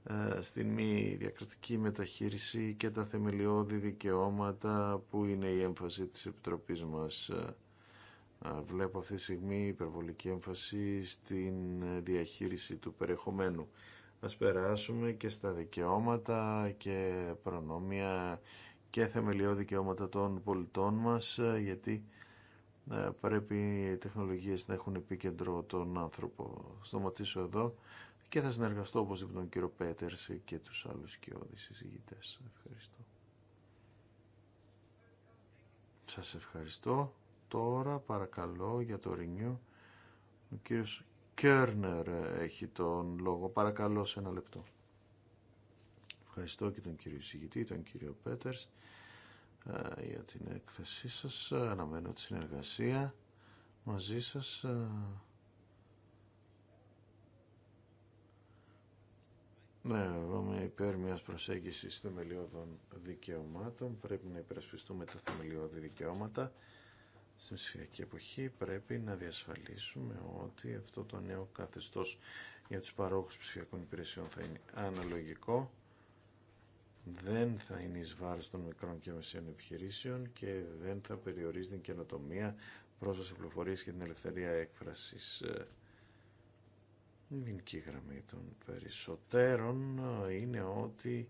ε, στην μη διακριτική μεταχείριση και τα θεμελιώδη δικαιώματα που είναι η έμφαση της Επιτροπής μας. Ε, βλέπω αυτή τη στιγμή υπερβολική έμφαση στην διαχείριση του περιεχομένου. Ας περάσουμε και στα δικαιώματα και προνόμια και θεμελιώδη δικαιώματα των πολιτών μας, γιατί ε, πρέπει οι τεχνολογίες να έχουν επίκεντρο τον άνθρωπο. Στοματίσω εδώ και θα συνεργαστώ όπως είπε τον κύριο Πέτερς και τους άλλους κοιόδης συζητητές. Ευχαριστώ. Σας ευχαριστώ. Τώρα παρακαλώ για το Ρηνιού ο Κέρνερ έχει τον λόγο. Παρακαλώ σε ένα λεπτό. Ευχαριστώ και τον κύριο Συγητή, τον κύριο Πέτερς ε, για την έκθεσή σας. Αναμένω τη συνεργασία μαζί σας. Ε. Ναι, εγώ είμαι υπέρ μιας προσέγγισης θεμελιώδων δικαιωμάτων. Πρέπει να υπερασπιστούμε τα θεμελιώδη δικαιώματα στην ψηφιακή εποχή πρέπει να διασφαλίσουμε ότι αυτό το νέο καθεστώς για τους παρόχους ψηφιακών υπηρεσιών θα είναι αναλογικό, δεν θα είναι εις βάρος των μικρών και μεσαίων επιχειρήσεων και δεν θα περιορίζει την καινοτομία, πρόσβαση πληροφορίες και την ελευθερία έκφρασης. Μην γραμμή των περισσότερων είναι ότι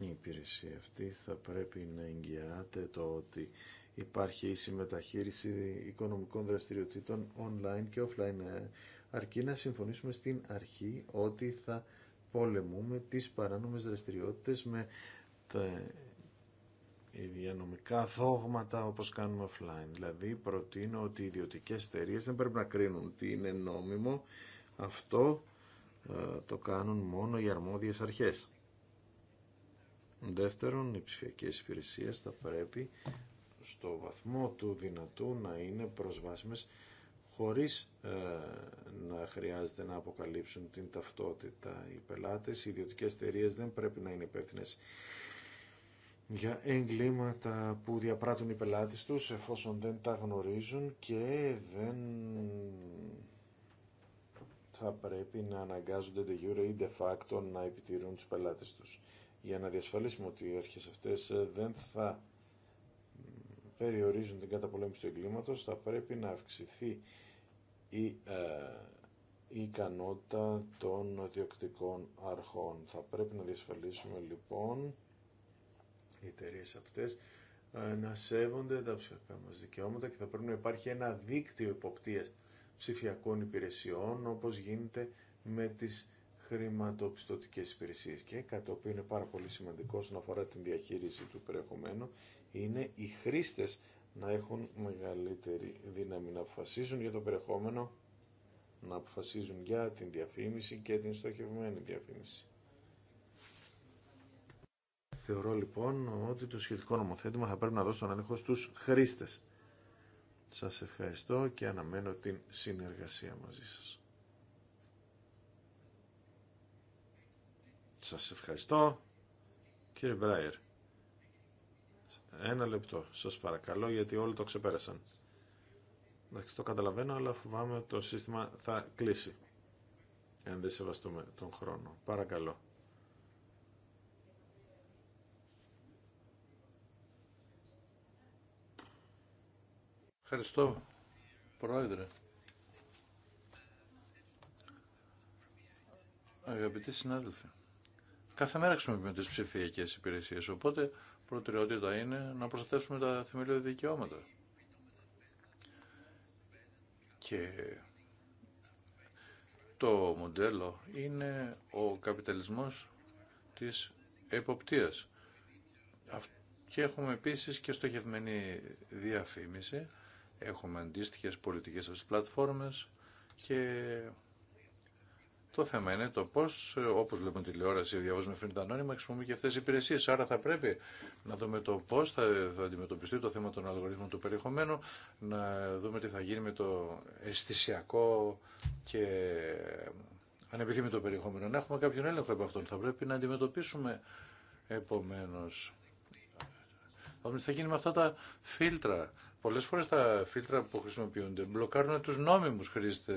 η υπηρεσία αυτή θα πρέπει να εγγυάται το ότι υπάρχει η συμμεταχείριση οικονομικών δραστηριοτήτων online και offline ε, αρκεί να συμφωνήσουμε στην αρχή ότι θα πολεμούμε τις παράνομες δραστηριότητες με τα διανομικά δόγματα όπως κάνουμε offline. Δηλαδή προτείνω ότι οι ιδιωτικές εταιρείε δεν πρέπει να κρίνουν τι είναι νόμιμο. Αυτό ε, το κάνουν μόνο οι αρμόδιες αρχές. Δεύτερον, οι ψηφιακές υπηρεσίες θα πρέπει στο βαθμό του δυνατού να είναι προσβάσιμες χωρίς ε, να χρειάζεται να αποκαλύψουν την ταυτότητα οι πελάτες. Οι ιδιωτικές εταιρείε δεν πρέπει να είναι υπεύθυνε για εγκλήματα που διαπράττουν οι πελάτες τους εφόσον δεν τα γνωρίζουν και δεν θα πρέπει να αναγκάζονται de jure ή de facto να επιτηρούν τους πελάτες τους για να διασφαλίσουμε ότι οι αρχές αυτές ε, δεν θα περιορίζουν την καταπολέμηση του εγκλήματος, θα πρέπει να αυξηθεί η, ε, η ικανότητα των διοκτικών αρχών. Θα πρέπει να διασφαλίσουμε λοιπόν οι εταιρείε αυτές ε, να σέβονται τα ψηφιακά μας δικαιώματα και θα πρέπει να υπάρχει ένα δίκτυο υποπτίας ψηφιακών υπηρεσιών όπως γίνεται με τις χρηματοπιστωτικές υπηρεσίες και κάτι οποίο είναι πάρα πολύ σημαντικό όσον αφορά την διαχείριση του περιεχομένου είναι οι χρήστες να έχουν μεγαλύτερη δύναμη να αποφασίζουν για το περιεχόμενο, να αποφασίζουν για την διαφήμιση και την στοχευμένη διαφήμιση. Θεωρώ λοιπόν ότι το σχετικό νομοθέτημα θα πρέπει να δώσει τον έλεγχο στους χρήστες. Σας ευχαριστώ και αναμένω την συνεργασία μαζί σας. Σας ευχαριστώ. Κύριε Μπράιερ, ένα λεπτό, σας παρακαλώ, γιατί όλοι το ξεπέρασαν. Εντάξει, το καταλαβαίνω, αλλά φοβάμαι ότι το σύστημα θα κλείσει, εάν δεν σεβαστούμε τον χρόνο. Παρακαλώ. Ευχαριστώ, Πρόεδρε. Αγαπητοί συνάδελφοι, Κάθε μέρα χρησιμοποιούμε τις ψηφιακέ υπηρεσίες, οπότε προτεραιότητα είναι να προστατεύσουμε τα θεμελιώδη δικαιώματα. Και το μοντέλο είναι ο καπιταλισμός της εποπτείας. Και έχουμε επίσης και στοχευμένη διαφήμιση, έχουμε αντίστοιχες πολιτικές στις πλατφόρμες και το θέμα είναι το πώ, όπω βλέπουμε τηλεόραση, διαβάζουμε πριν τα ανώνυμα, χρησιμοποιούμε και αυτέ τι υπηρεσίε. Άρα θα πρέπει να δούμε το πώ θα, θα αντιμετωπιστεί το θέμα των αλγορίθμων του περιεχομένου, να δούμε τι θα γίνει με το αισθησιακό και ανεπιθύμητο περιεχόμενο. Να έχουμε κάποιον έλεγχο από αυτόν. Θα πρέπει να αντιμετωπίσουμε επομένω. Θα θα γίνει με αυτά τα φίλτρα. Πολλέ φορέ τα φίλτρα που χρησιμοποιούνται μπλοκάρουν του νόμιμου χρήστε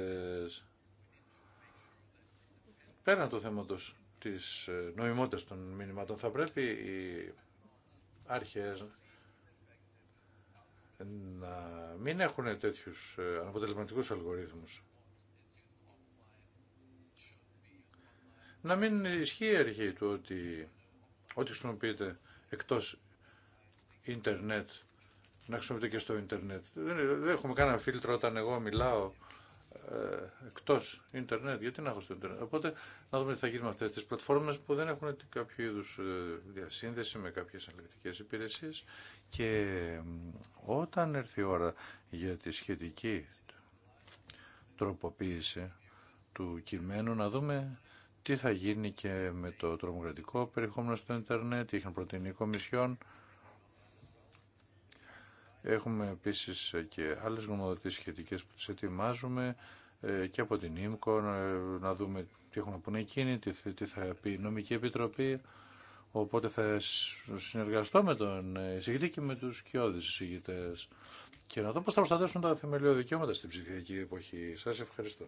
πέραν του τους της ε, νοημότητας των μηνυμάτων θα πρέπει οι άρχες να μην έχουν τέτοιους ε, αναποτελεσματικούς αλγορίθμους. Να μην ισχύει η αρχή του ότι ό,τι χρησιμοποιείται εκτός ίντερνετ να χρησιμοποιείται και στο ίντερνετ. Δεν, δεν έχουμε κανένα φίλτρο όταν εγώ μιλάω ε, εκτός ίντερνετ, γιατί να έχω στο ίντερνετ. Οπότε να δούμε τι θα γίνει με αυτές τις πλατφόρμες που δεν έχουν κάποιο είδους ε, διασύνδεση με κάποιες ελεκτικές υπηρεσίες και όταν έρθει η ώρα για τη σχετική τροποποίηση του κειμένου να δούμε τι θα γίνει και με το τρομοκρατικό περιεχόμενο στο ίντερνετ, είχαν προτείνει οι κομισιόν Έχουμε επίσης και άλλες γνωμοδοτήσεις σχετικές που τις ετοιμάζουμε ε, και από την ΙΜΚΟ να δούμε τι έχουν να πούνε εκείνοι, τι θα πει η νομική επιτροπή. Οπότε θα συνεργαστώ με τον εισηγητή και με τους κοιόδης εισηγητές και να δω πώς θα προστατεύσουν τα θεμελιώδη δικαιώματα στην ψηφιακή εποχή. Σας ευχαριστώ.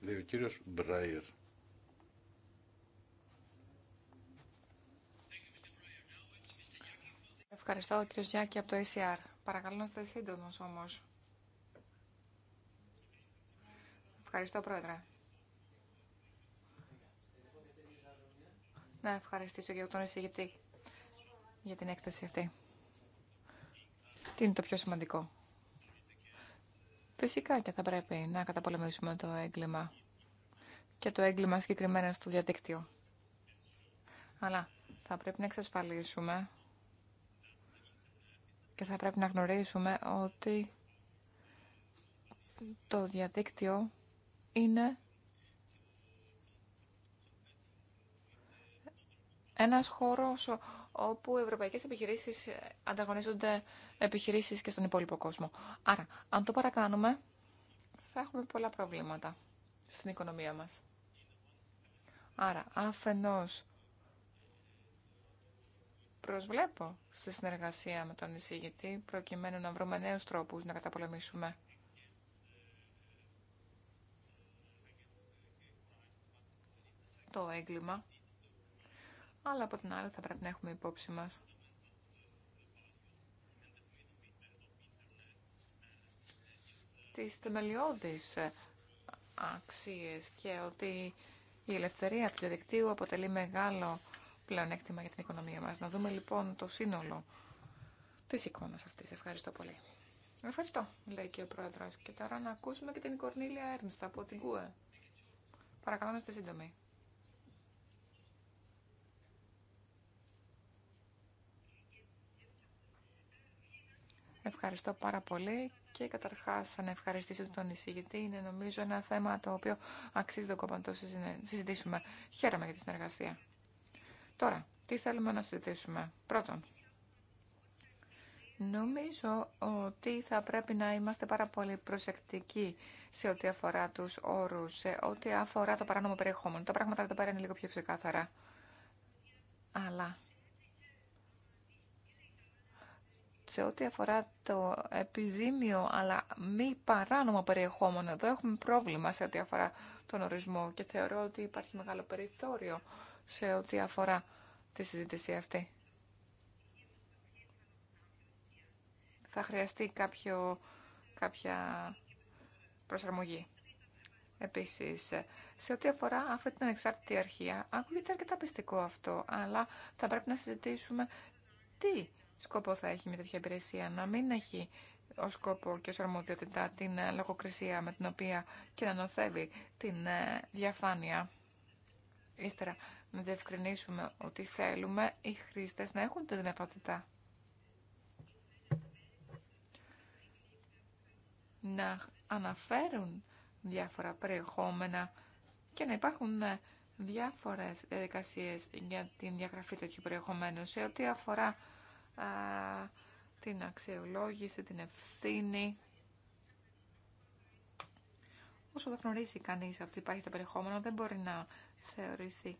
Λέει ο κύριος Μπράιερ. Ευχαριστώ, κύριος Γιάκη από το ACR. Παρακαλώ να είστε σύντομο όμω. Ευχαριστώ, Πρόεδρε. Να ευχαριστήσω και τον εισηγητή για την έκθεση αυτή. Τι είναι το πιο σημαντικό. Φυσικά και θα πρέπει να καταπολεμήσουμε το έγκλημα και το έγκλημα συγκεκριμένα στο διαδίκτυο. Αλλά θα πρέπει να εξασφαλίσουμε και θα πρέπει να γνωρίζουμε ότι το διαδίκτυο είναι ένας χώρος όπου οι ευρωπαϊκές επιχειρήσεις ανταγωνίζονται επιχειρήσεις και στον υπόλοιπο κόσμο. Άρα, αν το παρακάνουμε, θα έχουμε πολλά προβλήματα στην οικονομία μας. Άρα, αφενός προσβλέπω στη συνεργασία με τον εισηγητή προκειμένου να βρούμε νέους τρόπους να καταπολεμήσουμε το έγκλημα. Αλλά από την άλλη θα πρέπει να έχουμε υπόψη μας τις θεμελιώδεις αξίες και ότι η ελευθερία του διαδικτύου αποτελεί μεγάλο πλεονέκτημα για την οικονομία μας. Να δούμε λοιπόν το σύνολο της εικόνας αυτής. Ευχαριστώ πολύ. Ευχαριστώ, λέει και ο πρόεδρος. Και τώρα να ακούσουμε και την Κορνίλια Έρνστα από την ΚΟΕ. Παρακαλώ να είστε σύντομοι. Ευχαριστώ πάρα πολύ και καταρχάς να ευχαριστήσω τον εισηγητή. Είναι νομίζω ένα θέμα το οποίο αξίζει τον κόμμα να το συζητήσουμε. Χαίρομαι για τη συνεργασία. Τώρα, τι θέλουμε να συζητήσουμε. Πρώτον, νομίζω ότι θα πρέπει να είμαστε πάρα πολύ προσεκτικοί σε ό,τι αφορά τους όρους, σε ό,τι αφορά το παράνομο περιεχόμενο. Τα πράγματα δεν πέρα λίγο πιο ξεκάθαρα. Αλλά σε ό,τι αφορά το επιζήμιο αλλά μη παράνομο περιεχόμενο. Εδώ έχουμε πρόβλημα σε ό,τι αφορά τον ορισμό και θεωρώ ότι υπάρχει μεγάλο περιθώριο σε ό,τι αφορά τη συζήτηση αυτή. Θα χρειαστεί κάποιο, κάποια προσαρμογή. Επίσης, σε ό,τι αφορά αυτή την ανεξάρτητη αρχεία, ακούγεται αρκετά πιστικό αυτό, αλλά θα πρέπει να συζητήσουμε τι σκόπο θα έχει με τέτοια υπηρεσία, να μην έχει ως σκόπο και ως αρμοδιότητα την ε, λογοκρισία με την οποία και την ε, διαφάνεια. Ύστερα, να διευκρινίσουμε ότι θέλουμε οι χρήστες να έχουν τη δυνατότητα να αναφέρουν διάφορα περιεχόμενα και να υπάρχουν ε, διάφορες διαδικασίες για την διαγραφή τέτοιου περιεχομένου σε ό,τι αφορά την αξιολόγηση, την ευθύνη. Όσο δεν γνωρίζει κανείς ότι υπάρχει το περιεχόμενο δεν μπορεί να θεωρηθεί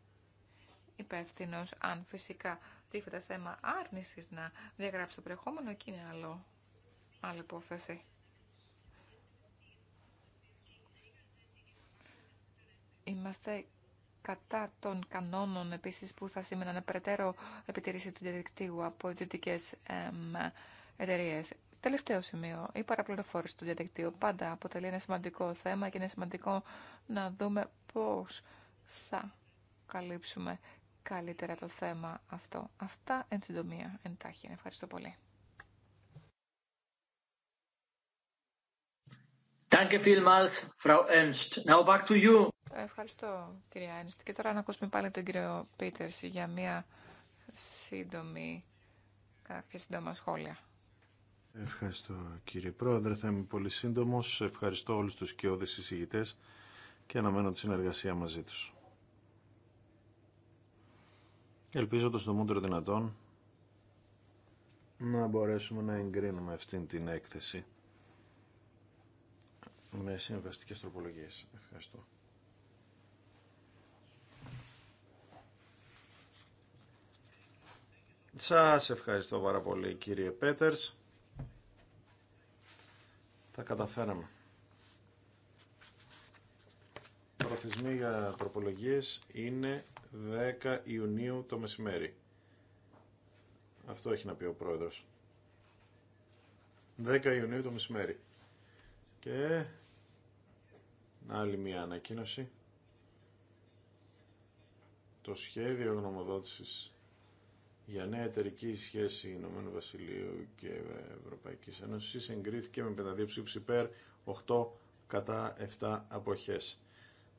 υπεύθυνο αν φυσικά τίθεται θέμα άρνησης να διαγράψει το περιεχόμενο εκεί είναι άλλο, άλλη υπόθεση. Είμαστε κατά των κανόνων επίσης που θα σήμαιναν περαιτέρω επιτηρήση του διαδικτύου από ιδιωτικέ εταιρείε. Τελευταίο σημείο, η παραπληροφόρηση του διαδικτύου πάντα αποτελεί ένα σημαντικό θέμα και είναι σημαντικό να δούμε πώς θα καλύψουμε καλύτερα το θέμα αυτό. Αυτά εν συντομία, εντάχει. Ευχαριστώ πολύ. Ευχαριστώ, κυρία Ένστ. Και τώρα να ακούσουμε πάλι τον κύριο Πίτερς για μια σύντομη, κάποια σύντομα σχόλια. Ευχαριστώ, κύριε Πρόεδρε. Θα είμαι πολύ σύντομος. Ευχαριστώ όλους τους κοιόδης εισηγητές και αναμένω τη συνεργασία μαζί τους. Ελπίζω το στομότερο δυνατόν να μπορέσουμε να εγκρίνουμε αυτήν την έκθεση με συμβαστικές τροπολογίες. Ευχαριστώ. Σας ευχαριστώ πάρα πολύ κύριε Πέτερς. Τα καταφέραμε. Προθεσμοί για τροπολογίες είναι 10 Ιουνίου το μεσημέρι. Αυτό έχει να πει ο πρόεδρος. 10 Ιουνίου το μεσημέρι. Και άλλη μια ανακοίνωση. Το σχέδιο γνωμοδότησης για νέα εταιρική σχέση Ηνωμένου Βασιλείου και Ευρωπαϊκής Ένωσης εγκρίθηκε με 52 ψήφους υπέρ 8 κατά 7 αποχές.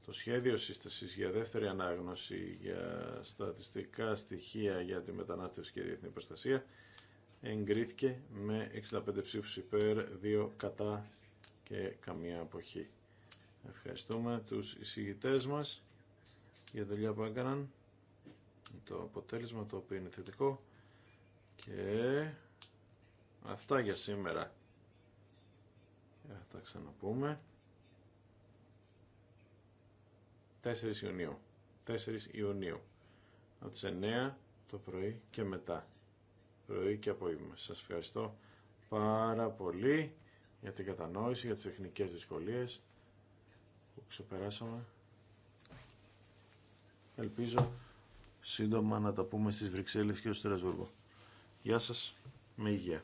Το σχέδιο σύστασης για δεύτερη ανάγνωση για στατιστικά στοιχεία για τη μετανάστευση και διεθνή προστασία εγκρίθηκε με 65 ψήφους υπέρ, 2 κατά και καμία αποχή. Ευχαριστούμε τους εισηγητές μας για τη δουλειά που έκαναν, το αποτέλεσμα το οποίο είναι θετικό και αυτά για σήμερα. Θα τα ξαναπούμε. 4 Ιουνίου. 4 Ιουνίου. Από τις 9 το πρωί και μετά. Πρωί και απόγευμα. Σας ευχαριστώ πάρα πολύ για την κατανόηση, για τις τεχνικές δυσκολίες που ξεπεράσαμε. Ελπίζω σύντομα να τα πούμε στις Βρυξέλλες και στο Στρασβούργο. Γεια σας, με υγεία.